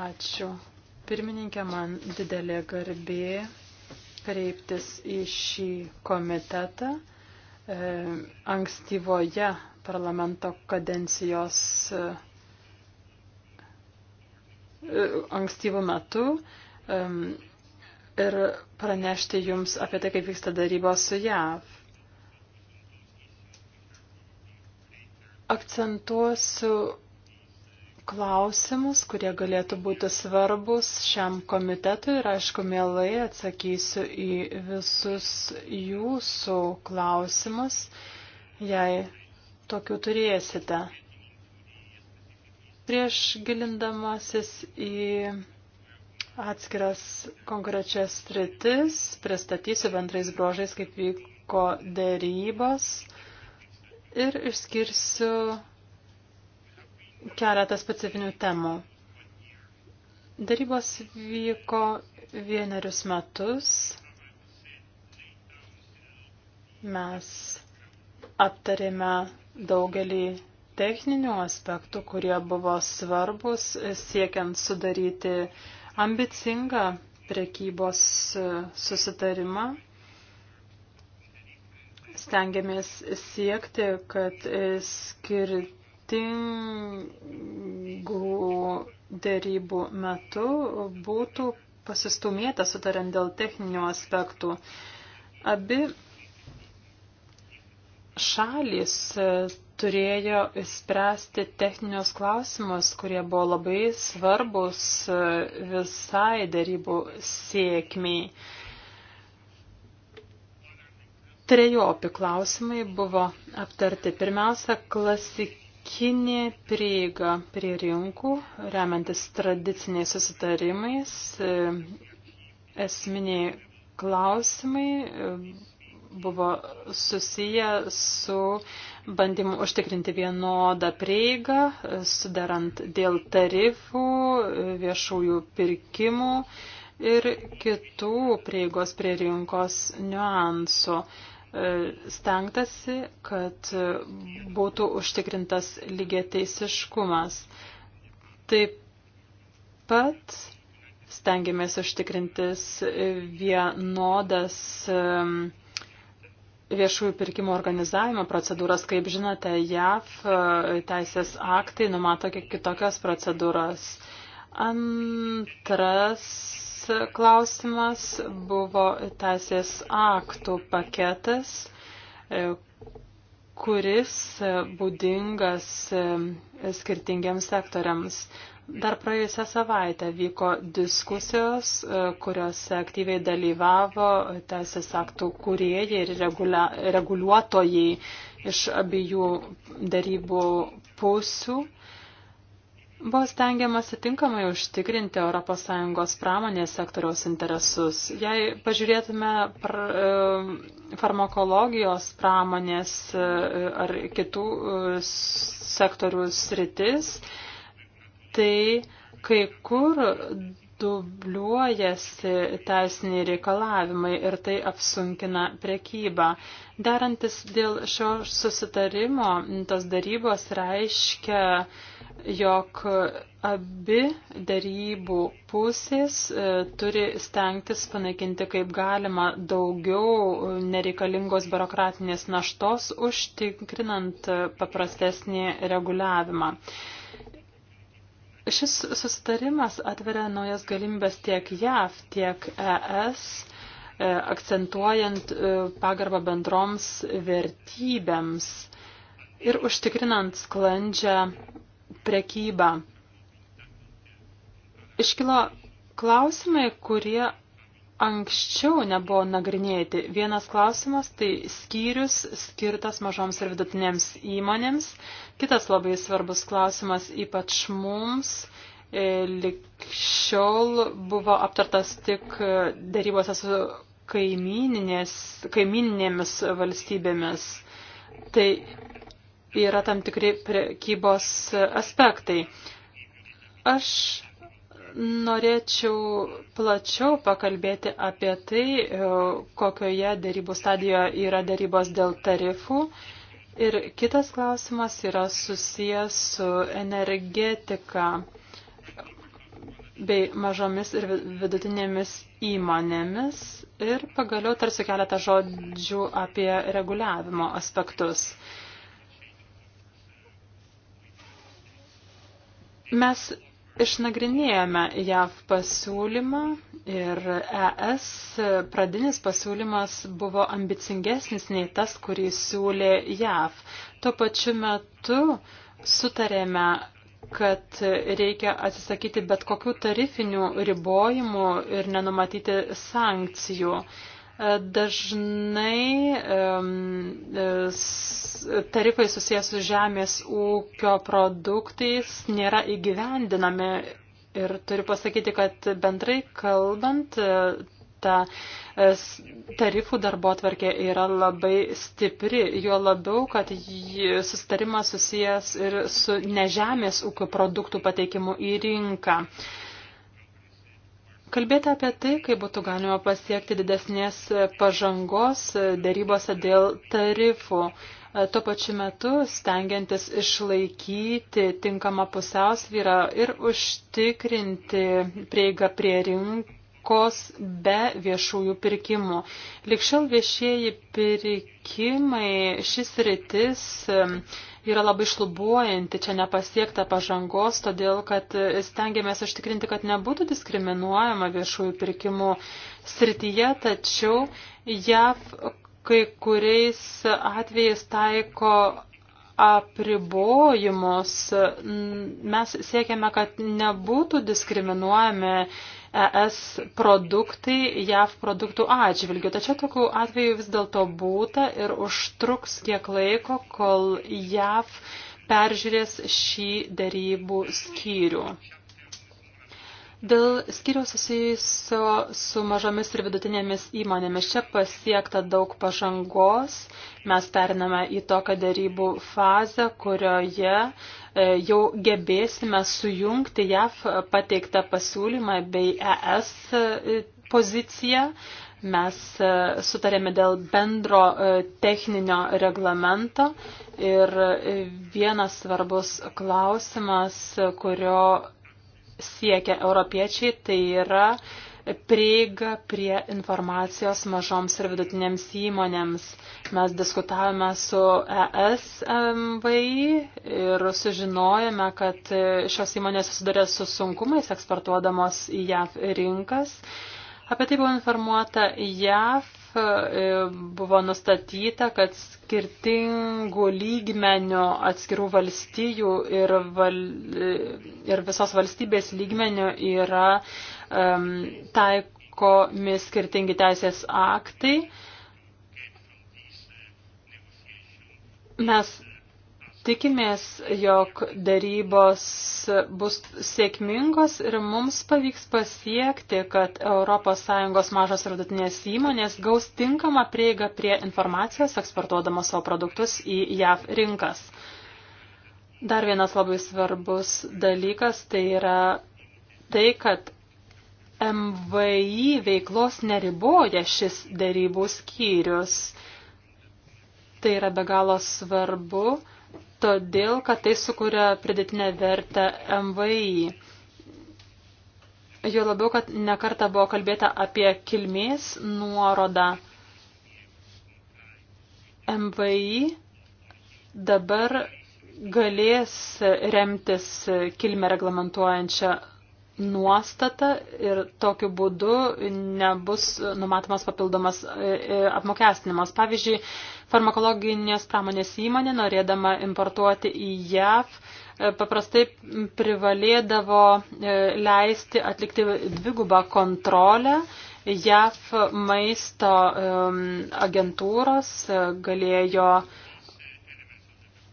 Ačiū. Pirmininkė, man didelė garbė kreiptis į šį komitetą e, ankstyvoje parlamento kadencijos e, ankstyvų metų ir pranešti jums apie tai, kaip vyksta darybos su JAV. Akcentuosiu klausimus, kurie galėtų būti svarbus šiam komitetui ir aišku, mielai atsakysiu į visus jūsų klausimus, jei tokių turėsite. Prieš gilindamasis į atskiras konkrečias tritis, pristatysiu bendrais brožais, kaip vyko dėrybos ir išskirsiu keletą specifinių temų. Darybos vyko vienerius metus. Mes aptarėme daugelį techninių aspektų, kurie buvo svarbus e, siekiant sudaryti ambicingą prekybos e, susitarimą. Stengiamės siekti, kad e, skirtingų dėrybų metu būtų pasistumėta sutariant dėl techninių aspektų. Abi šalys e, turėjo spręsti techninius klausimus, kurie buvo labai svarbus e, visai darybų sėkmiai. Trejopi klausimai buvo aptarti. Pirmiausia, klasikinė prieiga prie rinkų, remiantis tradiciniais susitarimais, e, esminiai klausimai buvo susiję su bandymu užtikrinti vienodą prieigą, sudarant dėl tarifų, viešųjų pirkimų ir kitų prieigos prie rinkos niuansų. E, stengtasi, kad būtų užtikrintas lygiateisiškumas. Taip pat stengiamės užtikrintis vienodas um, viešųjų pirkimų organizavimo procedūras. Kaip žinote, JAV e, teisės aktai numato kiek kitokias procedūras. Antras klausimas buvo teisės aktų paketas, e, kuris būdingas e, skirtingiams sektoriams. Dar praėjusią savaitę vyko diskusijos, e, kuriuose aktyviai dalyvavo teisės aktų kūrėjai ir regulia, reguliuotojai iš abiejų darybų pusių. Buvo stengiamasi tinkamai užtikrinti ES pramonės sektoriaus interesus. Jei pažiūrėtume par, e, farmakologijos pramonės e, ar kitų e, sektorių sritis, e, tai kai kur dubliuojasi teisiniai reikalavimai ir tai apsunkina prekybą. Derantis dėl šio susitarimo, tos darybos reiškia, jog abi darybų pusės e, turi stengtis panaikinti kaip galima daugiau nereikalingos biurokratinės naštos, užtikrinant paprastesnį reguliavimą. Šis susitarimas atveria naujas galimybės tiek JAV, tiek ES, e, akcentuojant e, pagarbą bendroms vertybėms ir užtikrinant sklandžią prekybą. Iškilo klausimai, kurie anksčiau nebuvo nagrinėti. Vienas klausimas tai skyrius skirtas mažoms ir vidutinėms įmonėms. Kitas labai svarbus klausimas ypač mums. E, Likščiol buvo aptartas tik e, darybose su kaimininėmis valstybėmis. Tai yra tam tikri prekybos aspektai. Aš Norėčiau plačiau pakalbėti apie tai, e, kokioje dėrybų stadijoje yra dėrybos dėl tarifų. Ir kitas klausimas yra susijęs su energetika bei mažomis ir vidutinėmis įmonėmis. Ir pagaliau tarsi keletą žodžių apie reguliavimo aspektus. Mes Išnagrinėjame JAV pasiūlymą ir ES pradinis pasiūlymas buvo ambicingesnis nei tas, kurį siūlė JAV. Tuo pačiu metu sutarėme, kad reikia atsisakyti bet kokių tarifinių ribojimų ir nenumatyti sankcijų. Dažnai tarifai susijęs su žemės ūkio produktais nėra įgyvendinami ir turiu pasakyti, kad bendrai kalbant, e, ta e, tarifų darbo atvarkė yra labai stipri, juo labiau, kad sustarimas susijęs ir su nežemės ūkio produktų pateikimu į rinką kalbėti apie tai, kaip būtų galima pasiekti didesnės pažangos darybose dėl tarifų. E, tuo pačiu metu stengiantis išlaikyti tinkamą pusiausvyrą ir užtikrinti prieigą prie rinkos be viešųjų pirkimų. Likščiau viešieji pirkimai šis rytis yra labai šlubuojanti, čia nepasiekta pažangos, todėl kad stengiamės užtikrinti, kad nebūtų diskriminuojama viešųjų pirkimų srityje, tačiau JAV kai kuriais atvejais taiko apribojimus. Mes siekiame, kad nebūtų diskriminuojami ES produktai JAV produktų atžvilgių. Tačiau tokių atvejų vis dėlto būta ir užtruks kiek laiko, kol JAV peržiūrės šį darybų skyrių. Dėl skiriaus susijusio su mažomis ir vidutinėmis įmonėmis čia pasiekta daug pažangos. Mes periname į tokią darybų fazę, kurioje e, jau gebėsime sujungti JAF pateiktą pasiūlymą bei ES e, poziciją. Mes e, sutarėme dėl bendro techninio reglamento ir vienas svarbus klausimas, kurio siekia europiečiai, tai yra prieiga prie informacijos mažoms ir vidutinėms įmonėms. Mes diskutavome su ES MVI ir sužinojome, kad šios įmonės susidarė su sunkumais eksportuodamos į JAV rinkas. Apie tai buvo informuota JAV E, buvo nustatyta, kad skirtingų lygmenių atskirų valstijų ir, val, e, ir visos valstybės lygmenių yra um, taikomi skirtingi teisės aktai. Mes Tikimės, jog darybos bus sėkmingos ir mums pavyks pasiekti, kad ES mažos ir vidutinės įmonės gaus tinkamą prieigą prie informacijos, eksportuodamos savo produktus į JAV rinkas. Dar vienas labai svarbus dalykas tai yra tai, kad MVI veiklos neriboja šis darybų skyrius. Tai yra be galo svarbu todėl, kad tai sukuria pridėtinę vertę MVI. Jo labiau, kad nekarta buvo kalbėta apie kilmės nuorodą. MVI dabar galės remtis kilmę reglamentuojančią nuostata ir tokiu būdu nebus numatomas papildomas e, e, apmokestinimas. Pavyzdžiui, farmakologinės pramonės įmonė, norėdama importuoti į JAV, e, paprastai privalėdavo leisti atlikti dvigubą kontrolę. JAV maisto agentūros galėjo uh,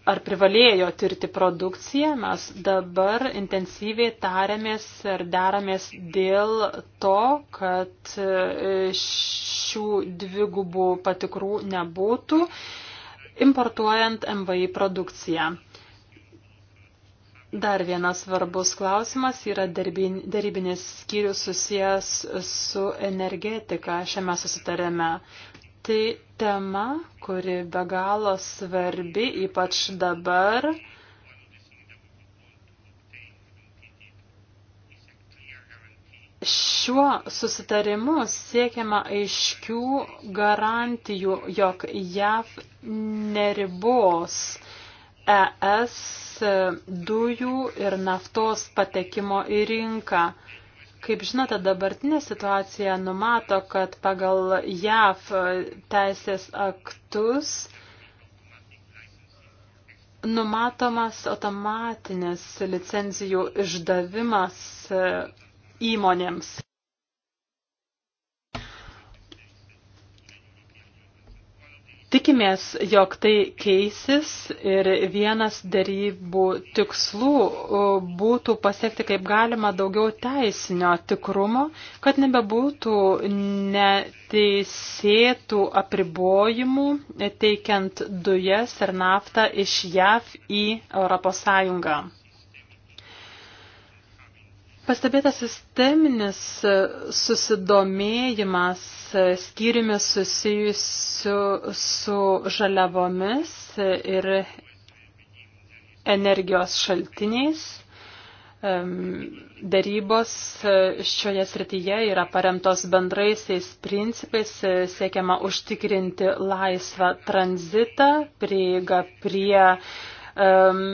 ar privalėjo tirti produkciją, mes dabar intensyviai tarėmės ir deramės dėl to, kad e, šių dvigubų patikrų nebūtų importuojant MVI produkciją. Dar vienas svarbus klausimas yra darybinis skyrius susijęs su energetika šiame susitarėme. Tai tema, kuri be galo svarbi, ypač dabar. Šiuo susitarimu siekiama aiškių garantijų, jog JAV neribos ES dujų ir naftos patekimo į rinką. Kaip žinote, dabartinė situacija numato, kad pagal JAV teisės aktus numatomas automatinis licenzijų išdavimas įmonėms. Tikimės, jog tai keisis ir vienas darybų tikslų būtų pasiekti kaip galima daugiau teisinio tikrumo, kad nebebūtų neteisėtų apribojimų teikiant dujas ir naftą iš JAV į ES. Pastebėtas sisteminis e, susidomėjimas e, skyriumi susijusiu su žaliavomis e, ir energijos šaltiniais. Darybos šioje srityje yra paremtos bendraisiais principais, siekiama užtikrinti laisvą tranzitą, prieigą prie um,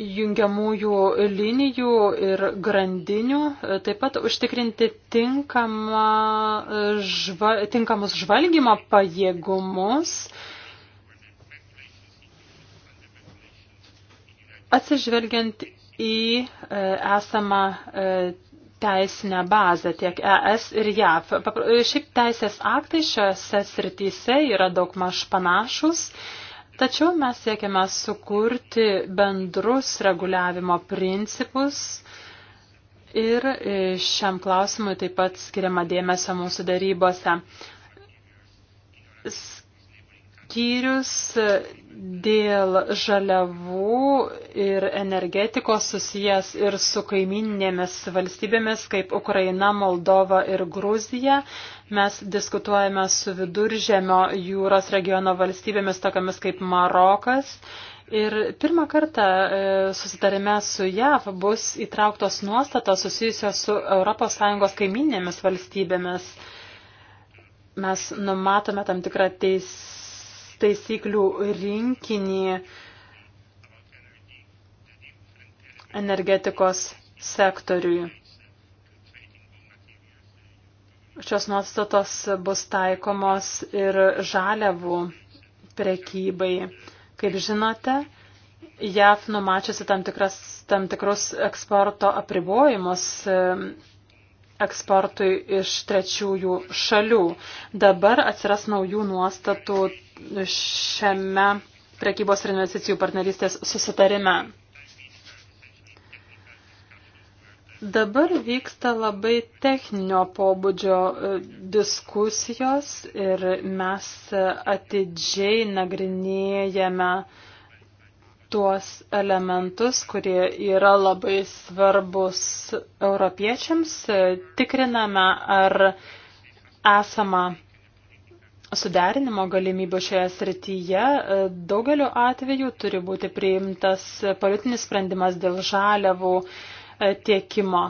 jungiamųjų linijų ir grandinių, e, taip pat užtikrinti tinkamą, e, žva, tinkamus žvalgymo pajėgumus, atsižvelgiant į e, esamą teisinę bazę tiek ES ir JAV. Šiaip teisės aktai šiose srityse yra daugmaž panašus. panašus Tačiau mes siekiame sukurti bendrus reguliavimo principus ir e, šiam klausimui taip pat skiriama dėmesio mūsų darybose skyrius dėl žaliavų ir energetikos susijęs ir su kaimininėmis valstybėmis kaip Ukraina, Moldova ir Gruzija. Mes diskutuojame su viduržėmio jūros regiono valstybėmis tokiamis kaip Marokas. Ir pirmą kartą e, susitarime su JAV bus įtrauktos nuostatos susijusios su ES kaiminėmis valstybėmis. Mes numatome tam tikrą teisę taisyklių rinkinį energetikos sektoriui. Šios nuostatos bus taikomos ir žaliavų prekybai. Kaip žinote, JAF numačiasi tam, tikras, tam tikrus eksporto apribojimus eksportui iš trečiųjų šalių. Dabar atsiras naujų nuostatų šiame prekybos ir investicijų partnerystės susitarime. Dabar vyksta labai techninio pobūdžio e, diskusijos ir mes e, atidžiai nagrinėjame uh, tuos elementus, kurie yra labai svarbus europiečiams. Tikriname, ar esama suderinimo galimybių šioje srityje. Daugeliu atveju turi būti priimtas politinis sprendimas dėl žaliavų tiekimo.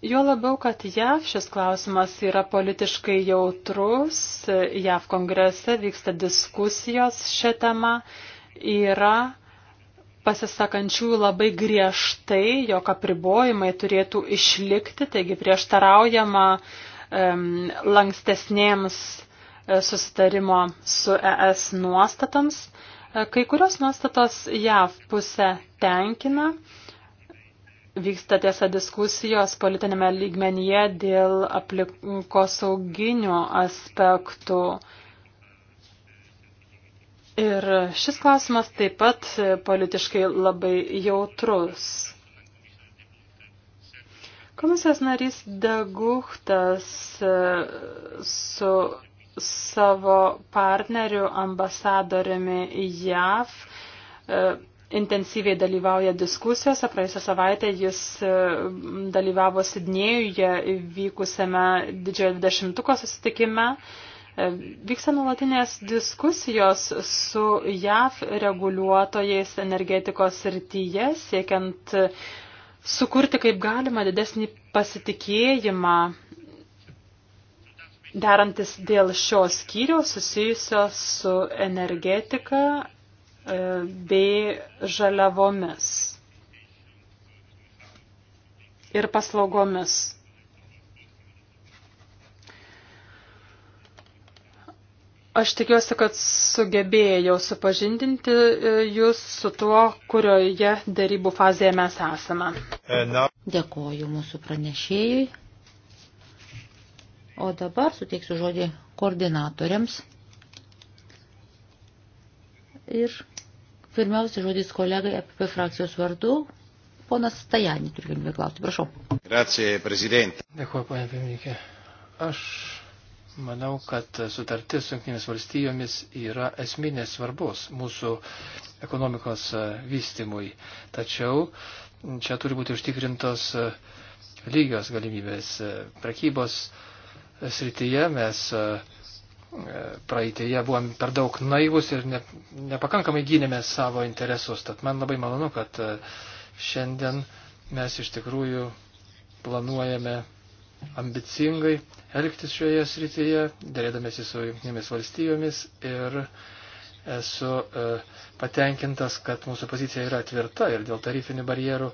Jo labiau, kad JAV šis klausimas yra politiškai jautrus, JAV kongrese vyksta diskusijos šią temą, yra pasisakančių labai griežtai, jog apribojimai turėtų išlikti, taigi prieštaraujama um, lankstesnėms e, susitarimo su ES nuostatams. E, kai kurios nuostatos JAV pusę tenkina, uh, vyksta tiesa diskusijos politinėme lygmenyje dėl aplinkosauginių aspektų. Ir šis klausimas taip pat politiškai labai jautrus. Komisijos narys Deguhtas e, su savo partneriu ambasadoriumi JAV e, intensyviai dalyvauja diskusijose. Praėjusią savaitę jis e, dalyvavo Sidnėjuje vykusiame didžiojo dvidešimtuko susitikime. E, vyksta nuolatinės diskusijos su JAV reguliuotojais energetikos srityje, siekiant sukurti kaip galima didesnį pasitikėjimą derantis dėl šios skyriaus susijusio su energetika E, bei žaliavomis ir paslaugomis. Aš tikiuosi, kad sugebėjau supažindinti e, jūs su tuo, kurioje darybų fazėje mes esame. E, Dėkoju mūsų pranešėjai. O dabar suteiksiu žodį koordinatoriams. Ir Pirmiausia, žodis kolegai apie frakcijos vardu. Ponas Stajanį turi galimybę klausti. Prašau. Gracija, prezidentė. Dėkuoju, ponia pirmininkė. Aš manau, kad sutartis su Junktinėmis valstijomis yra esminės svarbos mūsų ekonomikos vystimui. Tačiau čia turi būti užtikrintos lygios galimybės. Prekybos srityje mes uh, E, praeitėje buvom per daug naivus ir ne, nepakankamai gynėme savo interesus. Tad man labai malonu, kad e, šiandien mes iš tikrųjų planuojame ambicingai elgtis šioje srityje, dėrėdamėsi su jungtinėmis valstybėmis ir esu e, patenkintas, kad mūsų pozicija yra tvirta ir dėl tarifinių barjerų,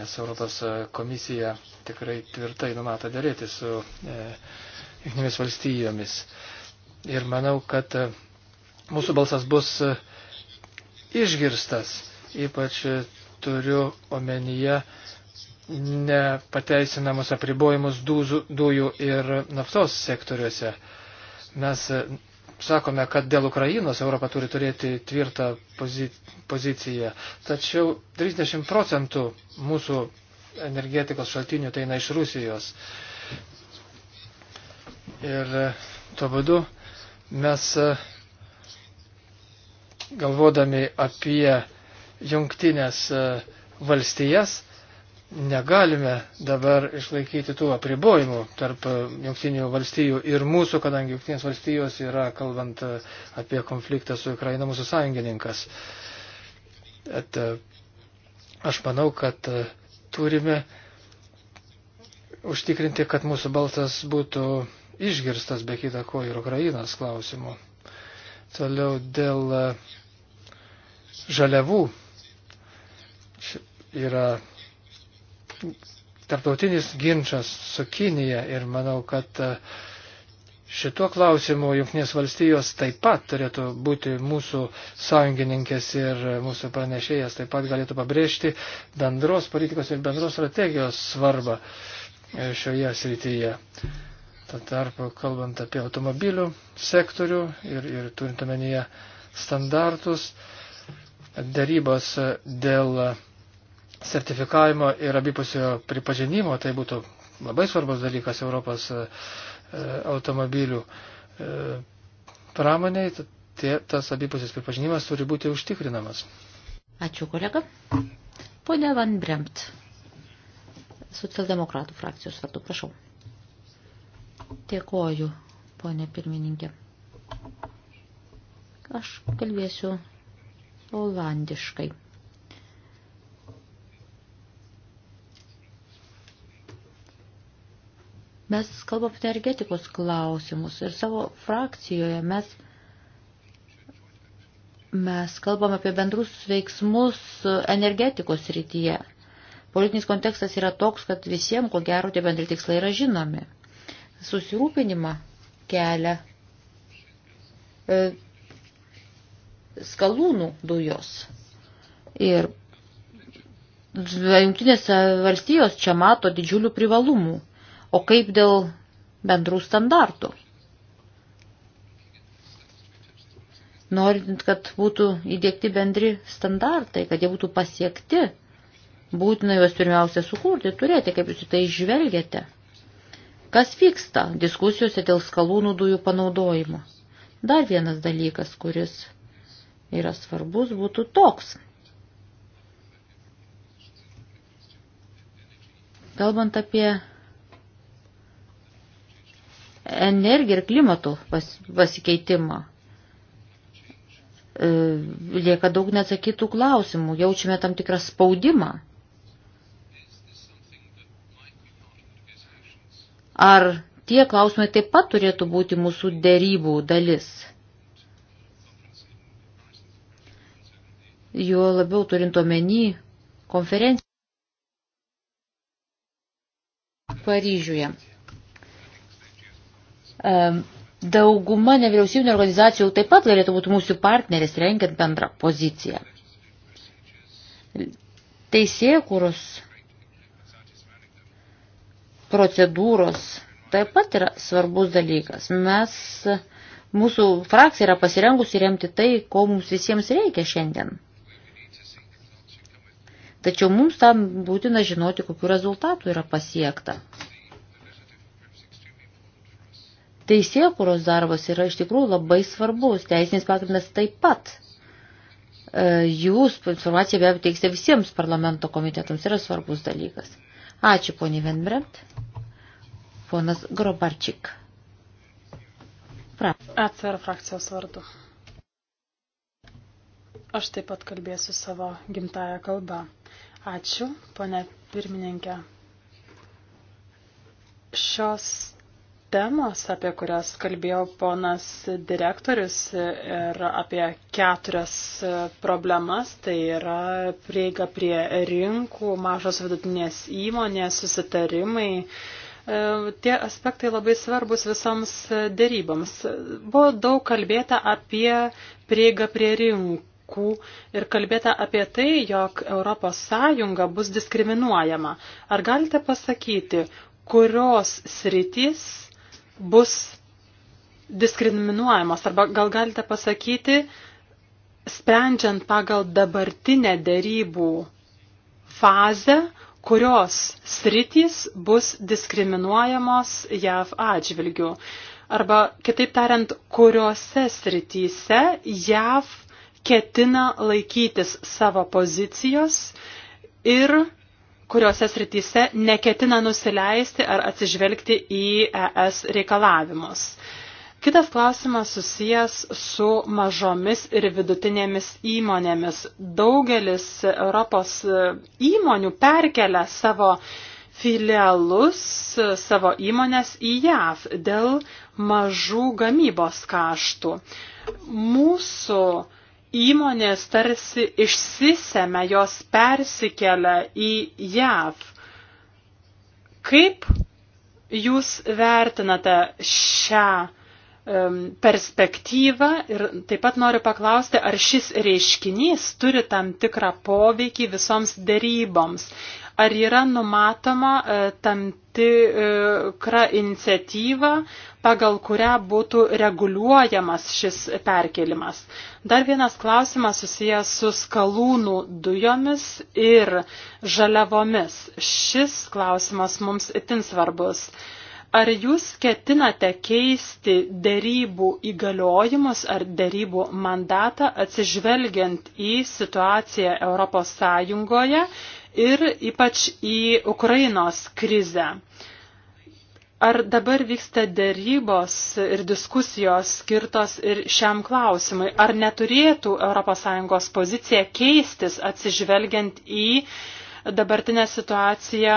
nes Europos e, komisija tikrai tvirtai numato dėrėti su e, Junktinėmis valstijomis. Ir manau, kad e, mūsų balsas bus e, išgirstas, ypač e, turiu omenyje nepateisinamus apribojimus dūzų, dujų ir naftos sektoriuose. Mes sakome, kad dėl Ukrainos Europa turi turėti tvirtą poziciją, tačiau 30 procentų mūsų energetikos šaltinių tai eina iš Rusijos. Ir e, tuo būdu mes e, galvodami apie jungtinės e, valstijas negalime dabar išlaikyti tų apribojimų tarp jungtinių valstijų ir mūsų, kadangi jungtinės valstijos yra, kalbant apie konfliktą su Ukraina, mūsų sąjungininkas. Et, aš manau, kad turime užtikrinti, kad mūsų balsas būtų išgirstas be kita ko ir Ukrainos klausimų. Toliau dėl e, žaliavų yra tarptautinis ginčas su Kinija ir manau, kad e, šituo klausimu Junktinės valstijos taip pat turėtų būti mūsų sąjungininkės ir mūsų pranešėjas taip pat galėtų pabrėžti bendros politikos ir bendros strategijos svarbą e, šioje srityje. Tuo tarpu, kalbant apie automobilių sektorių ir, ir turint omenyje standartus, darybos dėl sertifikavimo ir abipusio pripažinimo, tai būtų labai svarbus dalykas Europos e, automobilių e, pramoniai, tie, tas abipusis pripažinimas turi būti užtikrinamas. Ačiū, kolega. Pone Van Bremt, socialdemokratų frakcijos vardu, prašau. Dėkoju, ponė pirmininkė. Aš kalbėsiu olandiškai. Mes kalbam apie energetikos klausimus ir savo frakcijoje mes, mes kalbam apie bendrus veiksmus energetikos rytyje. Politinis kontekstas yra toks, kad visiems, ko gero, tie bendri tikslai yra žinomi susirūpinimą kelia e, skalūnų dujos. Ir jungtinės valstijos čia mato didžiulių privalumų. O kaip dėl bendrų standartų? Norint, kad būtų įdėkti bendri standartai, kad jie būtų pasiekti, būtina juos pirmiausia sukurti, turėti, kaip jūs į tai žvelgiate. Kas vyksta diskusijose dėl skalūnų dujų panaudojimo? Dar vienas dalykas, kuris yra svarbus, būtų toks. Kalbant apie energiją ir klimato pasikeitimą, e, lieka daug neatsakytų klausimų, jaučiame tam tikrą spaudimą Ar tie klausimai taip pat turėtų būti mūsų dėrybų dalis? Juo labiau turint omeny konferenciją Paryžiuje. Dauguma nevyriausybinio organizacijų taip pat galėtų būti mūsų partneris, rengiant bendrą poziciją. Teisėkūros procedūros taip pat yra svarbus dalykas. Mes, mūsų frakcija yra pasirengusi remti tai, ko mums visiems reikia šiandien. Tačiau mums tam būtina žinoti, kokiu rezultatu yra pasiekta. Teisėkuros darbas yra iš tikrųjų labai svarbus, teisinis pagrindas taip pat. E, jūs informaciją be abejo teiksite visiems parlamento komitetams, yra svarbus dalykas. Ačiū, ponė Venbremt. Ponas Grobarčik. Pra. Atsver frakcijos vardu. Aš taip pat kalbėsiu savo gimtają kalbą. Ačiū, ponė pirmininkė. Šios temos, apie kurias kalbėjo ponas direktorius ir apie keturias problemas, tai yra prieiga prie rinkų, mažos vidutinės įmonės, susitarimai. E, tie aspektai labai svarbus visoms dėryboms. Buvo daug kalbėta apie prieigą prie rinkų ir kalbėta apie tai, jog ES bus diskriminuojama. Ar galite pasakyti, kurios sritys bus diskriminuojamos? Arba gal galite pasakyti, sprendžiant pagal dabartinę dėrybų fazę, kurios sritys bus diskriminuojamos JAV atžvilgių? Arba kitaip tariant, kuriuose srityse JAV ketina laikytis savo pozicijos ir kuriuose srityse neketina nusileisti ar atsižvelgti į ES reikalavimus. Kitas klausimas susijęs su mažomis ir vidutinėmis įmonėmis. Daugelis Europos įmonių perkelia savo filialus, savo įmonės į JAV dėl mažų gamybos kaštų. Mūsų uh, įmonės tarsi išsisėmė, jos persikelia į JAV. Kaip jūs vertinate šią um, perspektyvą ir taip pat noriu paklausti, ar šis reiškinys turi tam tikrą poveikį visoms dėryboms? Ar yra numatoma uh, tam tikrą e, iniciatyvą, pagal kurią būtų reguliuojamas šis perkelimas. Dar vienas klausimas susijęs su skalūnų dujomis ir žaliavomis. Šis klausimas mums itin svarbus. Ar jūs ketinate keisti dėrybų įgaliojimus ar dėrybų mandatą atsižvelgiant į situaciją Europos Sąjungoje ir ypač į Ukrainos krizę. Ar dabar vyksta dėrybos ir diskusijos skirtos ir šiam klausimui? Ar neturėtų ES pozicija keistis atsižvelgiant į dabartinę situaciją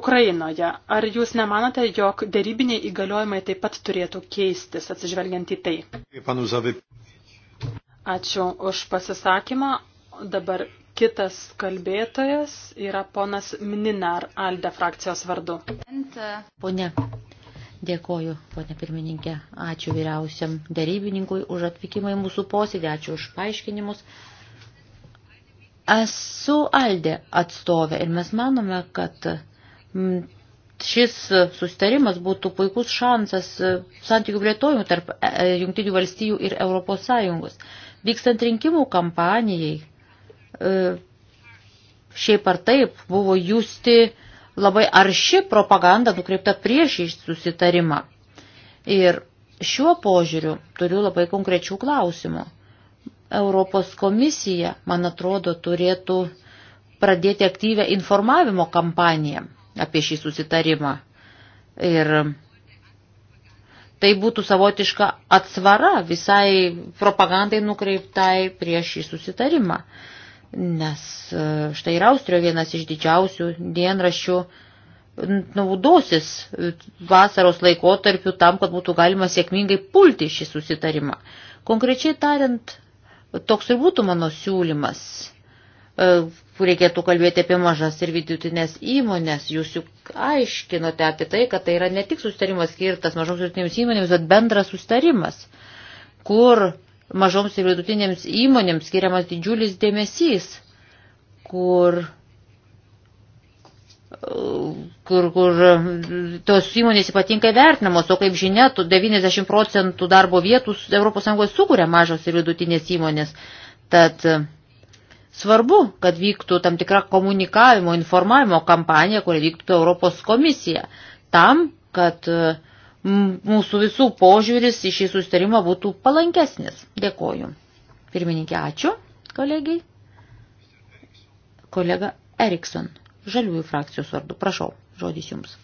Ukrainoje? Ar jūs nemanote, jog dėrybiniai įgaliojimai taip pat turėtų keistis atsižvelgiant į tai? Ačiū už pasisakymą. Dabar Kitas kalbėtojas yra ponas Mninar Alde frakcijos vardu. Pone, dėkoju, pone pirmininkė. Ačiū vyriausiam darybininkui už atvykimą į mūsų posėdį, ačiū už paaiškinimus. Esu Alde atstovė ir mes manome, kad šis sustarimas būtų puikus šansas e, santykių plėtojimų tarp e, Junktinių valstijų ir Europos Sąjungos. Vykstant rinkimų kampanijai E, šiaip ar taip buvo jūsti labai arši propaganda nukreipta prieš susitarimą. Ir šiuo požiūriu turiu labai konkrečių klausimų. Europos komisija, man atrodo, turėtų pradėti aktyvę informavimo kampaniją apie šį susitarimą. Ir tai būtų savotiška atsvara visai propagandai nukreiptai prieš šį susitarimą. Uh, nes e, štai ir Austrijoje vienas iš didžiausių dienraščių naudosis e, vasaros laikotarpiu tam, kad būtų galima sėkmingai pulti šį susitarimą. Konkrečiai tariant, toks ir būtų mano siūlymas. E, reikėtų kalbėti apie mažas ir vidutinės įmonės. Jūs juk aiškinote apie tai, kad tai yra ne tik sustarimas skirtas mažoms vidutinėms įmonėms, bet bendras sustarimas, kur mažoms ir vidutinėms įmonėms skiriamas didžiulis dėmesys, kur, kur, kur tos įmonės ypatingai vertinamos, o kaip žinia, 90 procentų darbo vietų ES sukuria mažos ir vidutinės įmonės. Tad e, svarbu, kad vyktų tam tikra komunikavimo, informavimo kampanija, kurią vyktų Europos komisija, tam, kad uh, mūsų visų požiūris į šį sustarimą būtų palankesnis. Dėkoju. Pirmininkė, ačiū, kolegiai. Kolega Erikson, žaliųjų frakcijos vardu. Prašau, žodis jums.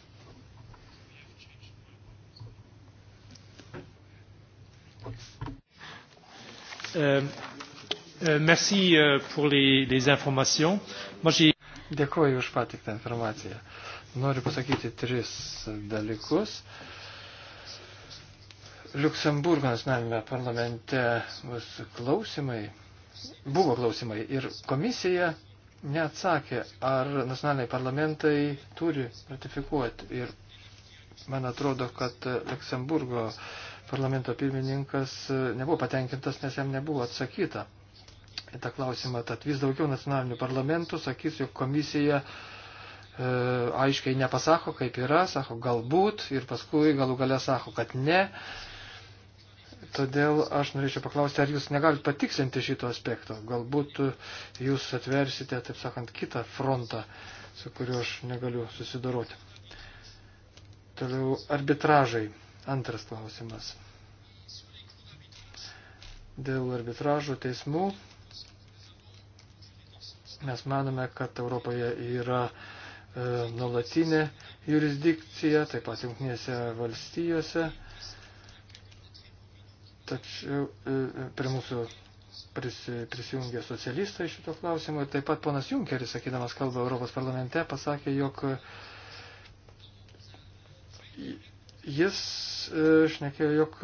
Uh, uh, merci uh, pour les, les informations. Moi, Dėkuoju už patiktą informaciją. Noriu pasakyti tris dalykus. Uh, Luksemburgo nacionalinėme parlamente bus klausimai, buvo klausimai ir komisija neatsakė, ar nacionaliniai parlamentai turi ratifikuoti. Ir man atrodo, kad Luksemburgo parlamento pirmininkas nebuvo patenkintas, nes jam nebuvo atsakyta į tą klausimą. Tad vis daugiau nacionalinių parlamentų sakys, jog komisija e, aiškiai nepasako, kaip yra, sako galbūt ir paskui galų gale sako, kad ne. E, Todėl aš norėčiau paklausti, ar jūs negalite patikslinti šito aspekto. Galbūt jūs atversite, taip sakant, kitą frontą, su kuriuo aš negaliu susidoroti. Toliau arbitražai. Antras klausimas. Dėl arbitražų teismų mes manome, kad Europoje yra e, nuolatinė jurisdikcija, taip pat jungtinėse valstijose. E, tačiau e, e, prie mūsų prisijungė socialistai šito klausimo. Taip pat ponas Junkeris, sakydamas kalbą Europos parlamente, pasakė, jog jis e, šnekėjo, jog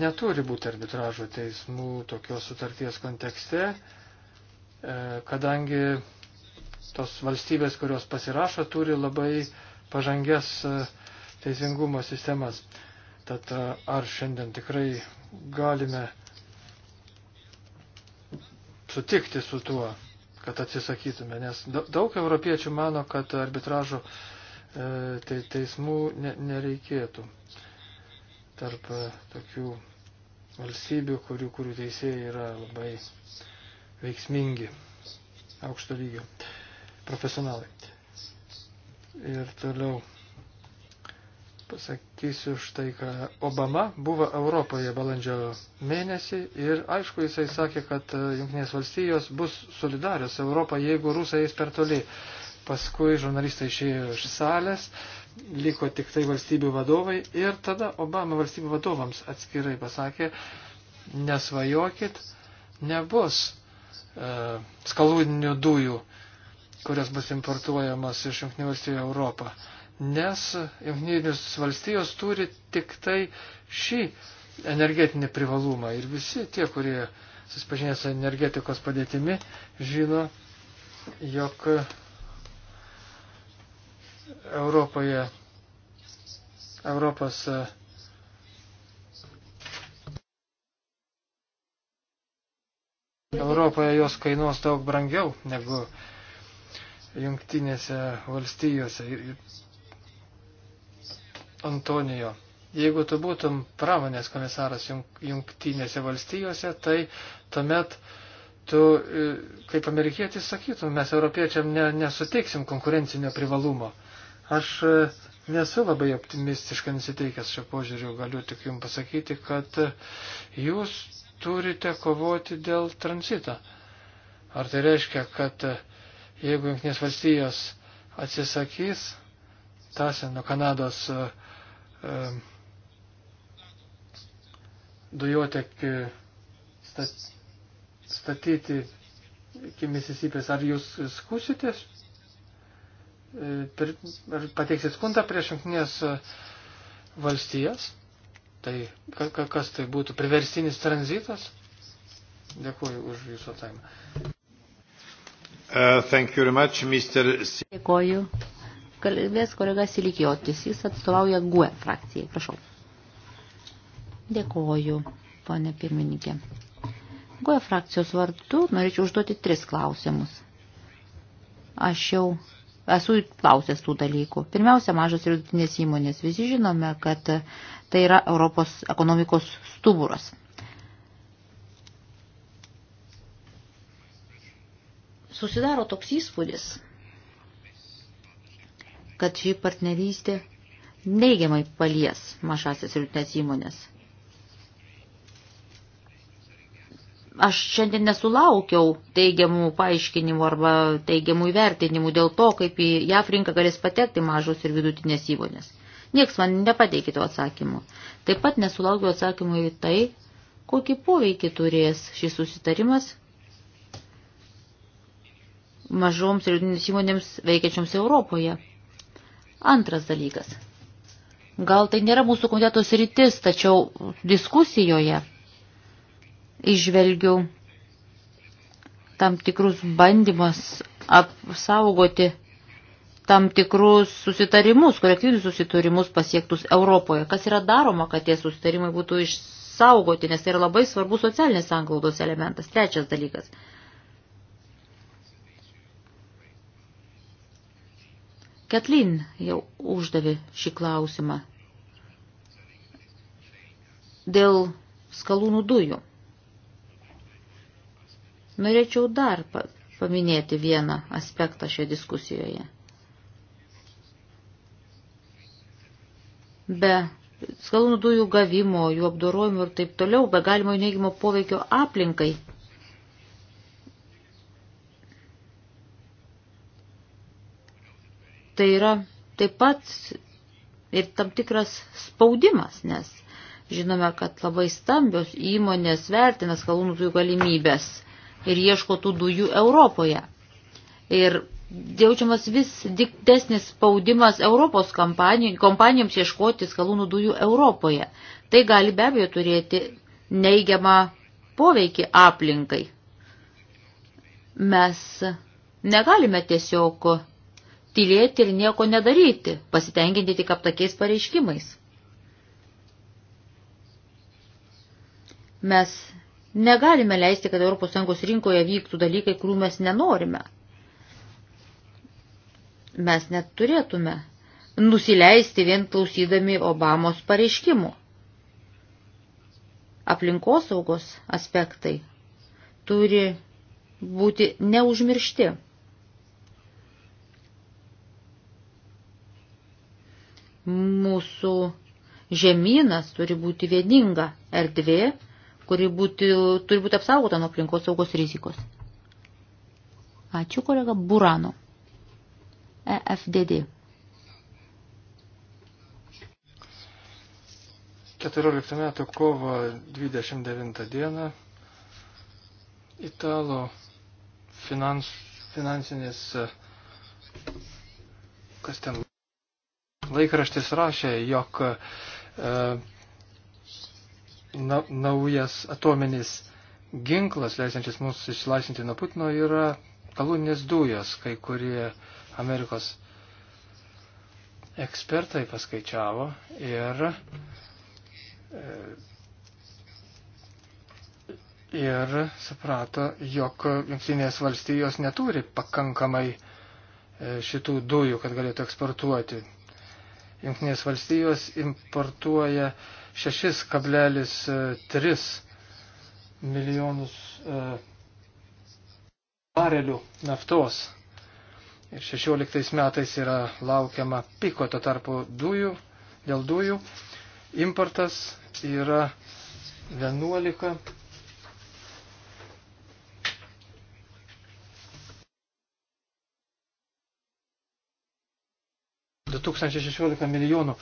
neturi būti arbitražo teismų tokios sutarties kontekste, kadangi tos valstybės, kurios pasirašo, turi labai pažangias teisingumo sistemas. Tad ar šiandien tikrai galime sutikti su tuo, kad atsisakytume, nes daug europiečių mano, kad arbitražo e, te, teismų ne, nereikėtų tarp e, tokių valstybių, kurių, kurių teisėjai yra labai veiksmingi, aukšto lygio profesionalai. Ir toliau pasakysiu štai, ką Obama buvo Europoje balandžio mėnesį ir aišku jisai sakė, kad e, Junktinės valstijos bus solidarios Europą, jeigu rusai eis per toli. Paskui žurnalistai išėjo iš salės, liko tik tai valstybių vadovai ir tada Obama valstybių vadovams atskirai pasakė, nesvajokit, nebus e, skalūdinių dujų, kurios bus importuojamos iš Junktinių valstijų Europą nes jungtinės valstijos turi tik tai šį energetinį privalumą. Ir visi tie, kurie susipažinę su energetikos padėtimi, žino, jog Europoje, Europos Europoje jos kainuos daug brangiau negu jungtinėse valstijose. Ir Antonijo, jeigu tu būtum pramonės komisaras jungtinėse valstijose, tai tuomet tu, e, kaip amerikietis, sakytum, mes europiečiam ne, nesuteiksim konkurencinio privalumo. Aš e, nesu labai optimistiškai nusiteikęs šio požiūriu, galiu tik jums pasakyti, kad e, jūs turite kovoti dėl tranzito. Ar tai reiškia, kad jeigu Junktinės valstijos atsisakys tąsią nuo Kanados uh, dujotek statyti iki Misisipės. Ar jūs skusitės? E, ar pateiksit skundą prieš jungtinės valstijas? Tai kas tai būtų? Priversinis tranzitas? Dėkuoju už jūsų atsakymą. Uh, much, Mr... Dėkuoju kalbės kolega Silikiotis, jis atstovauja GUE frakcijai. Prašau. Dėkoju, ponė pirmininkė. GUE frakcijos vardu norėčiau užduoti tris klausimus. Aš jau esu klausęs tų dalykų. Pirmiausia, mažos ir vidutinės įmonės. Visi žinome, kad tai yra Europos ekonomikos stuburas. Susidaro toks įspūdis, kad ši partnerystė neigiamai palies mažasias ir vidutinės įmonės. Aš šiandien nesulaukiau teigiamų paaiškinimų arba teigiamų įvertinimų dėl to, kaip į JAF rinką galės patekti mažos ir vidutinės įmonės. Niekas man nepateikė to atsakymų. Taip pat nesulaukiau atsakymų į tai, kokį poveikį turės šis susitarimas mažoms ir vidutinėms įmonėms veikiančioms Europoje. Antras dalykas. Gal tai nėra mūsų komitetos rytis, tačiau diskusijoje išvelgiu tam tikrus bandymas apsaugoti tam tikrus susitarimus, kolektyvinius susitarimus pasiektus Europoje. Kas yra daroma, kad tie susitarimai būtų išsaugoti, nes tai yra labai svarbus socialinės anglaudos elementas. Trečias dalykas. Ketlin jau uždavė šį klausimą dėl skalūnų dujų. Norėčiau dar paminėti vieną aspektą šioje diskusijoje. Be skalūnų dujų gavimo, jų apdorojimo ir taip toliau, be galimo neigiamo poveikio aplinkai – tai yra taip pat ir tam tikras spaudimas, nes žinome, kad labai stambios įmonės vertina skalūnų dujų galimybės ir ieško tų dujų Europoje. Ir jaučiamas vis didesnis spaudimas Europos kompanijoms ieškoti skalūnų dujų Europoje. Tai gali be abejo turėti neigiamą poveikį aplinkai. Mes negalime tiesiog tylėti ir nieko nedaryti, pasitenkinti tik aptakiais pareiškimais. Mes negalime leisti, kad ES rinkoje vyktų dalykai, kurių mes nenorime. Mes neturėtume nusileisti vien klausydami Obamos pareiškimų. Aplinkosaugos aspektai turi būti neužmiršti. Mūsų žemynas turi būti vieninga erdvė, kuri būti, turi būti apsaugota nuo aplinkos saugos rizikos. Ačiū kolega Burano. EFDD. 14 metų kovo 29 dieną Italo finans, finansinės kas ten Laikraštis rašė, jog e, na, naujas atominis ginklas, leisiančias mus išlaisinti nuo Putino, yra kalūninės dujos, kai kurie Amerikos ekspertai paskaičiavo ir, e, ir suprato, jog Junktinės valstijos neturi pakankamai e, šitų dujų, kad galėtų eksportuoti. Junktinės valstijos importuoja 6,3 milijonus e, barelių naftos. Ir 16 metais yra laukiama piko, to tarpu dujų, dėl dujų importas yra 11 2016 milijonų.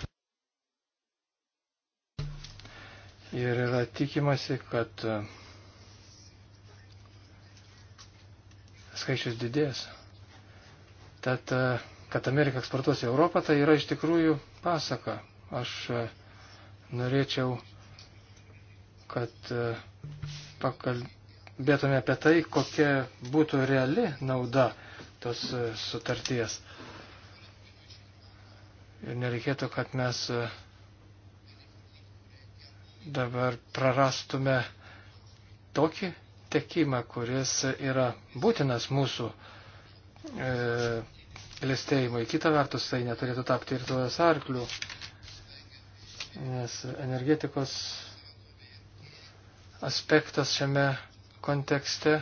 Ir yra tikimasi, kad e, skaičius didės. Tad, e, kad Amerika eksportuos į Europą, tai yra iš tikrųjų pasaka. Aš e, norėčiau, kad pakalbėtume apie tai, kokia būtų reali nauda tos sutarties. Ir nereikėtų, kad mes e, dabar prarastume tokį tekimą, kuris yra būtinas mūsų e, klėstėjimui. Kita vertus, tai neturėtų tapti ir tuos arklių, nes energetikos aspektas šiame kontekste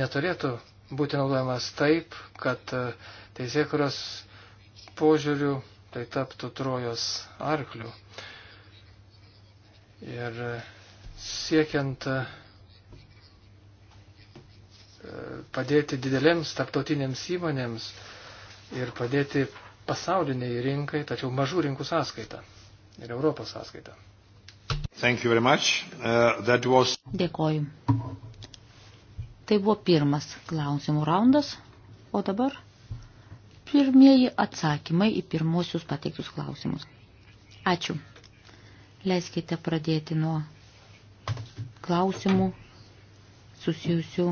neturėtų būti naudojamas taip, kad e, teisėkuros požiūrių tai taptų trojos arklių. Ir siekiant e, padėti didelėms tarptautinėms įmonėms ir padėti pasauliniai rinkai, tačiau mažų rinkų sąskaita ir Europos sąskaita. Uh, was... Dėkoju. Tai buvo pirmas klausimų raundas, o dabar pirmieji atsakymai į pirmosius pateiktus klausimus. Ačiū. Leiskite pradėti nuo klausimų susijusių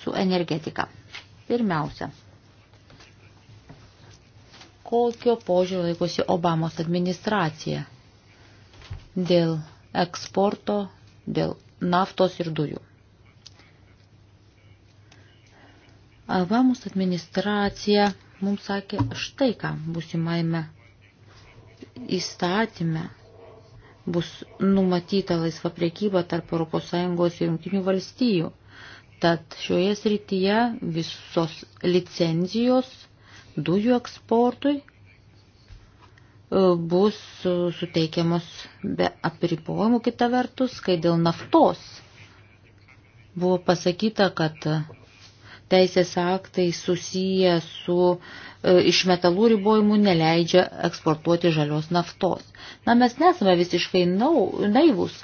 su energetika. Pirmiausia, kokio požiūrio laikosi Obamos administracija dėl eksporto, dėl naftos ir dujų? Albamus administracija mums sakė štai ką būsimaime įstatyme bus numatyta laisva priekyba tarp ES ir jungtinių valstijų. Tad šioje srityje visos licenzijos dujų eksportui e, bus suteikiamos be apribojimų kita vertus, kai dėl naftos buvo pasakyta, kad teisės aktai susiję su e, iš metalų ribojimų neleidžia eksportuoti žalios naftos. Na, mes nesame visiškai nau, naivus.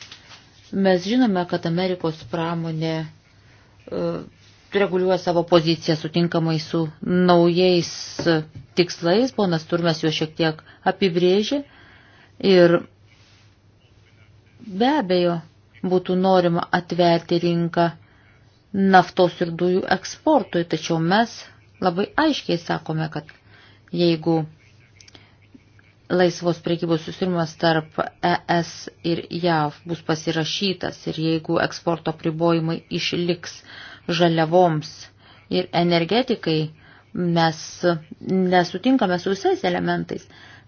Mes žinome, kad Amerikos pramonė uh, reguliuoja savo poziciją sutinkamai su naujais tikslais, ponas Turmes juos šiek tiek apibrėžė ir be abejo būtų norima atverti rinką naftos ir dujų eksportui, tačiau mes labai aiškiai sakome, kad jeigu laisvos priekybos susirimas tarp ES ir JAV bus pasirašytas ir jeigu eksporto pribojimai išliks žaliavoms ir energetikai, mes nesutinkame su visais elementais.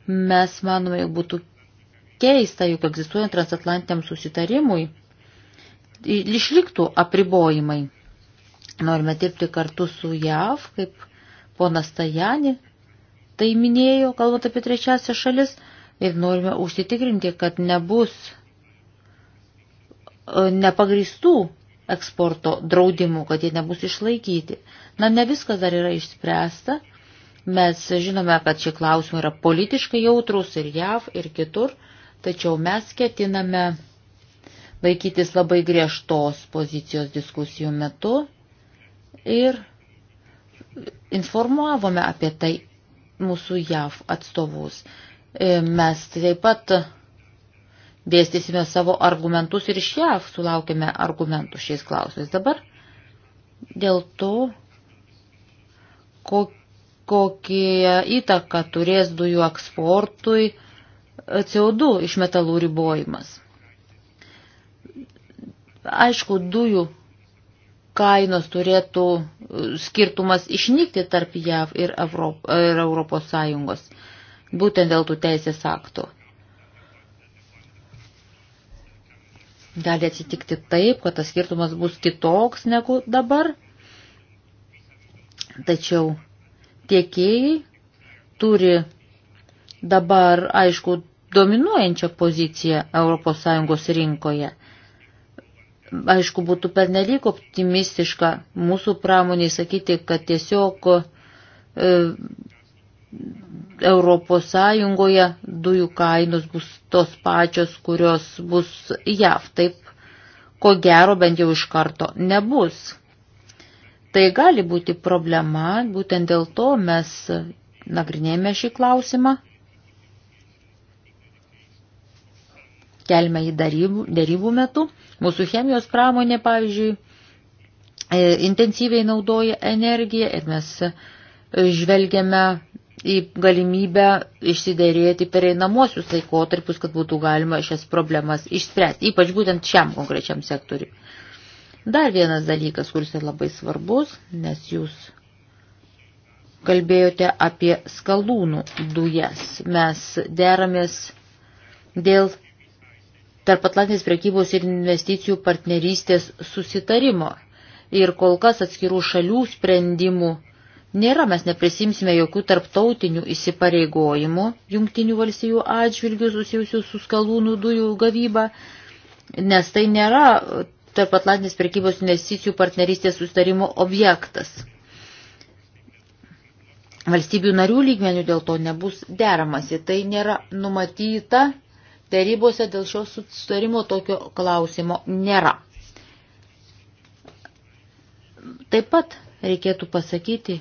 Mes manome, jog būtų keista, juk egzistuojant transatlantiniam susitarimui išliktų apribojimai. Norime dirbti kartu su JAV, kaip ponas Tajani tai minėjo, kalbant apie trečiasią šalis, ir norime užsitikrinti, kad nebus e, nepagristų eksporto draudimų, kad jie nebus išlaikyti. Na, ne viskas dar yra išspręsta. Mes žinome, kad šie klausimai yra politiškai jautrus ir JAV, ir kitur, tačiau mes ketiname laikytis labai griežtos pozicijos diskusijų metu ir informuavome apie tai mūsų JAV atstovus. E, mes taip pat dėstysime savo argumentus ir iš JAV sulaukime argumentų šiais klausimais. Dabar dėl to, kokią įtaką turės dujų eksportui CO2 iš metalų ribojimas. Aišku, dujų kainos turėtų e, skirtumas išnykti tarp JAV ir, Europ, ir Europos Sąjungos, būtent dėl tų teisės aktų. Gali atsitikti taip, kad tas skirtumas bus kitoks negu dabar, tačiau tiekėjai turi dabar, aišku, dominuojančią poziciją ES rinkoje – aišku, būtų pernelyg optimistiška mūsų pramoniai sakyti, kad tiesiog e, Europos Sąjungoje dujų kainos bus tos pačios, kurios bus JAV. Taip, ko gero bent jau iš karto nebus. Tai gali būti problema, būtent dėl to mes nagrinėjame šį klausimą kelime į darybų, darybų metu. Mūsų chemijos pramonė, pavyzdžiui, e, intensyviai naudoja energiją ir mes e, žvelgiame į galimybę išsiderėti pereinamosius laikotarpius, kad būtų galima šias problemas išspręsti, ypač būtent šiam konkrečiam sektoriui. Dar vienas dalykas, kuris yra labai svarbus, nes jūs kalbėjote apie skalūnų dujas. Mes deramės dėl tarp Atlantinės prekybos ir investicijų partnerystės susitarimo. Ir kol kas atskirų šalių sprendimų nėra, mes neprisimsime jokių tarptautinių įsipareigojimų jungtinių valstybių atžvilgių susijusių su skalūnų dujų gavyba, nes tai nėra tarp Atlantinės prekybos investicijų partnerystės sustarimo objektas. Valstybių narių lygmenių dėl to nebus deramasi, tai nėra numatyta Tarybose dėl šio sutarimo tokio klausimo nėra. Taip pat reikėtų pasakyti,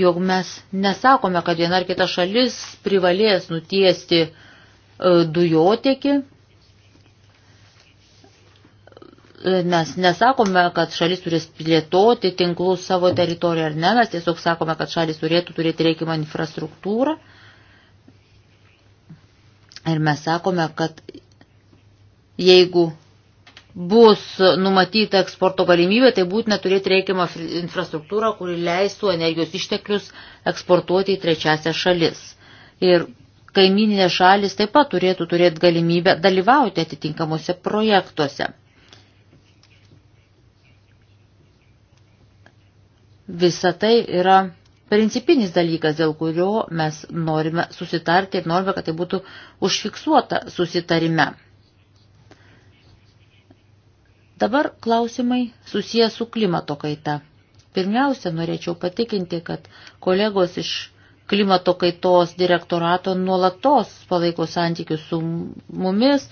jog mes nesakome, kad viena ar kita šalis privalės nutiesti e, dujotiekį. E, mes nesakome, kad šalis turės plėtoti tinklus savo teritoriją ar ne, mes tiesiog sakome, kad šalis turėtų turėti reikiamą infrastruktūrą. Ir mes sakome, kad jeigu bus numatyta eksporto galimybė, tai būtina turėti reikiamą infrastruktūrą, kuri leistų energijos išteklius eksportuoti į trečiasią šalis. Ir kaimininės šalis taip pat turėtų turėti galimybę dalyvauti atitinkamuose projektuose. Visa tai yra principinis dalykas, dėl kurio mes norime susitarti ir norime, kad tai būtų užfiksuota susitarime. Dabar klausimai susijęs su klimato kaita. Pirmiausia, norėčiau patikinti, kad kolegos iš klimato kaitos direktorato nuolatos palaiko santykius su mumis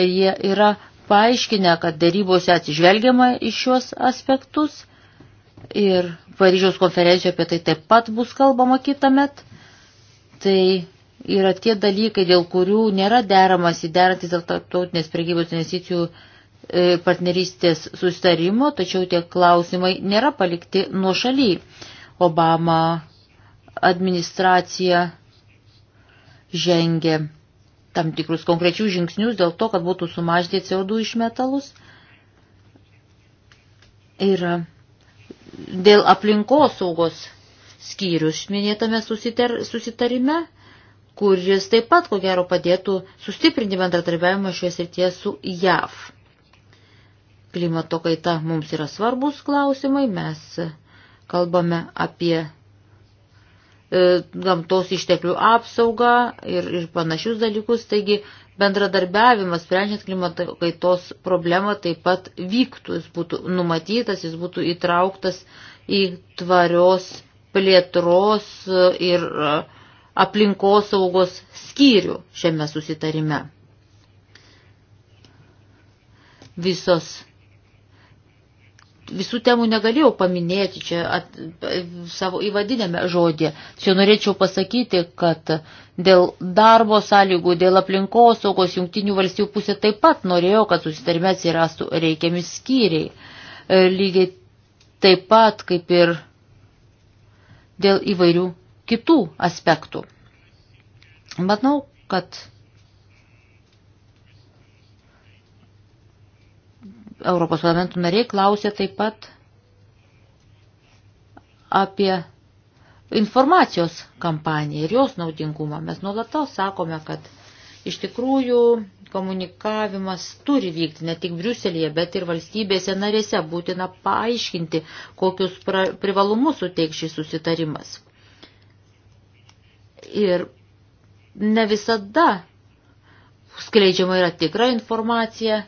ir jie yra paaiškinę, kad darybose atsižvelgiama iš šios aspektus Ir Paryžiaus konferencijoje apie tai taip pat bus kalbama kitą met. Tai yra tie dalykai, dėl kurių nėra deramas įderantis dėl tarptautinės prekybos investicijų e, partnerystės sustarimo, tačiau tie klausimai nėra palikti nuo šaly. Obama administracija žengė tam tikrus konkrečius žingsnius dėl to, kad būtų sumažinti CO2 išmetalus. Yra dėl aplinkos saugos skyrius minėtame susitar, susitarime, kuris taip pat, ko gero, padėtų sustiprinti bendratarbiavimą šioje srityje su JAV. Klimato kaita mums yra svarbus klausimai, mes kalbame apie e, gamtos išteklių apsaugą ir, ir panašius dalykus, taigi bendradarbiavimas, sprendžiant klimato kaitos problemą, taip pat vyktų, jis būtų numatytas, jis būtų įtrauktas į tvarios plėtros ir e, aplinkosaugos skyrių šiame susitarime. Visos visų temų negalėjau paminėti čia at, savo įvadinėme žodį. Čia norėčiau pasakyti, kad dėl darbo sąlygų, dėl aplinkos saugos jungtinių valstybių pusė taip pat norėjo, kad susitarime atsirastų reikiami skyriai. E, lygiai taip pat kaip ir dėl įvairių kitų aspektų. Manau, kad Europos parlamento nariai klausė taip pat apie informacijos kampaniją ir jos naudingumą. Mes nuolatos sakome, kad iš tikrųjų komunikavimas turi vykti ne tik Briuselėje, bet ir valstybėse narėse. Būtina paaiškinti, kokius pra, privalumus suteiks šis susitarimas. Ir ne visada skleidžiama yra tikra informacija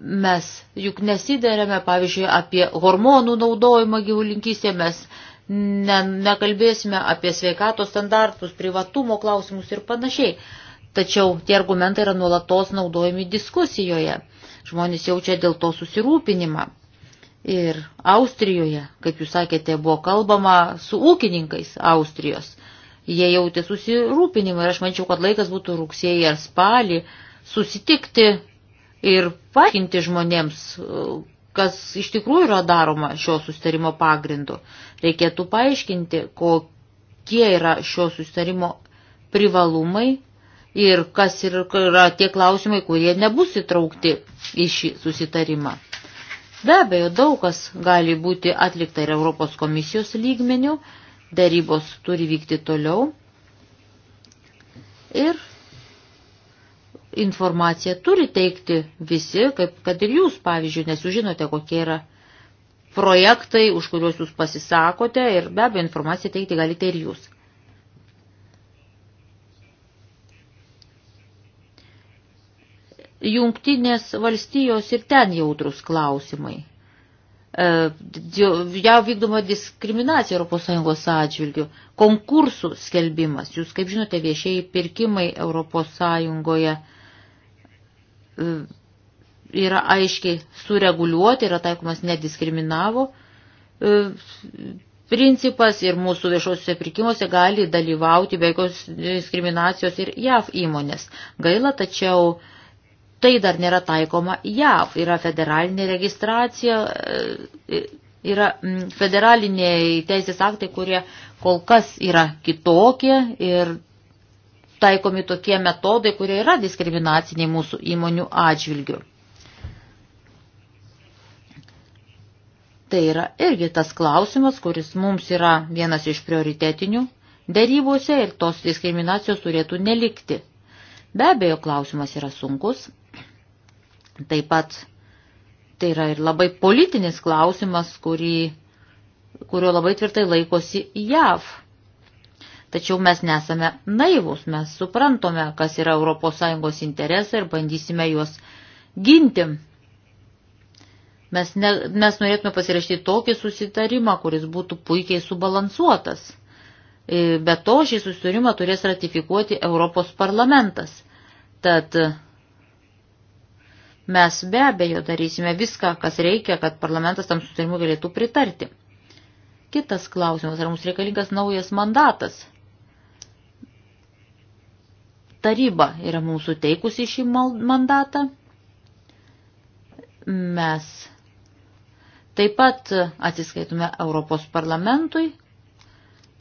Mes juk nesiderėme, pavyzdžiui, apie hormonų naudojimą gyvulinkystėje, mes ne, nekalbėsime apie sveikatos standartus, privatumo klausimus ir panašiai. Tačiau tie argumentai yra nuolatos naudojami diskusijoje. Žmonės jaučia dėl to susirūpinimą. Ir Austrijoje, kaip jūs sakėte, buvo kalbama su ūkininkais Austrijos. Jie jautė susirūpinimą ir aš mančiau, kad laikas būtų rugsėjai ar spalį susitikti ir paaiškinti žmonėms, kas iš tikrųjų yra daroma šio sustarimo pagrindu. Reikėtų paaiškinti, kokie yra šio sustarimo privalumai ir kas yra tie klausimai, kurie nebus įtraukti į šį susitarimą. Be abejo, daug kas gali būti atlikta ir Europos komisijos lygmenių, darybos turi vykti toliau. Ir informaciją turi teikti visi, kaip kad ir jūs, pavyzdžiui, nes jūs žinote, kokie yra projektai, už kuriuos jūs pasisakote ir be abejo informaciją teikti galite ir jūs. Jungtinės valstijos ir ten jautrus klausimai. E, jau vykdoma diskriminacija ES atžvilgių, konkursų skelbimas, jūs kaip žinote, viešieji pirkimai ES E, yra aiškiai sureguliuoti, yra taikomas nediskriminavo e, principas ir mūsų viešosiuose pirkimuose gali dalyvauti be jokios diskriminacijos ir JAV įmonės. Gaila, tačiau tai dar nėra taikoma JAV. Yra federalinė registracija, e, yra federaliniai teisės aktai, kurie kol kas yra kitokie ir taikomi tokie metodai, kurie yra diskriminaciniai mūsų įmonių atžvilgių. Tai yra irgi tas klausimas, kuris mums yra vienas iš prioritetinių dėrybose ir tos diskriminacijos turėtų nelikti. Be abejo, klausimas yra sunkus. Taip pat tai yra ir labai politinis klausimas, kurį, kurio labai tvirtai laikosi JAV. Tačiau mes nesame naivus, mes suprantame, kas yra ES interesai ir bandysime juos ginti. Mes, ne, mes norėtume pasirašyti tokį susitarimą, kuris būtų puikiai subalansuotas. E, be to, šį susitarimą turės ratifikuoti Europos parlamentas. Tad e, mes be abejo darysime viską, kas reikia, kad parlamentas tam susitarimu galėtų pritarti. Kitas klausimas, ar mums reikalingas naujas mandatas? taryba yra mūsų teikusi šį mandatą. Mes taip pat atsiskaitume Europos parlamentui.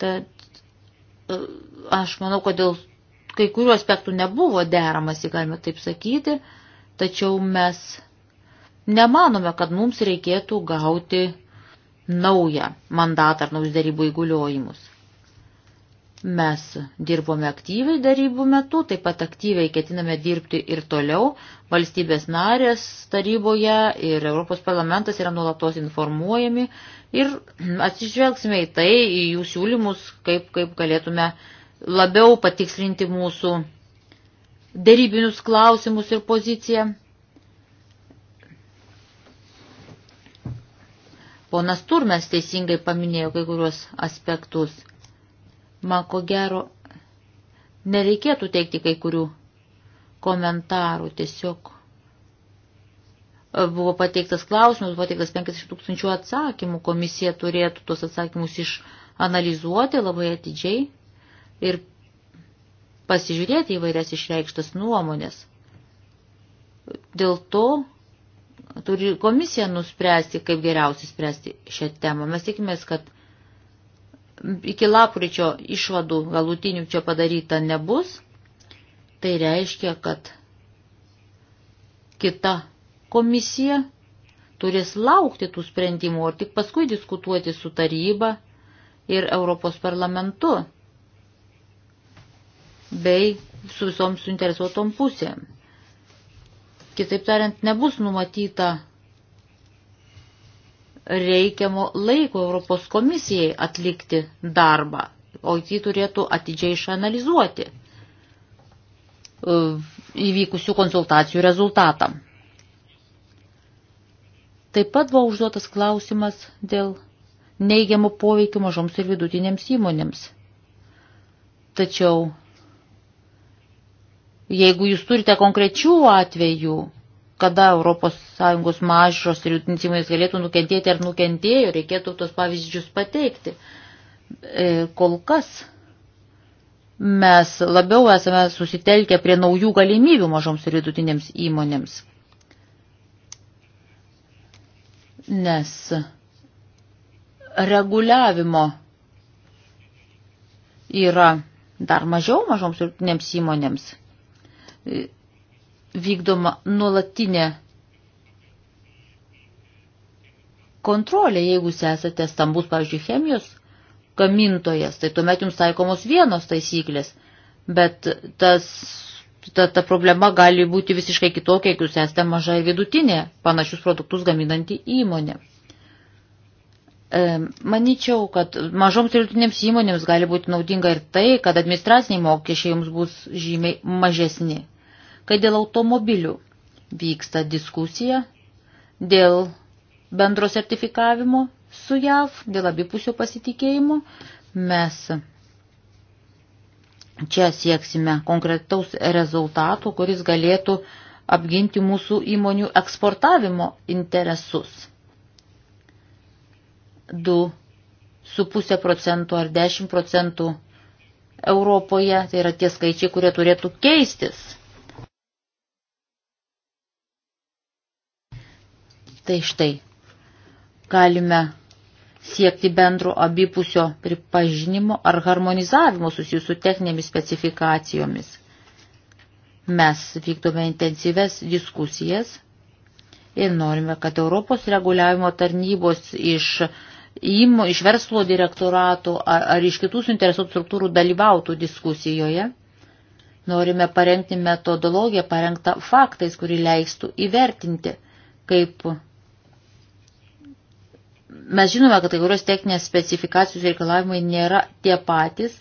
Tad e, aš manau, kad dėl kai kurių aspektų nebuvo deramasi, galime taip sakyti, tačiau mes nemanome, kad mums reikėtų gauti naują mandatą ar naujus darybų įguliojimus. Mes dirbome aktyviai darybų metu, taip pat aktyviai ketiname dirbti ir toliau. Valstybės narės taryboje ir Europos parlamentas yra nuolatos informuojami ir atsižvelgsime į tai, į jų siūlymus, kaip, kaip galėtume labiau patikslinti mūsų darybinius klausimus ir poziciją. Ponas Turmes teisingai paminėjo kai kuriuos aspektus – man ko gero nereikėtų teikti kai kurių komentarų, tiesiog e, buvo pateiktas klausimas, buvo pateiktas 50 tūkstančių atsakymų, komisija turėtų tuos atsakymus išanalizuoti labai atidžiai ir pasižiūrėti įvairias išreikštas nuomonės. Dėl to turi komisija nuspręsti, kaip geriausiai spręsti šią temą. Mes tikimės, kad iki lapkričio išvadų galutinių čia padaryta nebus, tai reiškia, kad kita komisija turės laukti tų sprendimų ir tik paskui diskutuoti su taryba ir Europos parlamentu bei su visom suinteresuotom pusėm. Kitaip tariant, nebus numatyta reikiamo laiko Europos komisijai atlikti darbą, o jį turėtų atidžiai išanalizuoti e, įvykusių konsultacijų rezultatą. Taip pat buvo užduotas klausimas dėl neigiamo poveikio mažoms ir vidutinėms įmonėms. Tačiau, jeigu jūs turite konkrečių atvejų, kada ES mažos ir jūtinės įmonės galėtų nukentėti ar nukentėjo, reikėtų tos pavyzdžius pateikti. E, kol kas mes labiau esame susitelkę prie naujų galimybių mažoms ir vidutinėms įmonėms. Nes reguliavimo yra dar mažiau mažoms ir vidutinėms įmonėms. E, vykdoma nuolatinė kontrolė, jeigu jūs esate stambus, pavyzdžiui, chemijos gamintojas, tai tuomet jums taikomos vienos taisyklės, bet tas, ta, ta problema gali būti visiškai kitokia, jeigu jūs esate maža ir vidutinė panašius produktus gaminanti įmonė. E, manyčiau, kad mažoms ir vidutinėms įmonėms gali būti naudinga ir tai, kad administraciniai mokesčiai jums bus žymiai mažesni kai dėl automobilių vyksta diskusija dėl bendro sertifikavimo su JAV, dėl abipusio pasitikėjimo. Mes čia sieksime konkretaus rezultato, kuris galėtų apginti mūsų įmonių eksportavimo interesus. 2,5 procentų ar 10 procentų Europoje, tai yra tie skaičiai, kurie turėtų keistis Tai štai, galime siekti bendro abipusio pripažinimo ar harmonizavimo susijusių techninėmis specifikacijomis. Mes vykdome intensyves diskusijas ir norime, kad Europos reguliavimo tarnybos iš, įmo, iš verslo direktorato ar, ar iš kitų suinteresuotų struktūrų dalyvautų diskusijoje. Norime parengti metodologiją parengtą faktais, kuri leistų įvertinti, kaip Mes žinome, kad kai kurios techninės specifikacijos reikalavimai nėra tie patys,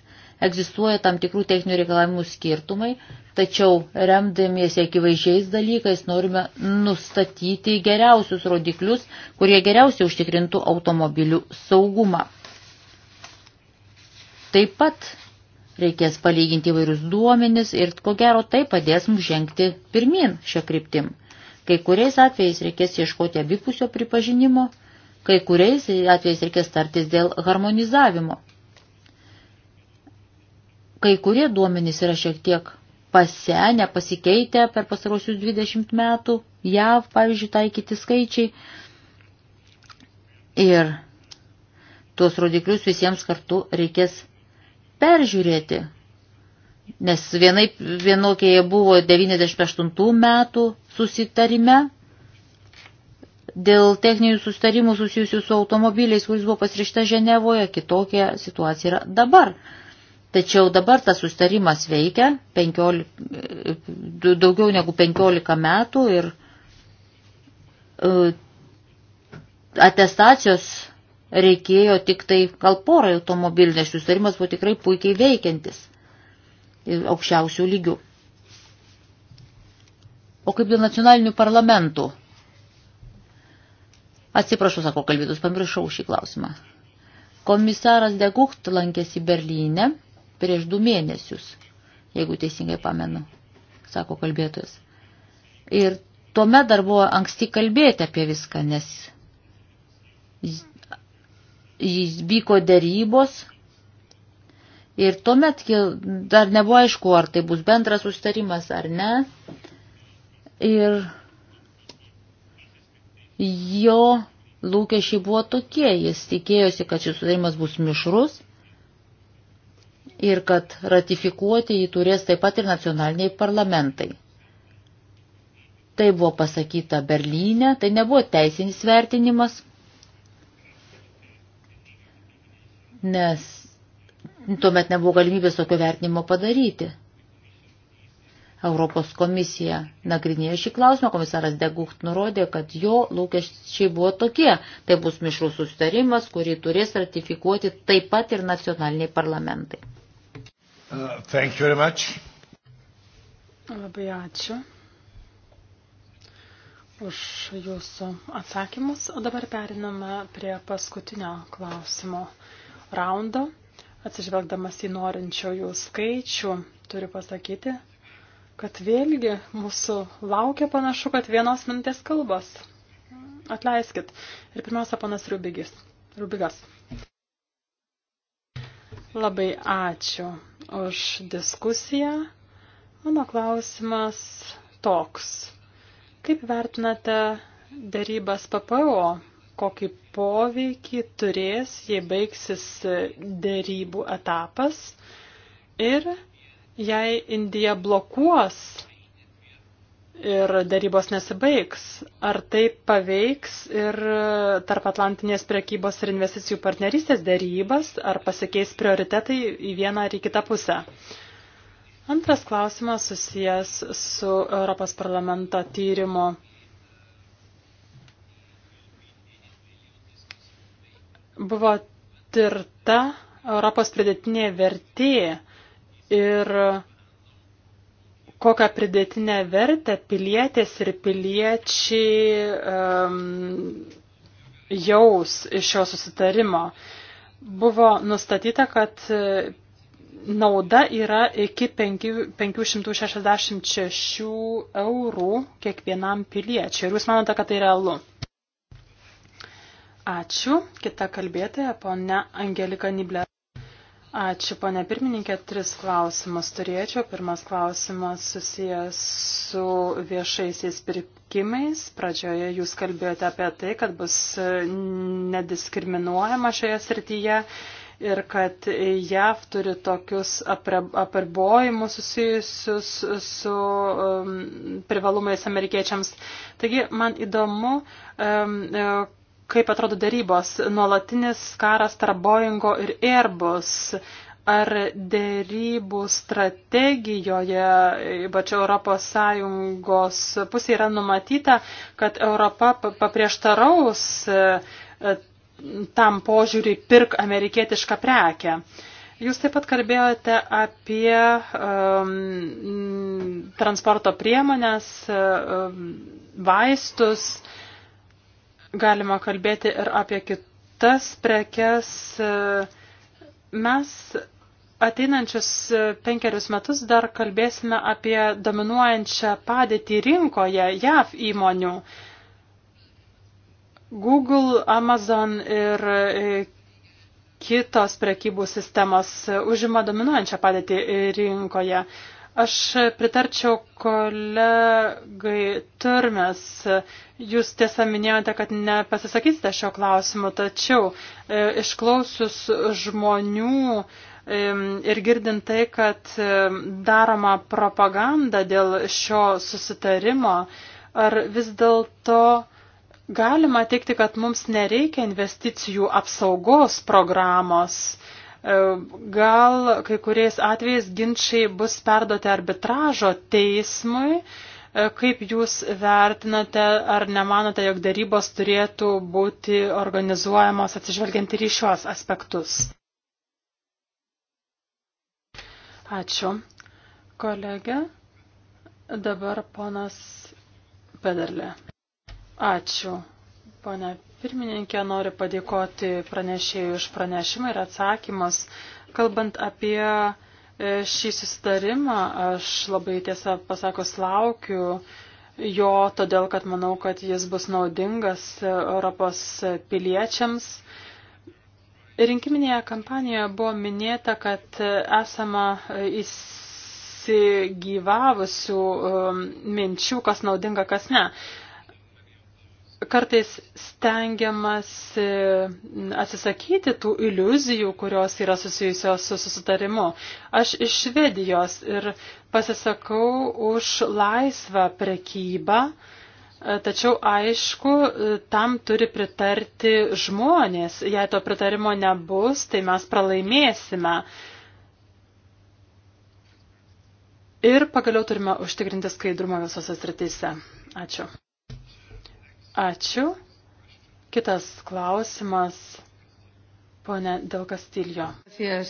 egzistuoja tam tikrų techninių reikalavimų skirtumai, tačiau remdamiesi akivaizdžiais dalykais norime nustatyti geriausius rodiklius, kurie geriausiai užtikrintų automobilių saugumą. Taip pat reikės palyginti įvairius duomenis ir ko gero tai padės mums žengti pirmin šią kryptim. Kai kuriais atvejais reikės ieškoti abipusio pripažinimo Kai kuriais atvejais reikės tartis dėl harmonizavimo. Kai kurie duomenys yra šiek tiek pasenę, pasikeitę per pasarosius 20 metų, JAV, pavyzdžiui, taikyti skaičiai. Ir tuos rodiklius visiems kartu reikės peržiūrėti. Nes vienaip vienokie jie buvo 98 metų susitarime, Dėl techninių sustarimų susijusių su automobiliais, kuris buvo pasirišta Ženevoje, kitokia situacija yra dabar. Tačiau dabar tas sustarimas veikia 15, daugiau negu 15 metų ir uh, atestacijos reikėjo tik tai gal porai automobilių, nes sustarimas buvo tikrai puikiai veikiantis aukščiausių lygių. O kaip dėl nacionalinių parlamentų Atsiprašau, sako kalbėtus, pamiršau šį klausimą. Komisaras Degucht lankėsi Berlyne prieš du mėnesius, jeigu teisingai pamenu, sako kalbėtojas. Ir tuomet dar buvo anksti kalbėti apie viską, nes jis vyko dėrybos ir tuomet dar nebuvo aišku, ar tai bus bendras sustarimas ar ne. Ir Jo lūkesčiai buvo tokie, jis tikėjosi, kad šis sudarimas bus mišrus ir kad ratifikuoti jį turės taip pat ir nacionaliniai parlamentai. Tai buvo pasakyta Berlyne, tai nebuvo teisinis vertinimas, nes tuomet nebuvo galimybės tokio vertinimo padaryti. Europos komisija nagrinėjo šį klausimą, komisaras Degucht nurodė, kad jo lūkesčiai buvo tokie. Tai bus mišrus sustarimas, kurį turės ratifikuoti taip pat ir nacionaliniai parlamentai. Uh, Labai ačiū už jūsų atsakymus. O dabar periname prie paskutinio klausimo raundo. Atsižvelgdamas į norinčiųjų skaičių, turiu pasakyti, kad vėlgi mūsų laukia panašu, kad vienos minutės kalbos. Atleiskit. Ir pirmiausia, panas Rubigis. Rubigas. Labai ačiū už diskusiją. Mano klausimas toks. Kaip vertinate darybas PPO? Kokį poveikį turės, jei baigsis darybų etapas? Ir Jei Indija blokuos ir darybos nesibaigs, ar tai paveiks ir tarp Atlantinės prekybos ir investicijų partnerystės darybas, ar pasikeis prioritetai į vieną ar į kitą pusę? Antras klausimas susijęs su Europos parlamento tyrimo buvo tirta Europos pridėtinė vertė ir kokią pridėtinę vertę pilietės ir piliečiai um, jaus iš šio susitarimo. Buvo nustatyta, kad e, nauda yra iki 566 eurų kiekvienam piliečiui. Ir jūs manote, kad tai realu? Ačiū. Kita kalbėtoja, ponia Angelika Niblė. Ačiū, ponė pirmininkė. Tris klausimus turėčiau. Pirmas klausimas susijęs su viešaisiais pirkimais. Pradžioje jūs kalbėjote apie tai, kad bus e, nediskriminuojama šioje srityje ir kad JAV turi tokius apribojimus susijusius su um, privalumais amerikiečiams. Taigi, man įdomu, um, e, kaip atrodo darybos, nuolatinis karas tarp Boeingo ir Airbus, ar dėrybų strategijoje, ypač Europos Sąjungos pusė yra numatyta, kad Europa paprieštaraus e, tam požiūriui pirk amerikietišką prekę. Jūs taip pat kalbėjote apie um, transporto priemonės, um, vaistus, uh, galima kalbėti ir apie kitas prekes. Mes ateinančius penkerius metus dar kalbėsime apie dominuojančią padėtį rinkoje JAV įmonių. Google, Amazon ir e, kitos prekybų sistemos užima dominuojančią padėtį rinkoje. Aš pritarčiau kolegai Turmes. Jūs tiesą minėjote, kad nepasisakysite šio klausimu, tačiau e, išklausius žmonių e, ir girdint tai, kad e, daroma propaganda dėl šio susitarimo, ar vis dėlto galima teikti, kad mums nereikia investicijų apsaugos programos? Gal kai kuriais atvejais ginčiai bus perduoti arbitražo teismui. Kaip Jūs vertinate, ar nemanote, jog darybos turėtų būti organizuojamos atsižvelgiant ir į šios aspektus? Ačiū, kolegė. Dabar ponas Pederlė. Ačiū, ponė Pirmininkė nori padėkoti pranešėjų iš pranešimą ir atsakymas. Kalbant apie e, šį sustarimą, aš labai tiesą pasakus laukiu jo, todėl kad manau, kad jis bus naudingas Europos piliečiams. Rinkiminėje kampanijoje buvo minėta, kad esama įsigyvavusių e, minčių, kas naudinga, kas ne kartais stengiamas e, atsisakyti tų iliuzijų, kurios yra susijusios su susitarimu. Aš iš Švedijos ir pasisakau už laisvą prekybą, e, tačiau aišku, e, tam turi pritarti žmonės. Jei to pritarimo nebus, tai mes pralaimėsime. Ir pagaliau turime užtikrinti skaidrumą visose sritise. Ačiū. Ačiū. Kitas klausimas. Pone Del Castillo. Eh,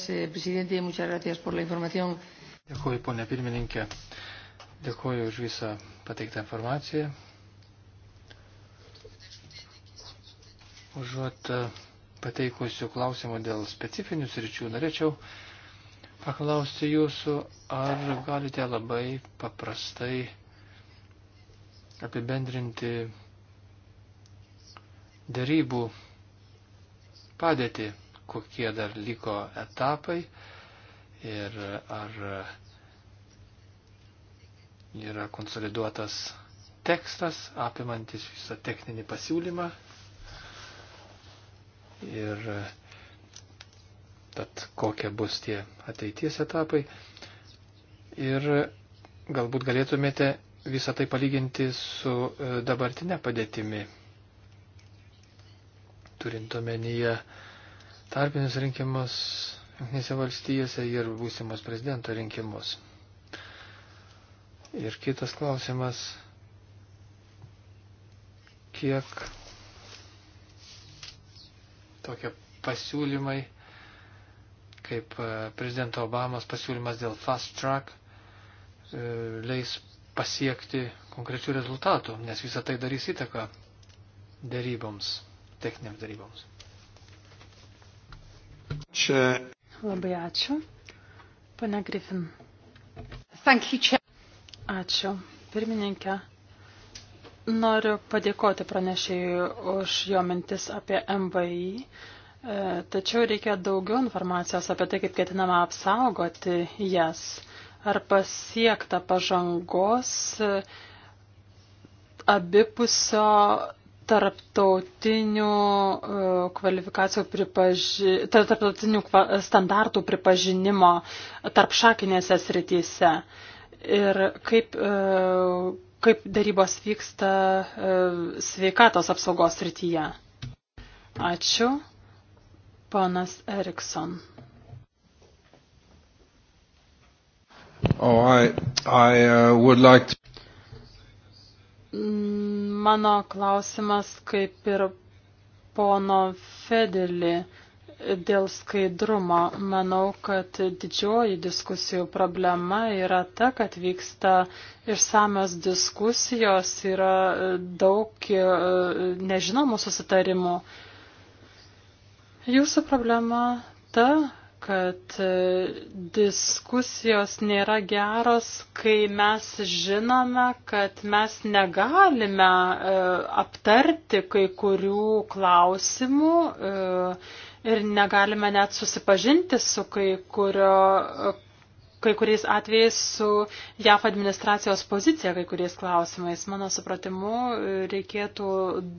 Dėkuoju, ponė pirmininkė. Dėkuoju už visą pateiktą informaciją. Užuot e, pateikusių klausimų dėl specifinių sričių, norėčiau paklausti jūsų, ar galite labai paprastai apibendrinti dėrybų padėtį, kokie dar liko etapai ir ar yra konsoliduotas tekstas apimantis visą techninį pasiūlymą. Ir tad kokie bus tie ateities etapai. Ir galbūt galėtumėte visą tai palyginti su e, dabartinė padėtimi turint omenyje tarpinius rinkimus Junktinėse valstijose ir būsimus prezidento rinkimus. Ir kitas klausimas, kiek tokie pasiūlymai, kaip e, prezidento Obamos pasiūlymas dėl fast track, e, leis pasiekti konkrečių rezultatų, nes visą tai darys įtaką dėryboms techniniams daryboms. Čia. Labai ačiū. Pane Grifin. Ačiū. Pirmininkė. Noriu padėkoti pranešėjui už jo mintis apie MVI. E, tačiau reikia daugiau informacijos apie tai, kaip ketinama apsaugoti jas. Ar pasiekta pažangos e, abipusio tarptautinių e, kvalifikacijų pripaži... tarptautinių standartų pripažinimo tarp šakinėse srityse ir kaip, e, kaip darybos vyksta e, sveikatos apsaugos srityje. Ačiū. Ponas Erikson. Oh, I, I, uh, would like to... Mano klausimas kaip ir pono Fedelį dėl skaidrumo. Manau, kad didžioji diskusijų problema yra ta, kad vyksta išsamios diskusijos, yra daug e, nežinomų susitarimų. Jūsų problema ta, kad e, diskusijos nėra geros, kai mes žinome, kad mes negalime e, aptarti kai kurių klausimų e, ir negalime net susipažinti su kai, kurio, kai kuriais atvejais su JAF administracijos pozicija kai kuriais klausimais. Mano supratimu, reikėtų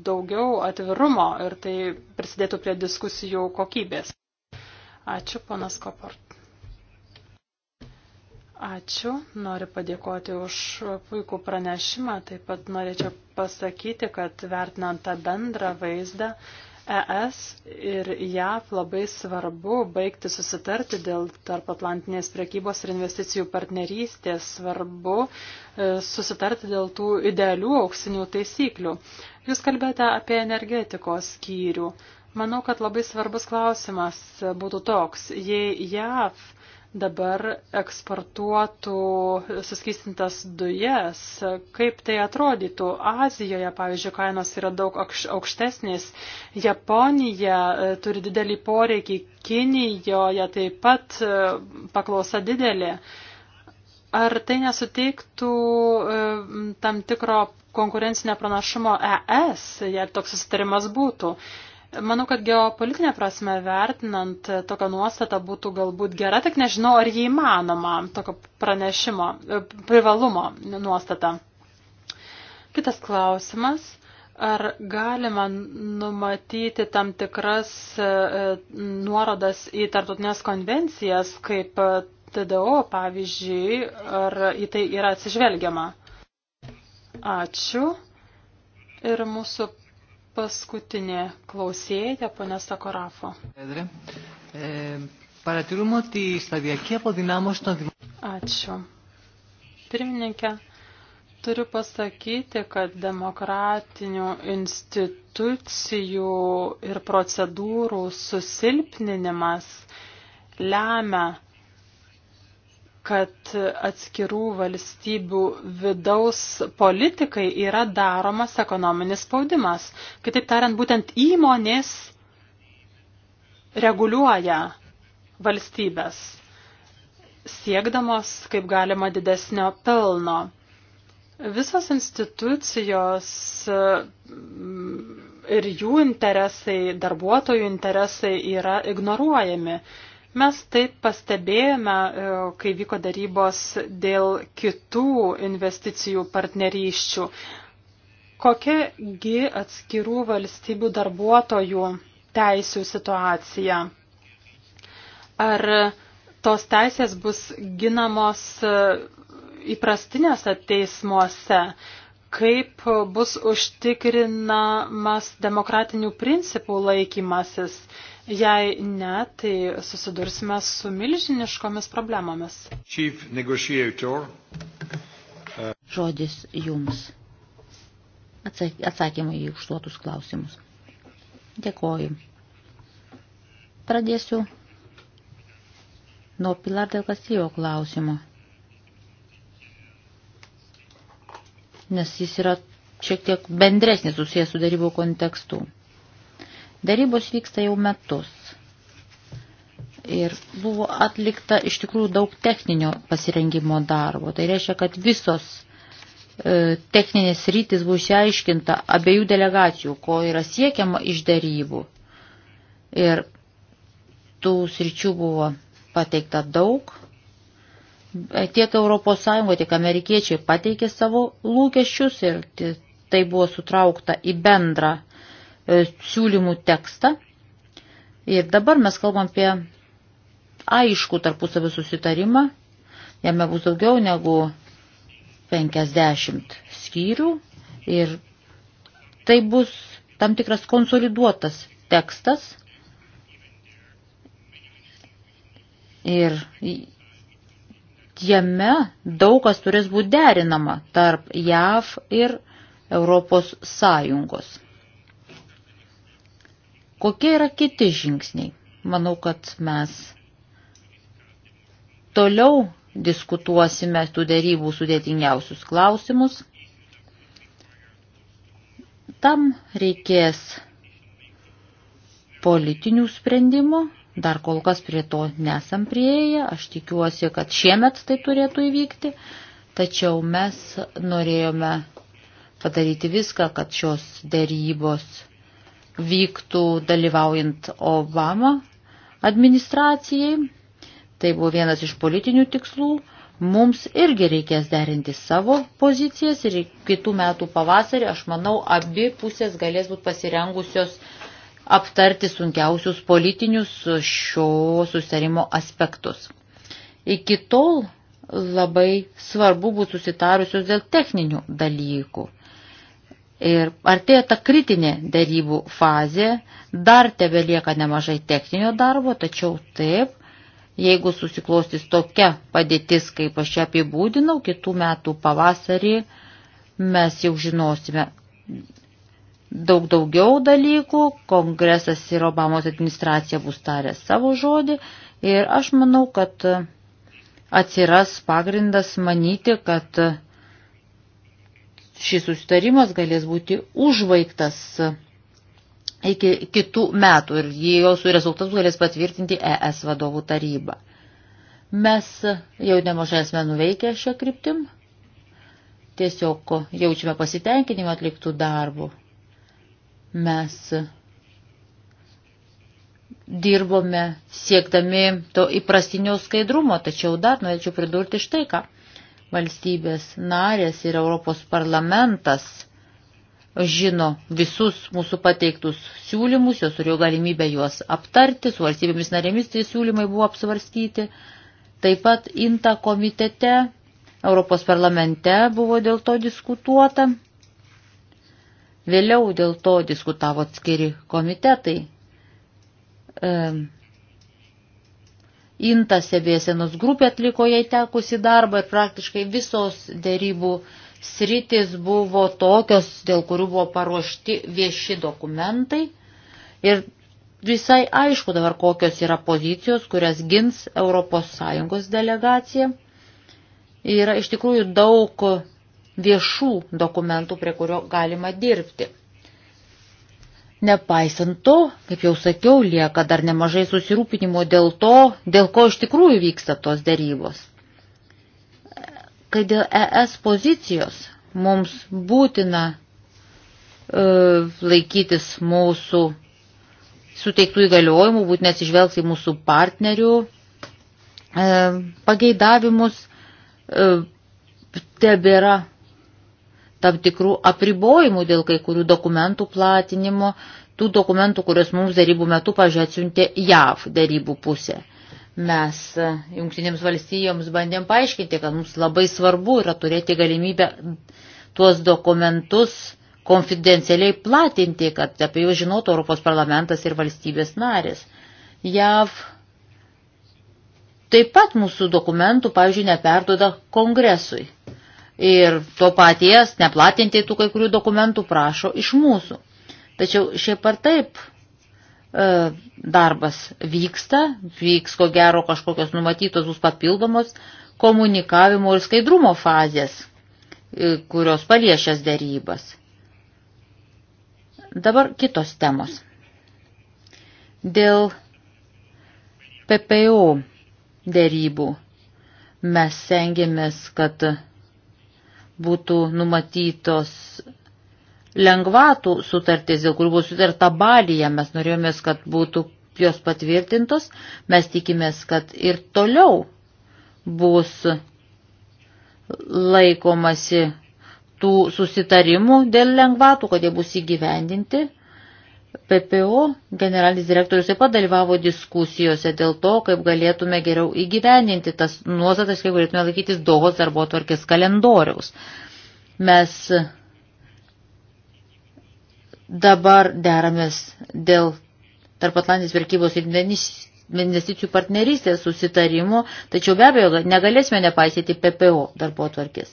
daugiau atvirumo ir tai prisidėtų prie diskusijų kokybės. Ačiū, ponas Kopart. Ačiū. Noriu padėkoti už puikų pranešimą. Taip pat norėčiau pasakyti, kad vertinant tą bendrą vaizdą, ES ir JAV labai svarbu baigti susitarti dėl tarp Atlantinės prekybos ir investicijų partnerystės, svarbu e, susitarti dėl tų idealių auksinių taisyklių. Jūs kalbėjote apie energetikos skyrių. Manau, kad labai svarbus klausimas būtų toks, jei JAV dabar eksportuotų suskystintas dujas, kaip tai atrodytų. Azijoje, pavyzdžiui, kainos yra daug aukštesnės, Japonija e, turi didelį poreikį, Kinijoje taip pat e, paklausa didelė. Ar tai nesuteiktų e, tam tikro konkurencinio pranašumo ES, jei toks susitarimas būtų? Manau, kad geopolitinė prasme vertinant tokią nuostatą būtų galbūt gera, tik nežinau, ar jį įmanoma tokio pranešimo, e, privalumo nuostata. Kitas klausimas. Ar galima numatyti tam tikras e, e, nuorodas į tartutinės konvencijas, kaip TDO pavyzdžiui, ar į tai yra atsižvelgiama? Ačiū. Ir mūsų Paskutinė klausėja, ponė Sakorafo. Eh, tai Ačiū. Pirmininkė, turiu pasakyti, kad demokratinių institucijų ir procedūrų susilpninimas lemia kad atskirų valstybių vidaus politikai yra daromas ekonominis spaudimas. Kitaip tariant, būtent įmonės reguliuoja valstybės, siekdamos kaip galima didesnio pelno. Visos institucijos mm, ir jų interesai, darbuotojų interesai yra ignoruojami. Mes taip pastebėjome, e, kai vyko darybos dėl kitų investicijų partnerysčių. Kokiagi atskirų valstybių darbuotojų teisių situacija? Ar tos teisės bus ginamos e, įprastinėse teismuose? Kaip bus užtikrinamas demokratinių principų laikymasis? Jei ne, tai susidursime su milžiniškomis problemomis. Žodis jums. Atsakymai į užduotus klausimus. Dėkoju. Pradėsiu nuo Pilar del Castillo klausimo. Nes jis yra šiek tiek bendresnis susijęs su darybų kontekstu. Darybos vyksta jau metus. Ir buvo atlikta iš tikrųjų daug techninio pasirengimo darbo. Tai reiškia, kad visos e, techninės rytis buvo išsiaiškinta abiejų delegacijų, ko yra siekiama iš darybų. Ir tų sričių buvo pateikta daug. E, tiek ES, tiek amerikiečiai pateikė savo lūkesčius ir tai buvo sutraukta į bendrą E, siūlymų tekstą. Ir dabar mes kalbam apie aišku tarpusavį susitarimą. Jame bus daugiau negu 50 skyrių ir tai bus tam tikras konsoliduotas tekstas. Ir jame daug kas turės būti derinama tarp JAV ir Europos Sąjungos. Kokie yra kiti žingsniai? Manau, kad mes toliau diskutuosime tų dėrybų sudėtingiausius klausimus. Tam reikės politinių sprendimų, dar kol kas prie to nesam prieėję, aš tikiuosi, kad šiemet tai turėtų įvykti, tačiau mes norėjome padaryti viską, kad šios dėrybos vyktų dalyvaujant Obama administracijai. Tai buvo vienas iš politinių tikslų. Mums irgi reikės derinti savo pozicijas ir kitų metų pavasarį, aš manau, abi pusės galės būti pasirengusios aptarti sunkiausius politinius šio susitarimo aspektus. Iki tol labai svarbu būtų susitarusios dėl techninių dalykų. Ir artėja ta kritinė darybų fazė, dar tebe lieka nemažai techninio darbo, tačiau taip, jeigu susiklostys tokia padėtis, kaip aš čia apibūdinau, kitų metų pavasarį mes jau žinosime daug daugiau dalykų, kongresas ir Obamos administracija bus tarę savo žodį ir aš manau, kad atsiras pagrindas manyti, kad šis sustarimas galės būti užvaigtas iki kitų metų ir jos rezultatus galės patvirtinti ES vadovų taryba. Mes jau nemažai asmenų veikia šią kryptim, tiesiog jaučiame pasitenkinimą atliktų darbų. Mes dirbome siekdami to įprastinio skaidrumo, tačiau dar norėčiau pridurti štai ką valstybės narės ir Europos parlamentas žino visus mūsų pateiktus siūlymus, jos turėjo galimybę juos aptarti, su valstybėmis narėmis tai siūlymai buvo apsvarstyti. Taip pat INTA komitete, Europos parlamente buvo dėl to diskutuota. Vėliau dėl to diskutavo atskiri komitetai. E, Inta stebėsenos grupė atliko jai tekusi darbą ir praktiškai visos dėrybų sritis buvo tokios, dėl kurių buvo paruošti vieši dokumentai. Ir visai aišku dabar, kokios yra pozicijos, kurias gins ES delegacija. Yra iš tikrųjų daug viešų dokumentų, prie kurio galima dirbti. Nepaisant to, kaip jau sakiau, lieka dar nemažai susirūpinimo dėl to, dėl ko iš tikrųjų vyksta tos dėrybos. Kai dėl ES pozicijos mums būtina e, laikytis mūsų suteiktų įgaliojimų, būtina atsižvelgti į mūsų partnerių e, pageidavimus, e, tebėra tam tikrų apribojimų dėl kai kurių dokumentų platinimo, tų dokumentų, kurios mums darybų metu, pažiūrėjau, atsiuntė JAV darybų pusė. Mes e, jungtinėms valstijoms bandėm paaiškinti, kad mums labai svarbu yra turėti galimybę tuos dokumentus konfidencialiai platinti, kad apie juos žinotų Europos parlamentas ir valstybės narės. JAV taip pat mūsų dokumentų, pavyzdžiui, neperduoda kongresui ir to paties neplatinti tų kai kurių dokumentų prašo iš mūsų. Tačiau šiaip ar taip e, darbas vyksta, vyks ko gero kažkokios numatytos bus papildomos komunikavimo ir skaidrumo fazės, e, kurios paliešės dėrybas. Dabar kitos temos. Dėl PPO dėrybų mes sengiamės, kad būtų numatytos lengvatų sutartys, dėl kurių buvo sutarta balyje, mes norėjomės, kad būtų jos patvirtintos, mes tikimės, kad ir toliau bus laikomasi tų susitarimų dėl lengvatų, kad jie bus įgyvendinti. PPO generalinis direktorius taip pat dalyvavo diskusijose dėl to, kaip galėtume geriau įgyveninti tas nuostatas, kaip galėtume laikytis Dohos darbo tvarkės kalendoriaus. Mes dabar deramės dėl tarp Atlantės verkybos ir investicijų partnerystės susitarimo, tačiau be abejo negalėsime nepaisyti PPO darbo tvarkės.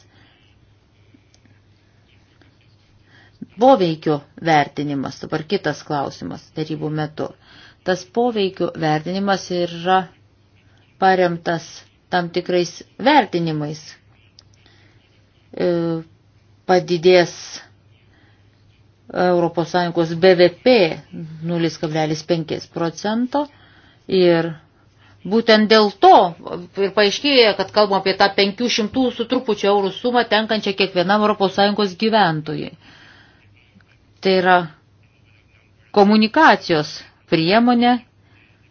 Poveikio vertinimas, dabar kitas klausimas darybų metu. Tas poveikio vertinimas yra paremtas tam tikrais vertinimais. E, padidės ES BVP 0,5 procento ir būtent dėl to ir paaiškėja, kad kalbam apie tą 500 su trupučiu eurų sumą tenkančią kiekvienam ES gyventojui. E, Tai yra komunikacijos priemonė.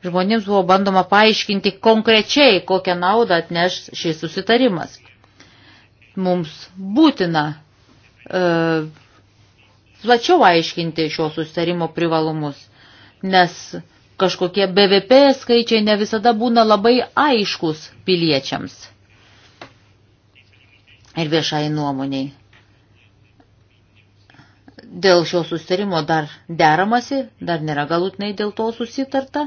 Žmonėms buvo bandoma paaiškinti konkrečiai, kokią naudą atneš šis susitarimas. Mums būtina e, plačiau aiškinti šio susitarimo privalumus, nes kažkokie BVP skaičiai ne visada būna labai aiškus piliečiams ir viešai nuomoniai. Dėl šio sustarimo dar deramasi, dar nėra galutinai dėl to susitarta,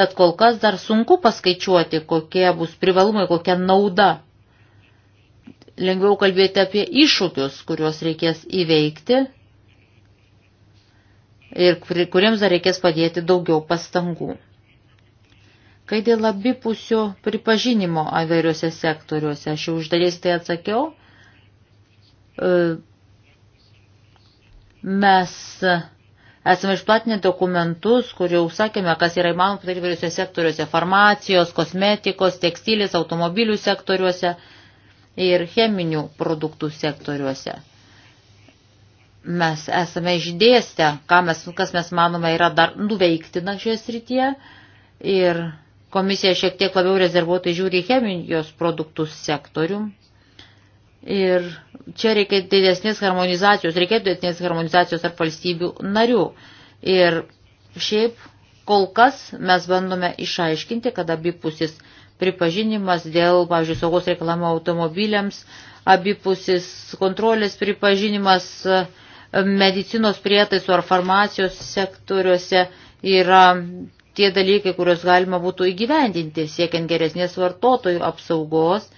tad kol kas dar sunku paskaičiuoti, kokie bus privalumai, kokia nauda. Lengviau kalbėti apie iššūkius, kuriuos reikės įveikti ir kuriems dar reikės padėti daugiau pastangų. Kai dėl abipusio pripažinimo averiuose sektoriuose, aš jau uždalies tai atsakiau, e, Mes esame išplatinę dokumentus, kur jau sakėme, kas yra įmanoma padaryti įvairiuose sektoriuose - farmacijos, kosmetikos, tekstilės, automobilių sektoriuose ir cheminių produktų sektoriuose. Mes esame išdėstę, mes, kas mes manome yra dar nuveiktina šioje srityje ir komisija šiek tiek labiau rezervuotai žiūri į chemijos produktų sektorių. Ir čia reikia didesnės harmonizacijos, reikėtų didesnės harmonizacijos tarp valstybių narių. Ir šiaip kol kas mes bandome išaiškinti, kad abipusis pripažinimas dėl, pavyzdžiui, saugos reikalavimo automobiliams, abipusis kontrolės pripažinimas e, medicinos prietaisų ar farmacijos sektoriuose yra tie dalykai, kuriuos galima būtų įgyvendinti, siekiant geresnės vartotojų apsaugos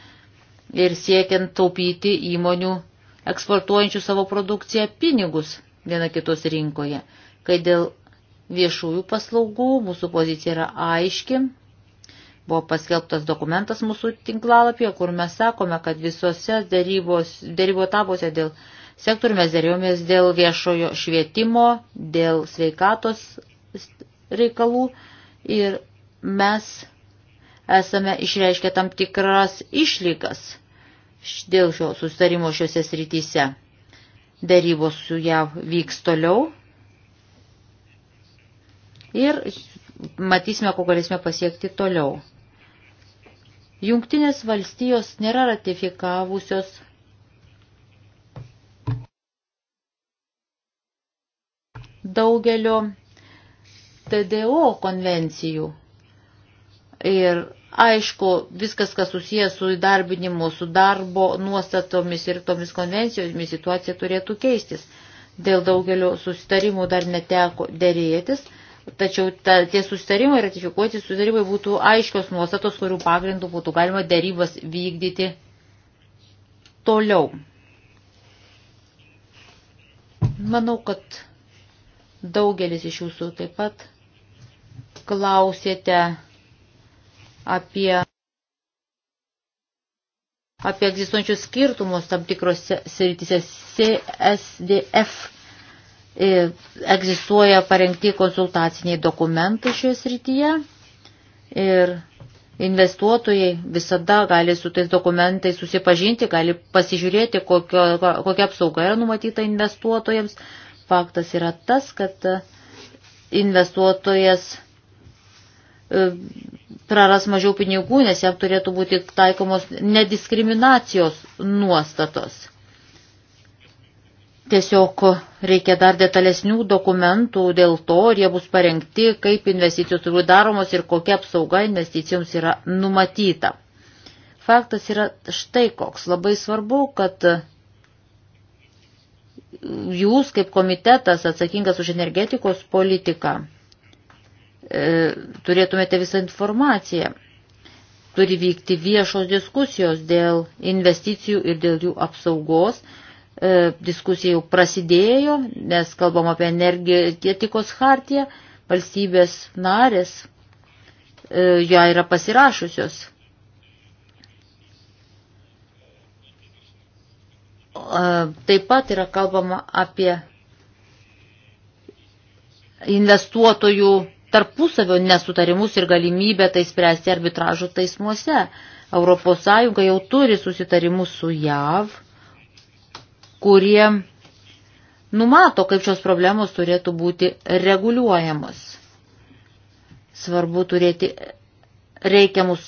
ir siekiant taupyti įmonių eksportuojančių savo produkciją pinigus viena kitos rinkoje. Kai dėl viešųjų paslaugų mūsų pozicija yra aiški. Buvo paskelbtas dokumentas mūsų tinklalapyje, kur mes sakome, kad visose dėrybo tabose dėl sektorių mes dėrėjomės dėl viešojo švietimo, dėl sveikatos reikalų ir mes esame išreiškę tam tikras išlygas dėl šio sustarimo šiuose srityse. Darybos su JAV vyks toliau ir matysime, ko galėsime pasiekti toliau. Jungtinės valstijos nėra ratifikavusios daugelio TDO konvencijų ir Aišku, viskas, kas susijęs su įdarbinimu, su darbo nuostatomis ir tomis konvencijomis, situacija turėtų keistis. Dėl daugelio susitarimų dar neteko dėrėtis, tačiau ta, tie susitarimai ratifikuoti susitarimai būtų aiškios nuostatos, kurių pagrindų būtų galima dėrybas vykdyti toliau. Manau, kad daugelis iš jūsų taip pat klausėte apie, apie egzistuojančius skirtumus tam tikrose sritise CSDF. E, egzistuoja parengti konsultaciniai dokumentai šioje srityje ir investuotojai visada gali su tais dokumentais susipažinti, gali pasižiūrėti, kokio, kokia apsauga yra numatyta investuotojams. Faktas yra tas, kad investuotojas E, praras mažiau pinigų, nes jam turėtų būti taikomos nediskriminacijos nuostatos. Tiesiog reikia dar detalesnių dokumentų dėl to, ar jie bus parengti, kaip investicijos turi daromos ir kokia apsauga investicijoms yra numatyta. Faktas yra štai koks. Labai svarbu, kad jūs kaip komitetas atsakingas už energetikos politiką E, turėtumėte visą informaciją. Turi vykti viešos diskusijos dėl investicijų ir dėl jų apsaugos. E, diskusija jau prasidėjo, nes kalbam apie energetikos hartiją, valstybės narės e, ją yra pasirašusios. Taip pat yra kalbama apie investuotojų tarpusavio nesutarimus ir galimybę tai spręsti arbitražo teismuose. ES jau turi susitarimus su JAV, kurie numato, kaip šios problemos turėtų būti reguliuojamos. Svarbu turėti reikiamus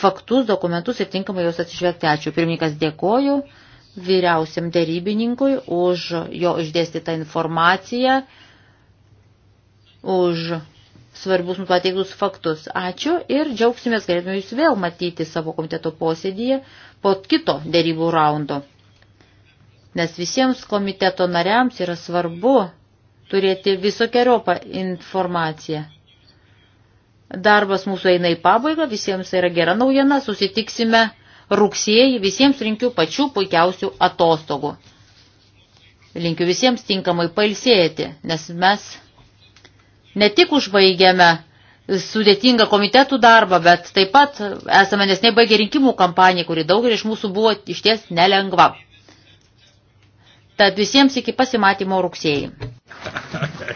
faktus, dokumentus ir tinkamai juos atsižvelgti. Ačiū. Pirmininkas dėkoju vyriausiam darybininkui už jo išdėstytą informaciją, už svarbius mums pateiktus faktus. Ačiū ir džiaugsimės, galėtume jūs vėl matyti savo komiteto posėdėje po kito dėrybų raundo. Nes visiems komiteto nariams yra svarbu turėti visokiojopą informaciją. Darbas mūsų eina į pabaigą, visiems yra gera naujiena, susitiksime rugsėjai, visiems linkiu pačių puikiausių atostogų. Linkiu visiems tinkamai pailsėti, nes mes ne tik užbaigėme sudėtingą komitetų darbą, bet taip pat esame nesnei baigę rinkimų kampaniją, kuri daugelį iš mūsų buvo išties nelengva. Tad visiems iki pasimatymo rugsėjai. [laughs]